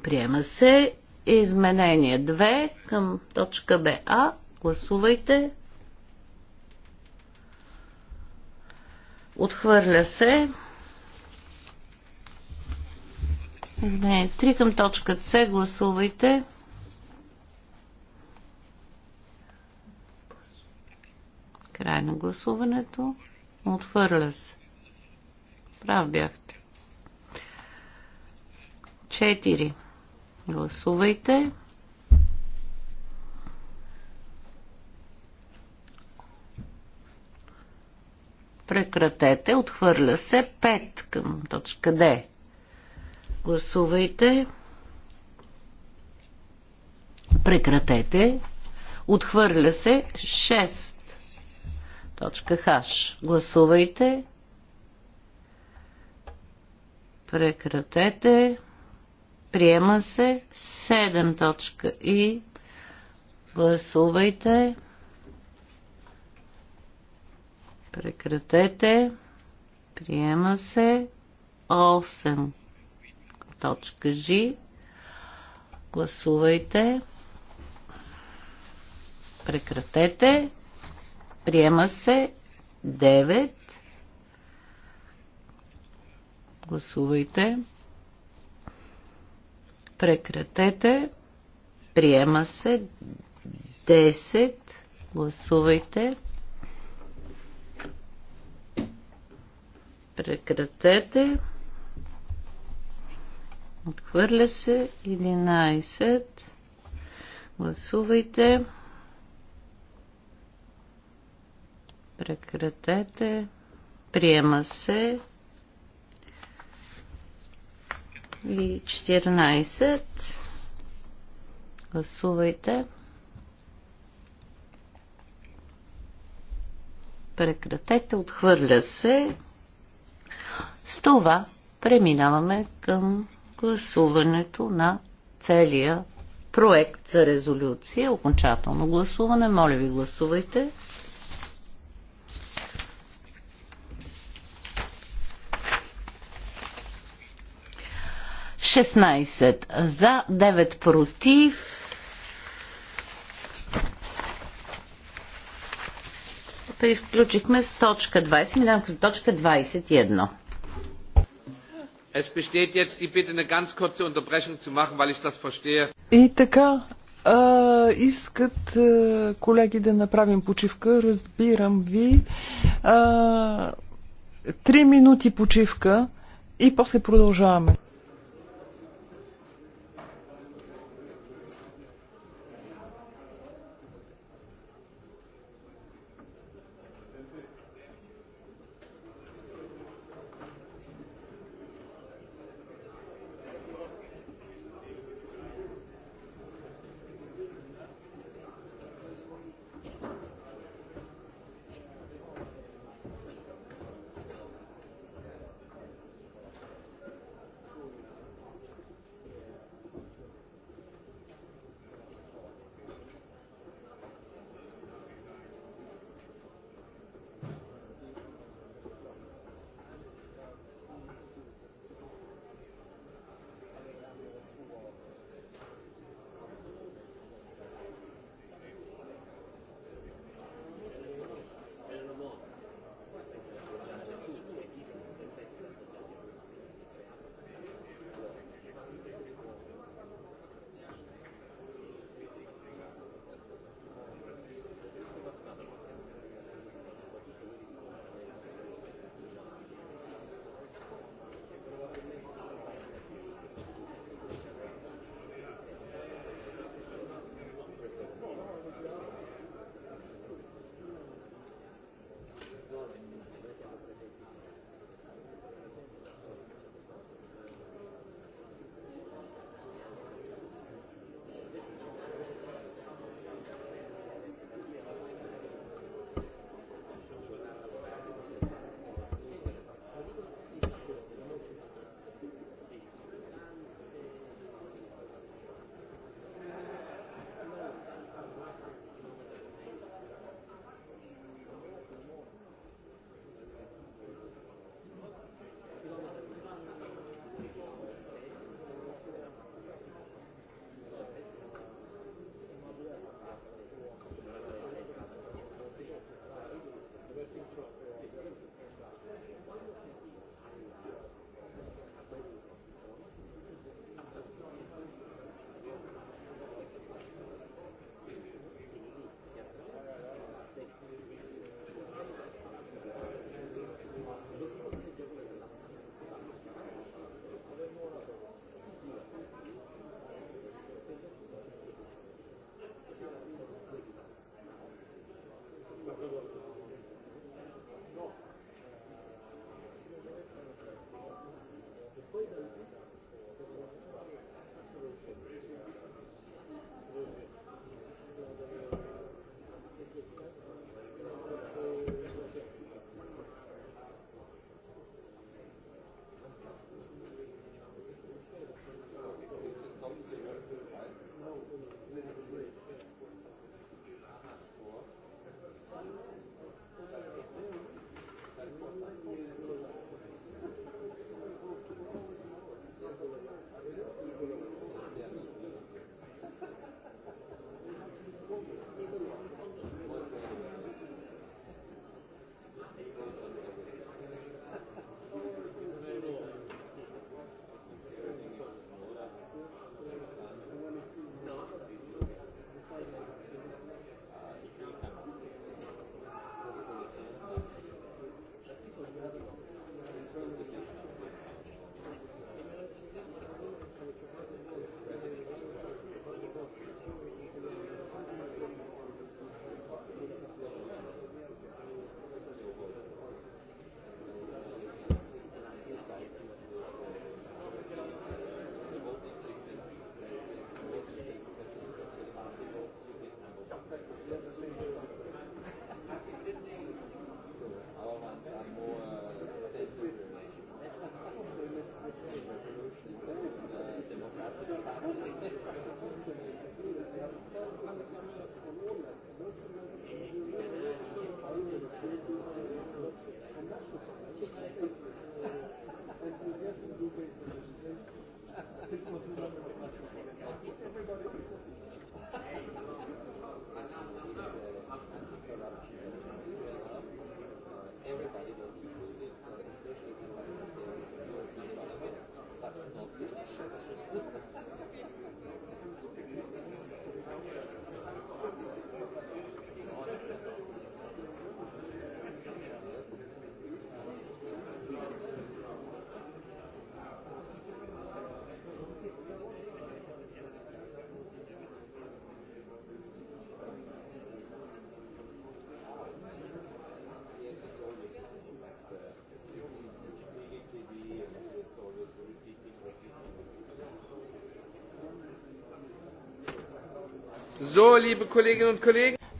Приема се. Изменение 2 към точка БА. Гласувайте. Отхвърля се. Изменение 3 към точка С. Гласувайте. Гласувайте. Край на гласуването. Отхвърля се. Прав бяхте. Четири. Гласувайте. Прекратете. Отхвърля се. 5 към точка Д. Гласувайте. Прекратете. Отхвърля се 6 точка хаш. Гласувайте. Прекратете. Приема се 7 точка и гласувайте. Прекратете. Приема се 8 точка Ж. Гласувайте. Прекратете. Приема се 9. Гласувайте. Прекратете. Приема се 10. Гласувайте. Прекратете. Отхвърля се 11. Гласувайте. Прекратете. Приема се. И 14. Гласувайте. Прекратете. Отхвърля се. С това преминаваме към гласуването на целия проект за резолюция. Окончателно гласуване. Моля ви, гласувайте. 16 за, 9 против. изключихме с точка 20, минавам към точка 21. Es besteht jetzt die Bitte, eine ganz kurze Unterbrechung zu machen, weil ich das verstehe. И така, а, искат а, колеги да направим почивка, разбирам ви. А, три минути почивка и после продължаваме.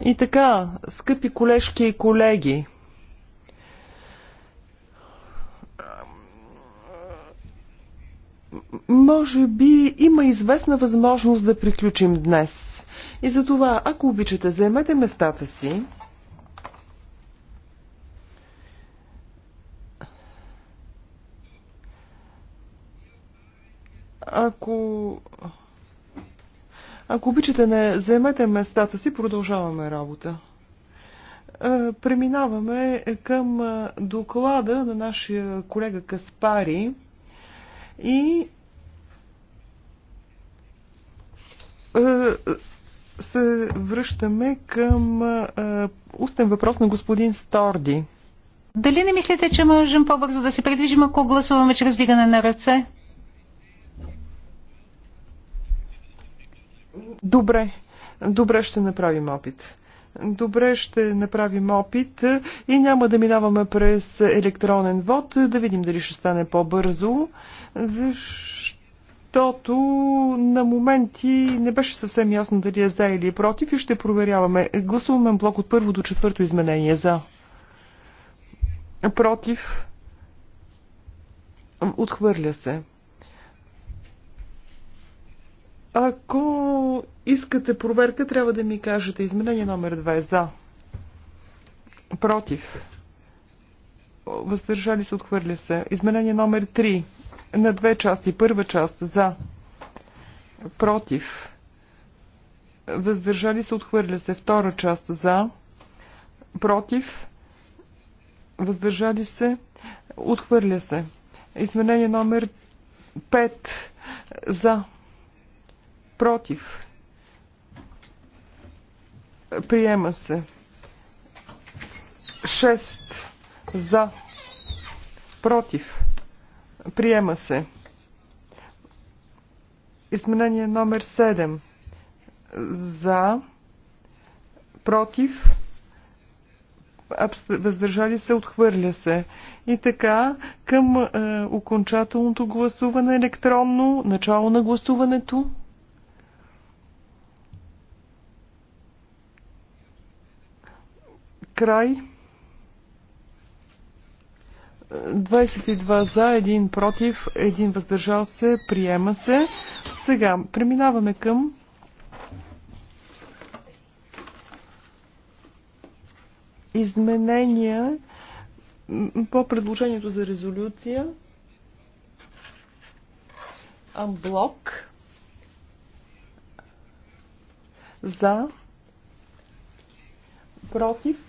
И така, скъпи колежки и колеги, може би има известна възможност да приключим днес. И затова, ако обичате, заемете местата си. Ако обичате, не заемете местата си, продължаваме работа. Е, преминаваме към е, доклада на нашия колега Каспари и е, се връщаме към устен въпрос на господин Сторди. Дали не мислите, че можем по-бързо да се придвижим, ако гласуваме чрез вдигане на ръце? Добре, добре ще направим опит. Добре, ще направим опит и няма да минаваме през електронен вод, да видим дали ще стане по-бързо, защото на моменти не беше съвсем ясно дали е за или е против и ще проверяваме. Гласуваме блок от първо до четвърто изменение за. Против. Отхвърля се. Ако искате проверка, трябва да ми кажете изменение номер 2 за. Против. Въздържали се, отхвърля се. Изменение номер 3 на две части. Първа част за. Против. Въздържали се, отхвърля се. Втора част за. Против. Въздържали се, отхвърля се. Изменение номер 5 за Против. Приема се. 6 за. Против. Приема се. Изменение номер 7. За. Против. Въздържали се, отхвърля се. И така, към е, окончателното гласуване електронно, начало на гласуването. Край. 22 за, 1 против, 1 въздържал се, приема се. Сега преминаваме към изменения по предложението за резолюция. Амблок. За. Против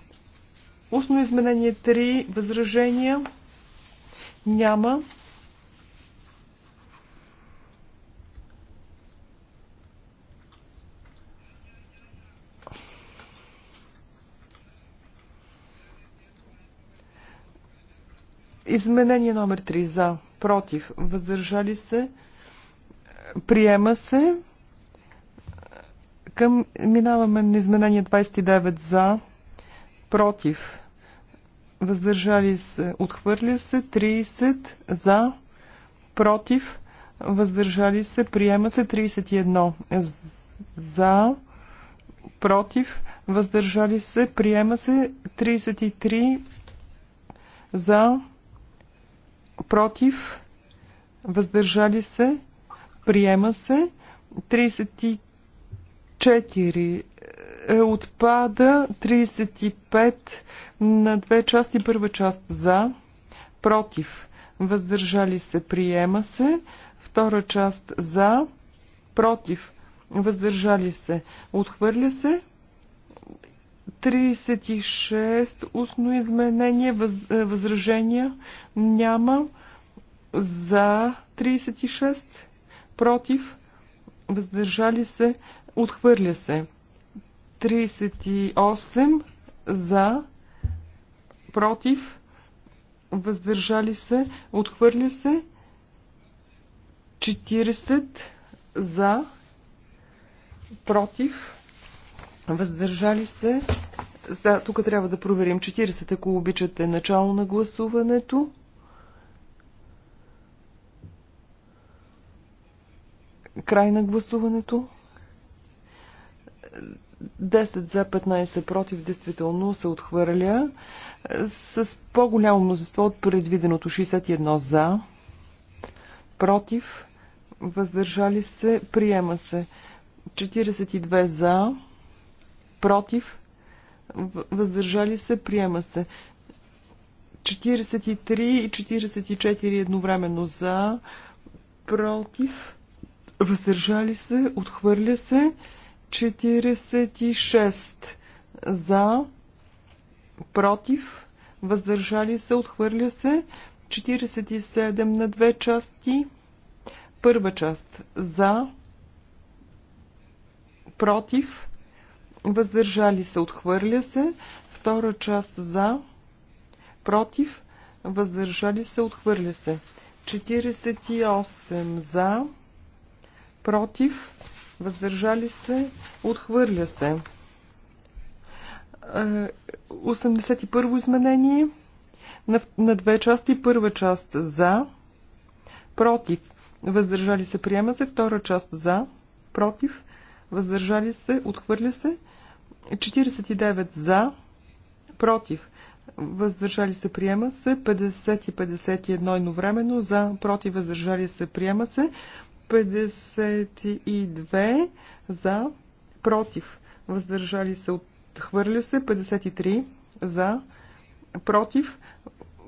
Устно изменение 3. Възражения? Няма. Изменение номер 3 за, против, въздържали се, приема се. Към, минаваме на изменение 29 за, против, въздържали се, отхвърля се, 30 за, против, въздържали се, приема се, 31 за, против, въздържали се, приема се, 33 за, против, въздържали се, приема се, 34 е, отпада 35 на две части. Първа част за, против, въздържали се, приема се. Втора част за, против, въздържали се, отхвърля се. 36 устно изменение, въз, е, възражения няма. За 36, против, въздържали се, отхвърля се. 38 за, против, въздържали се, отхвърля се, 40 за, против, въздържали се. Да, тук трябва да проверим 40, ако обичате начало на гласуването. Край на гласуването. 10 за 15 против действително се отхвърля с по-голямо мнозинство от предвиденото 61 за, против, въздържали се, приема се 42 за, против, въздържали се, приема се 43 и 44 едновременно за, против, въздържали се, отхвърля се 46 за, против, въздържали се, отхвърля се. 47 на две части. Първа част за, против, въздържали се, отхвърля се. Втора част за, против, въздържали се, отхвърля се. 48 за, против, въздържали се, отхвърля се. 81 во изменение на, на две части. Първа част за, против, въздържали се, приема се. Втора част за, против, въздържали се, отхвърля се. 49 за, против, въздържали се, приема се. 50 и 51 едновременно за, против, въздържали се, приема се. 52 за, против, въздържали се, отхвърля се. 53 за, против,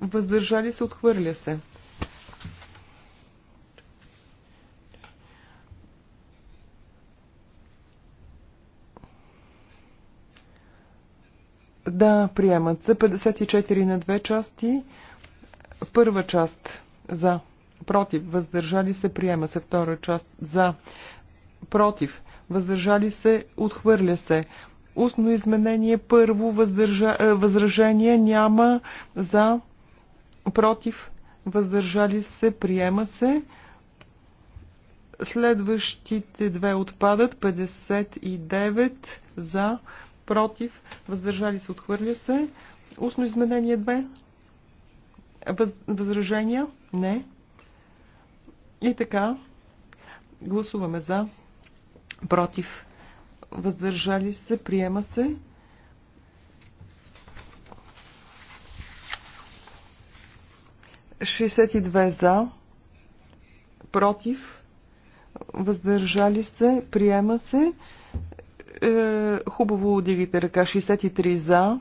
въздържали се, отхвърля се. Да, приемат се. 54 на две части. Първа част за против, въздържали се, приема се. Втора част за, против, въздържали се, отхвърля се. Устно изменение първо, въздържа, е, възражение няма за, против, въздържали се, приема се. Следващите две отпадат, 59 за, против, въздържали се, отхвърля се. Устно изменение две. Въз... Възражения? Не. И така, гласуваме за, против, въздържали се, приема се. Шестдесет и две за, против, въздържали се, приема се. Е, хубаво удивите ръка. 63 за,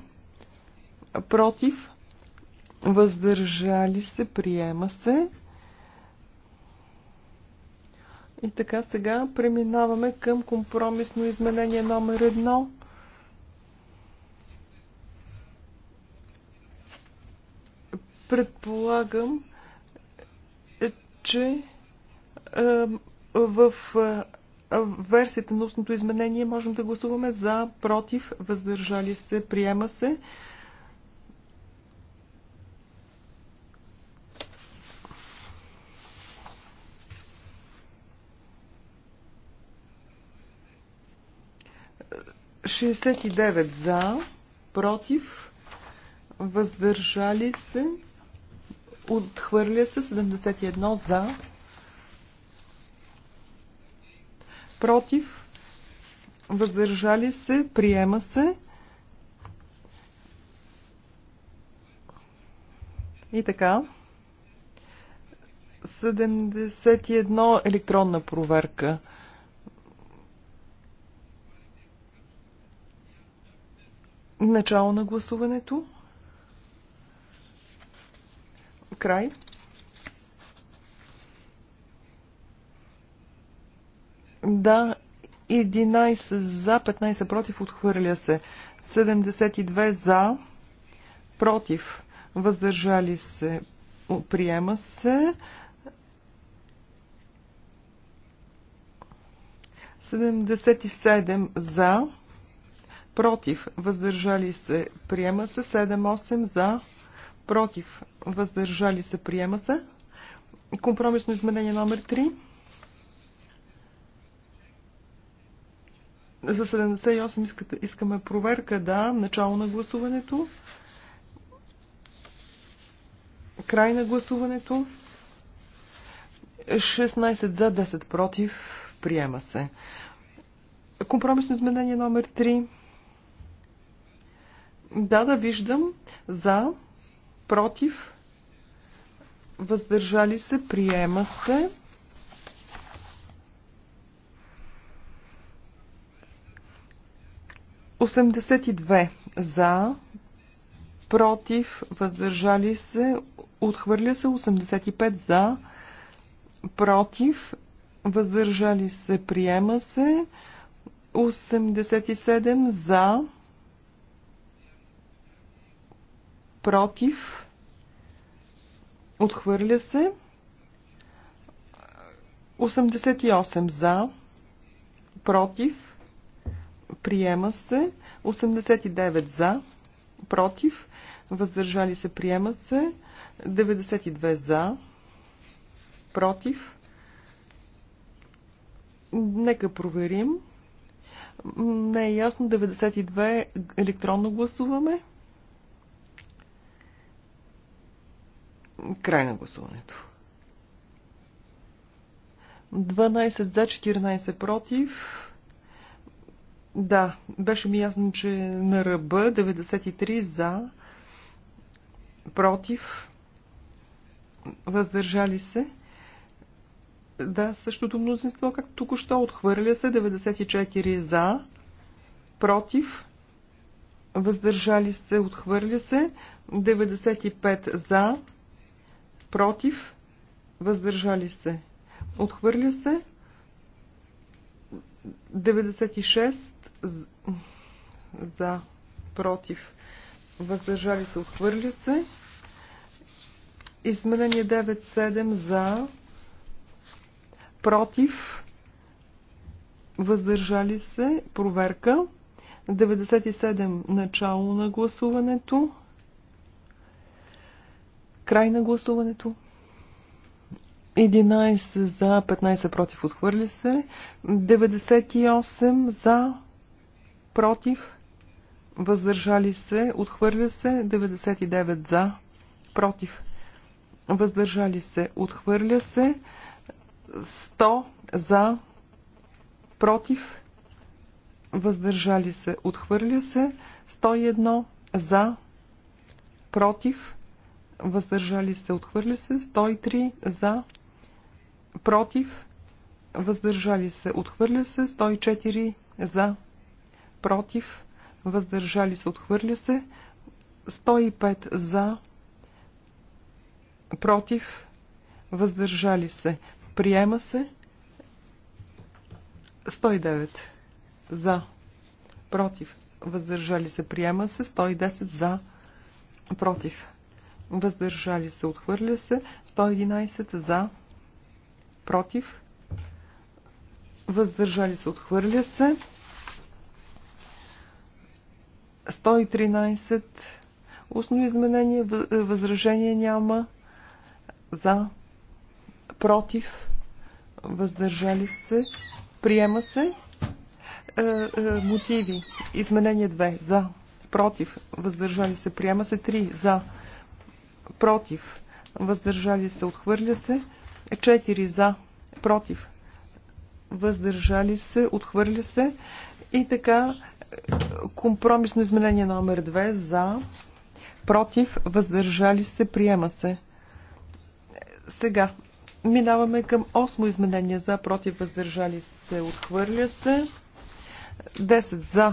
против, въздържали се, приема се. И така сега преминаваме към компромисно изменение номер едно. Предполагам, е, че е, в е, версията на устното изменение можем да гласуваме за, против, въздържали се, приема се. 69 за, против, въздържали се, отхвърля се 71 за, против, въздържали се, приема се. И така. 71 електронна проверка. Начало на гласуването. Край. Да, 11 за, 15 против, отхвърля се. 72 за, против, въздържали се, приема се. 77 за, против, въздържали се, приема се. 7-8 за, против, въздържали се, приема се. Компромисно изменение номер 3. За 78 искате, искаме проверка, да, начало на гласуването, край на гласуването, 16 за, 10 против, приема се. Компромисно изменение номер 3. Да, да, виждам. За, против, въздържали се, приема се. Осемдесет и две за, против, въздържали се, отхвърля се 85 за, против, въздържали се, приема се 87 за, против, отхвърля се, 88 за, против, приема се, 89 за, против, въздържали се, приема се, 92 за, против. Нека проверим. Не е ясно, 92 електронно гласуваме. Край на гласуването. 12 за, 14 против. Да, беше ми ясно, че на ръба 93 за, против, въздържали се. Да, същото мнозинство, както току-що отхвърля се, 94 за, против, въздържали се, отхвърля се, 95 за, против, въздържали се, отхвърля се. 96 за, против, въздържали се, отхвърля се. Изменение 97 за, против, въздържали се, проверка. 97 начало на гласуването. Край на гласуването. 11 за, 15 против, отхвърли се. 98 за, против, въздържали се, отхвърля се. 99 за, против, въздържали се, отхвърля се. 100 за, против, въздържали се, отхвърля се. 101 за, против, въздържали се, отхвърля се. 103 за, против, въздържали се, отхвърля се. 104 за, против, въздържали се, отхвърля се. 105 за, против, въздържали се, приема се. 109 за, против, въздържали се, приема се. 110 за, против въздържали се, отхвърля се, 111 за, против, въздържали се, отхвърля се, 113 устно изменение, възражение няма, за, против, въздържали се, приема се, е, е, мотиви, изменение 2, за, против, въздържали се, приема се 3, за, против, въздържали се, отхвърля се. 4 за, против, въздържали се, отхвърля се. И така, компромисно изменение номер 2 за, против, въздържали се, приема се. Сега, минаваме към 8 изменение за, против, въздържали се, отхвърля се. 10 за,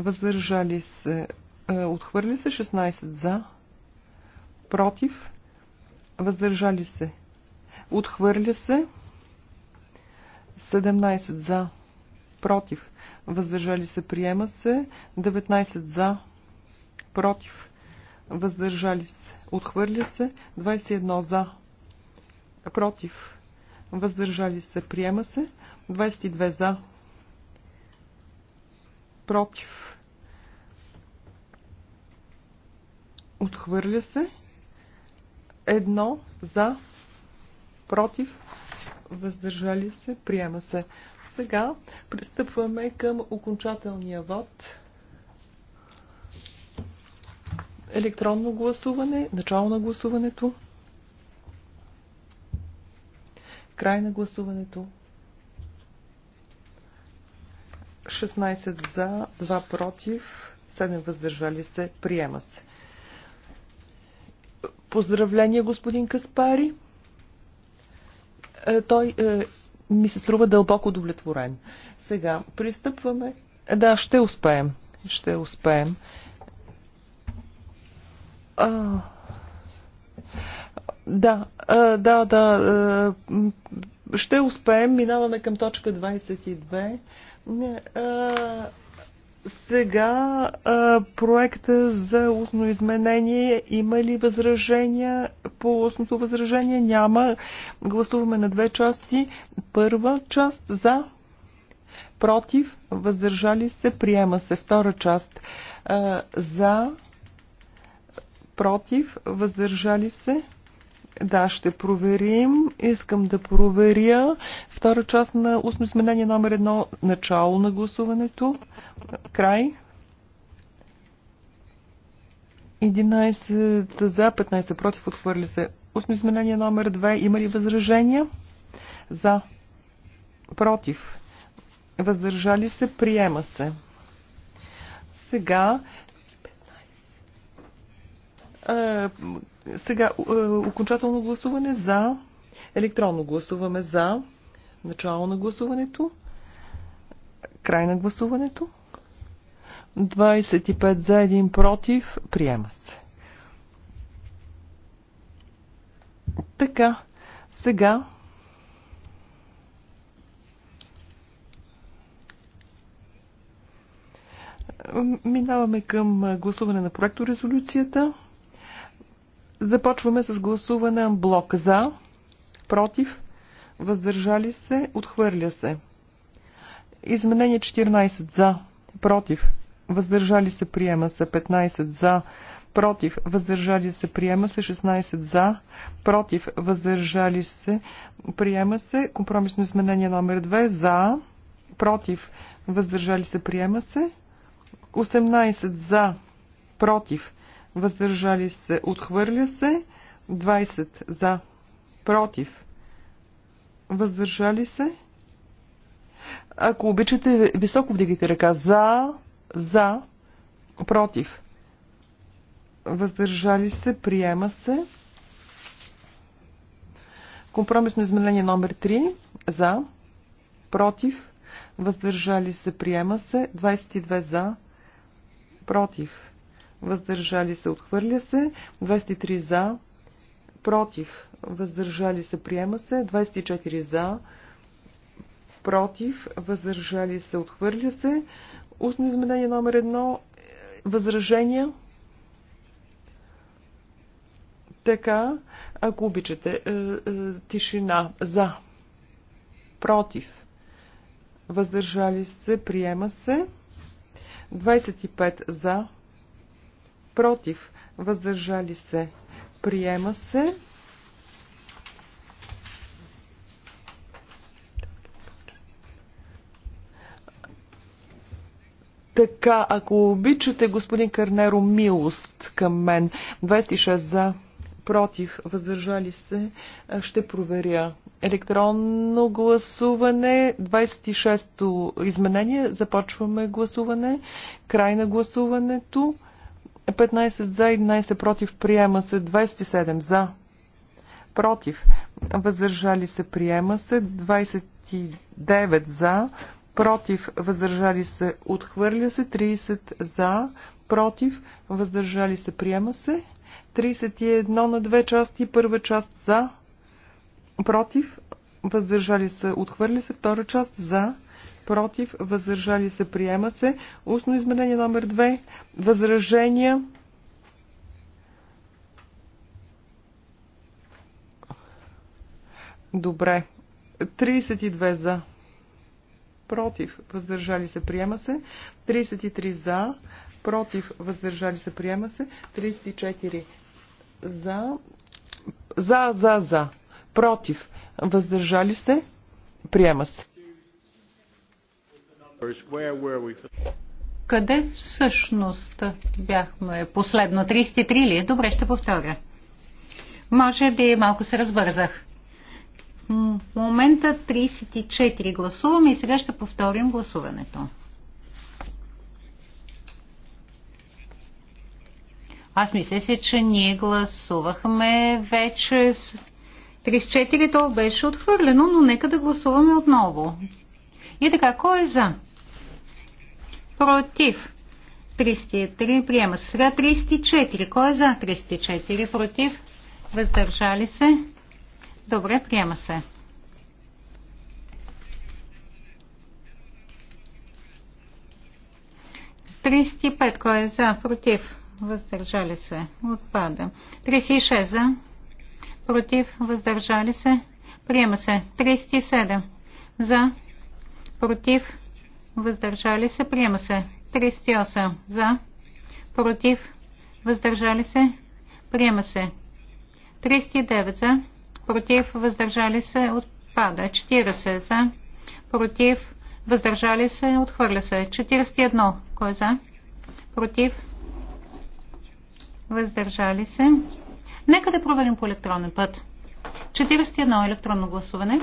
е, въздържали се, отхвърли се 16 за, против, въздържали се, отхвърля се 17 за, против, въздържали се, приема се 19 за, против, въздържали се, отхвърля се 21 за, против, въздържали се, приема се 22 за, против, Отхвърля се. Едно за, против, въздържали се, приема се. Сега пристъпваме към окончателния вод. Електронно гласуване, начало на гласуването, край на гласуването. 16 за, 2 против, 7 въздържали се, приема се. Поздравления, господин Каспари. Е, той е, ми се струва дълбоко удовлетворен. Сега пристъпваме. Да, ще успеем. Ще успеем. А, да, да, да. ще успеем. Минаваме към точка 22. Не, сега а, проекта за устно изменение има ли възражения? По устното възражение няма. Гласуваме на две части. Първа част за, против, въздържали се, приема се. Втора част а, за, против, въздържали се, да, ще проверим. Искам да проверя. Втора част на устно изменение номер едно. Начало на гласуването. Край. 11 за, 15 против, отхвърли се. Устно изменение номер 2. Има ли възражения? За. Против. Въздържали се. Приема се. Сега е, сега, е, окончателно гласуване за. Електронно гласуваме за. Начало на гласуването. Край на гласуването. 25 за 1 против. Приема се. Така, сега минаваме към гласуване на проекторезолюцията. Започваме с гласуване блок за, против, въздържали се, отхвърля се. Изменение 14 за, против, въздържали се, приема се 15 за, против, въздържали се, приема се 16 за, против, въздържали се, приема се компромисно изменение номер 2 за, против, въздържали се, приема се 18 за, против, въздържали се, отхвърля се, 20 за, против, въздържали се. Ако обичате, високо вдигайте ръка за, за, против, въздържали се, приема се. Компромисно изменение номер 3 за, против, въздържали се, приема се, 22 за, против въздържали се, отхвърля се, 23 за, против, въздържали се, приема се, 24 за, против, въздържали се, отхвърля се, устно изменение номер 1, възражения, така, ако обичате, е, е, тишина, за, против, въздържали се, приема се, 25 за, против, въздържали се, приема се. Така, ако обичате, господин Карнеро, милост към мен. 26 за, против, въздържали се, ще проверя. Електронно гласуване, 26-то изменение, започваме гласуване, край на гласуването. 15 за, 11 против, приема се 27 за, против, въздържали се, приема се 29 за, против, въздържали се, отхвърля се 30 за, против, въздържали се, приема се 31 на 2 части, първа част за, против, въздържали се, отхвърля се, втора част за, против, въздържали се, приема се. Устно изменение номер 2, възражения. Добре. 32 за. Против, въздържали се, приема се. 33 за. Против, въздържали се, приема се. 34 за. За, за, за. Против, въздържали се, приема се. Къде всъщност бяхме? Последно 33 ли? Добре, ще повторя. Може би малко се разбързах. В момента 34 гласуваме и сега ще повторим гласуването. Аз мисля се, че ние гласувахме вече с 34, то беше отхвърлено, но нека да гласуваме отново. И така, кой е за? против 303, приема се. Сега 34, кой е за 304 против, въздържали се, добре, приема се. пет, кой е за, против, въздържали се, отпада. 36 за, против, въздържали се, приема се. 37 за, против, въздържали се, приема се. 38 за, против, въздържали се, приема се. 39 за, против, въздържали се, отпада. 40 за, против, въздържали се, отхвърля се. 41, кой е за, против, въздържали се. Нека да проверим по електронен път. 41 електронно гласуване.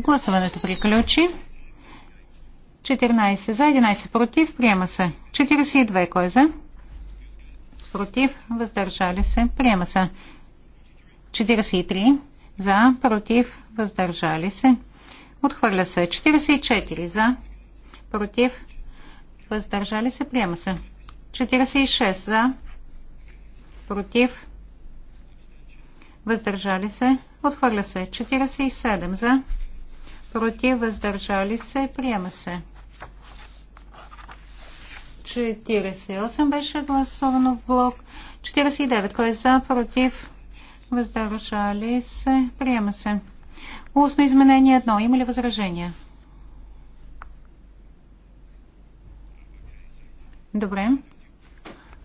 Гласуването приключи. 14 за, 11 против. Приема се. 42. Кой е за? Против. Въздържали се. Приема се. 43. За. Против. Въздържали се. Отхвърля се. 44. За. Против. Въздържали се. Приема се. 46. За. Против. Въздържали се. Отхвърля се. 47. За против, въздържали се, приема се. 48 беше гласувано в блок. 49. Кой е за, против, въздържали се, приема се. Устно изменение едно. Има ли възражения? Добре.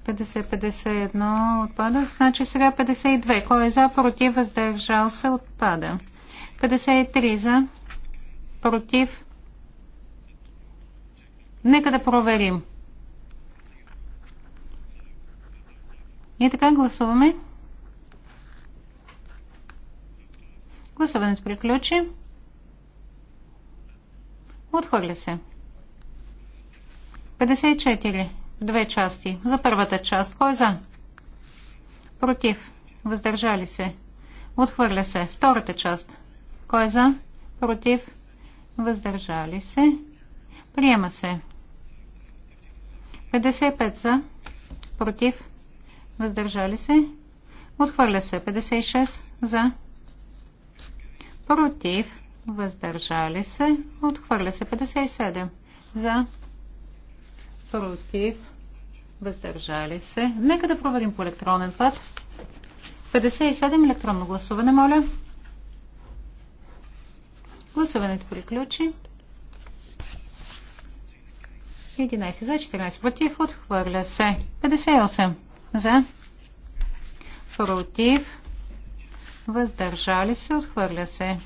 50-51 отпада. Значи сега 52. Кой е за, против, въздържал се, отпада. 53 за, против. Нека да проверим. И така гласуваме. Гласуването приключи. Отхвърля се. 54. Две части. За първата част. Кой е за? Против. Въздържали се. Отхвърля се. Втората част. Кой е за? Против въздържали се, приема се. 55 за, против, въздържали се, отхвърля се. 56 за, против, въздържали се, отхвърля се. 57 за, против, въздържали се. Нека да проверим по електронен път. 57 електронно гласуване, моля. Гласуването приключи. 11 за, 14 против, отхвърля се. 58 за, против, въздържали се, отхвърля се.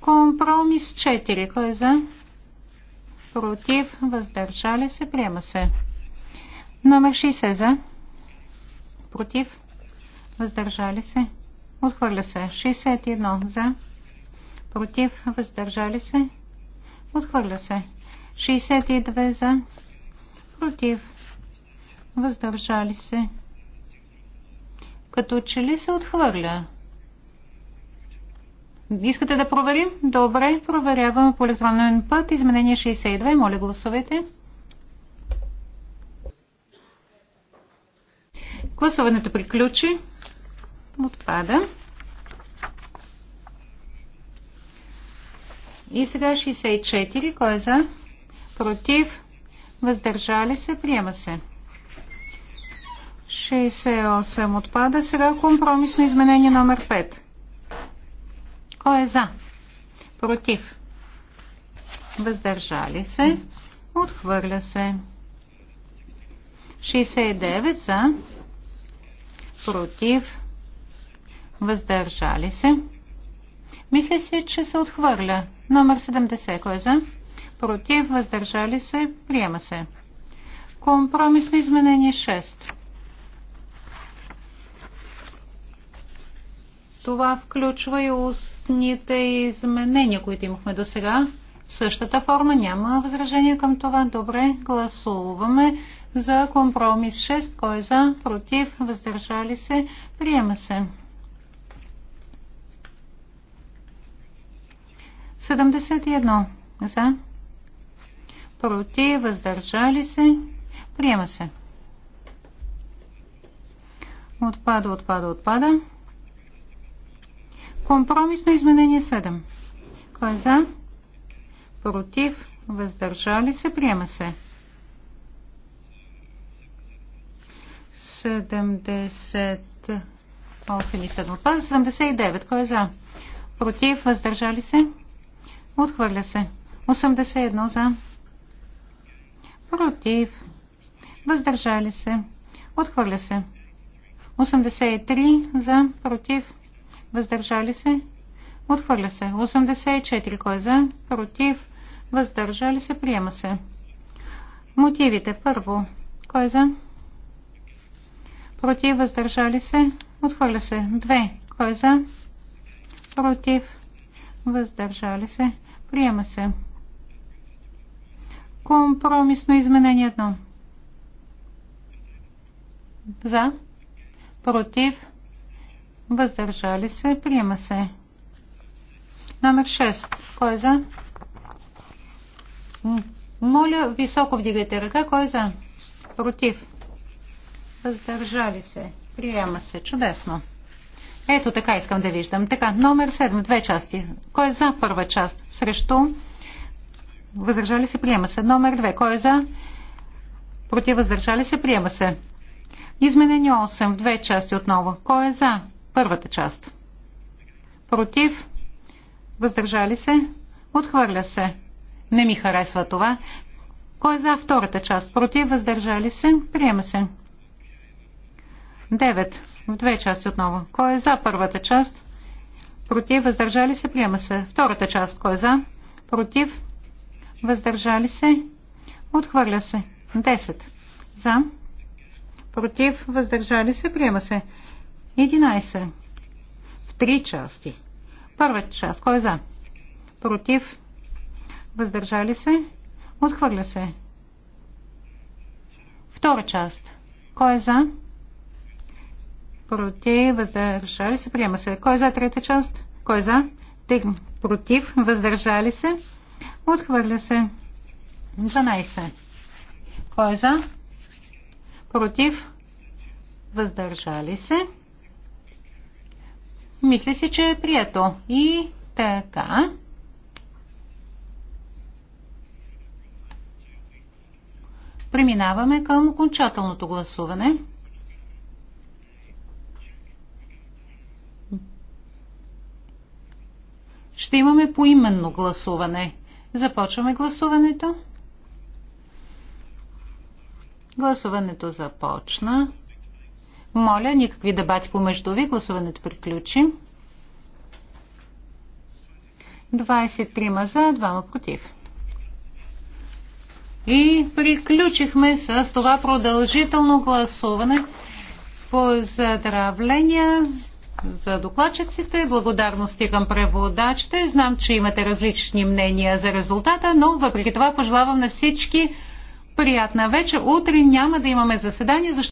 Компромис 4. Кой е за? Против, въздържали се, приема се. Номер 60 за. Против, въздържали се, Отхвърля се. 61 за. Против. Въздържали се. Отхвърля се. 62 за. Против. Въздържали се. Като че ли се отхвърля? Искате да проверим? Добре, проверяваме по електронен път. Изменение 62. Моля, гласувайте. Гласуването приключи. Отпада. И сега 64. Кой е за? Против. Въздържали се. Приема се. 68 отпада. Сега компромисно изменение номер 5. Кой е за? Против. Въздържали се. Отхвърля се. 69 за. Против въздържали се. Мисля си, че се отхвърля. Номер 70. Кой е за? Против, въздържали се, приема се. Компромисно изменение 6. Това включва и устните изменения, които имахме до сега. В същата форма няма възражение към това. Добре, гласуваме за компромис 6. Кой е за? Против, въздържали се, приема се. 71 за, против, въздържали се, приема се. Отпада, отпада, отпада. Компромисно изменение 7. Кой е за? Против, въздържали се, приема се. 78 и 7 отпада. 79. Кой е за? Против, въздържали се? Отхвърля се. 81 за. Против. Въздържали се. Отхвърля се. 83 за. Против. Въздържали се. Отхвърля се. 84 кой е за. Против. Въздържали се. Приема се. Мотивите. Първо. Кой е за? Против. Въздържали се. Отхвърля се. 2. Кой е за? Против. Въздържали се. Приема се. Компромисно изменение 1. За. Против. Въздържали се. Приема се. Номер 6. Кой е за? Моля, високо вдигайте ръка. Кой е за? Против. Въздържали се. Приема се. Чудесно. Ето така искам да виждам. Така, номер 7, две части. Кой е за първа част? Срещу? Въздържали се, приема се. Номер 2, кой е за? Против, въздържали се, приема се. Изменение 8, в две части отново. Кой е за първата част? Против, въздържали се, отхвърля се. Не ми харесва това. Кой е за втората част? Против, въздържали се, приема се. 9. В две части отново. Кой е за първата част? Против, въздържали се, приема се. Втората част, кой е за? Против, въздържали се, отхвърля се. 10. За. Против, въздържали се, приема се. 11. В три части. Първата част, кой е за? Против, въздържали се, отхвърля се. Втора част, кой е за? против, въздържали се, приема се. Кой е за трета част? Кой е за? Тъй, против, въздържали се, отхвърля се. 12. Кой е за? Против, въздържали се. Мисля си, че е прието. И така. Преминаваме към окончателното гласуване. Ще имаме поименно гласуване. Започваме гласуването. Гласуването започна. Моля, никакви дебати помежду ви. Гласуването приключи. 23 за, 2 против. И приключихме с това продължително гласуване. Поздравления за докладчиците, благодарности към преводачите. Знам, че имате различни мнения за резултата, но въпреки това пожелавам на всички приятна вечер. Утре няма да имаме заседание, защото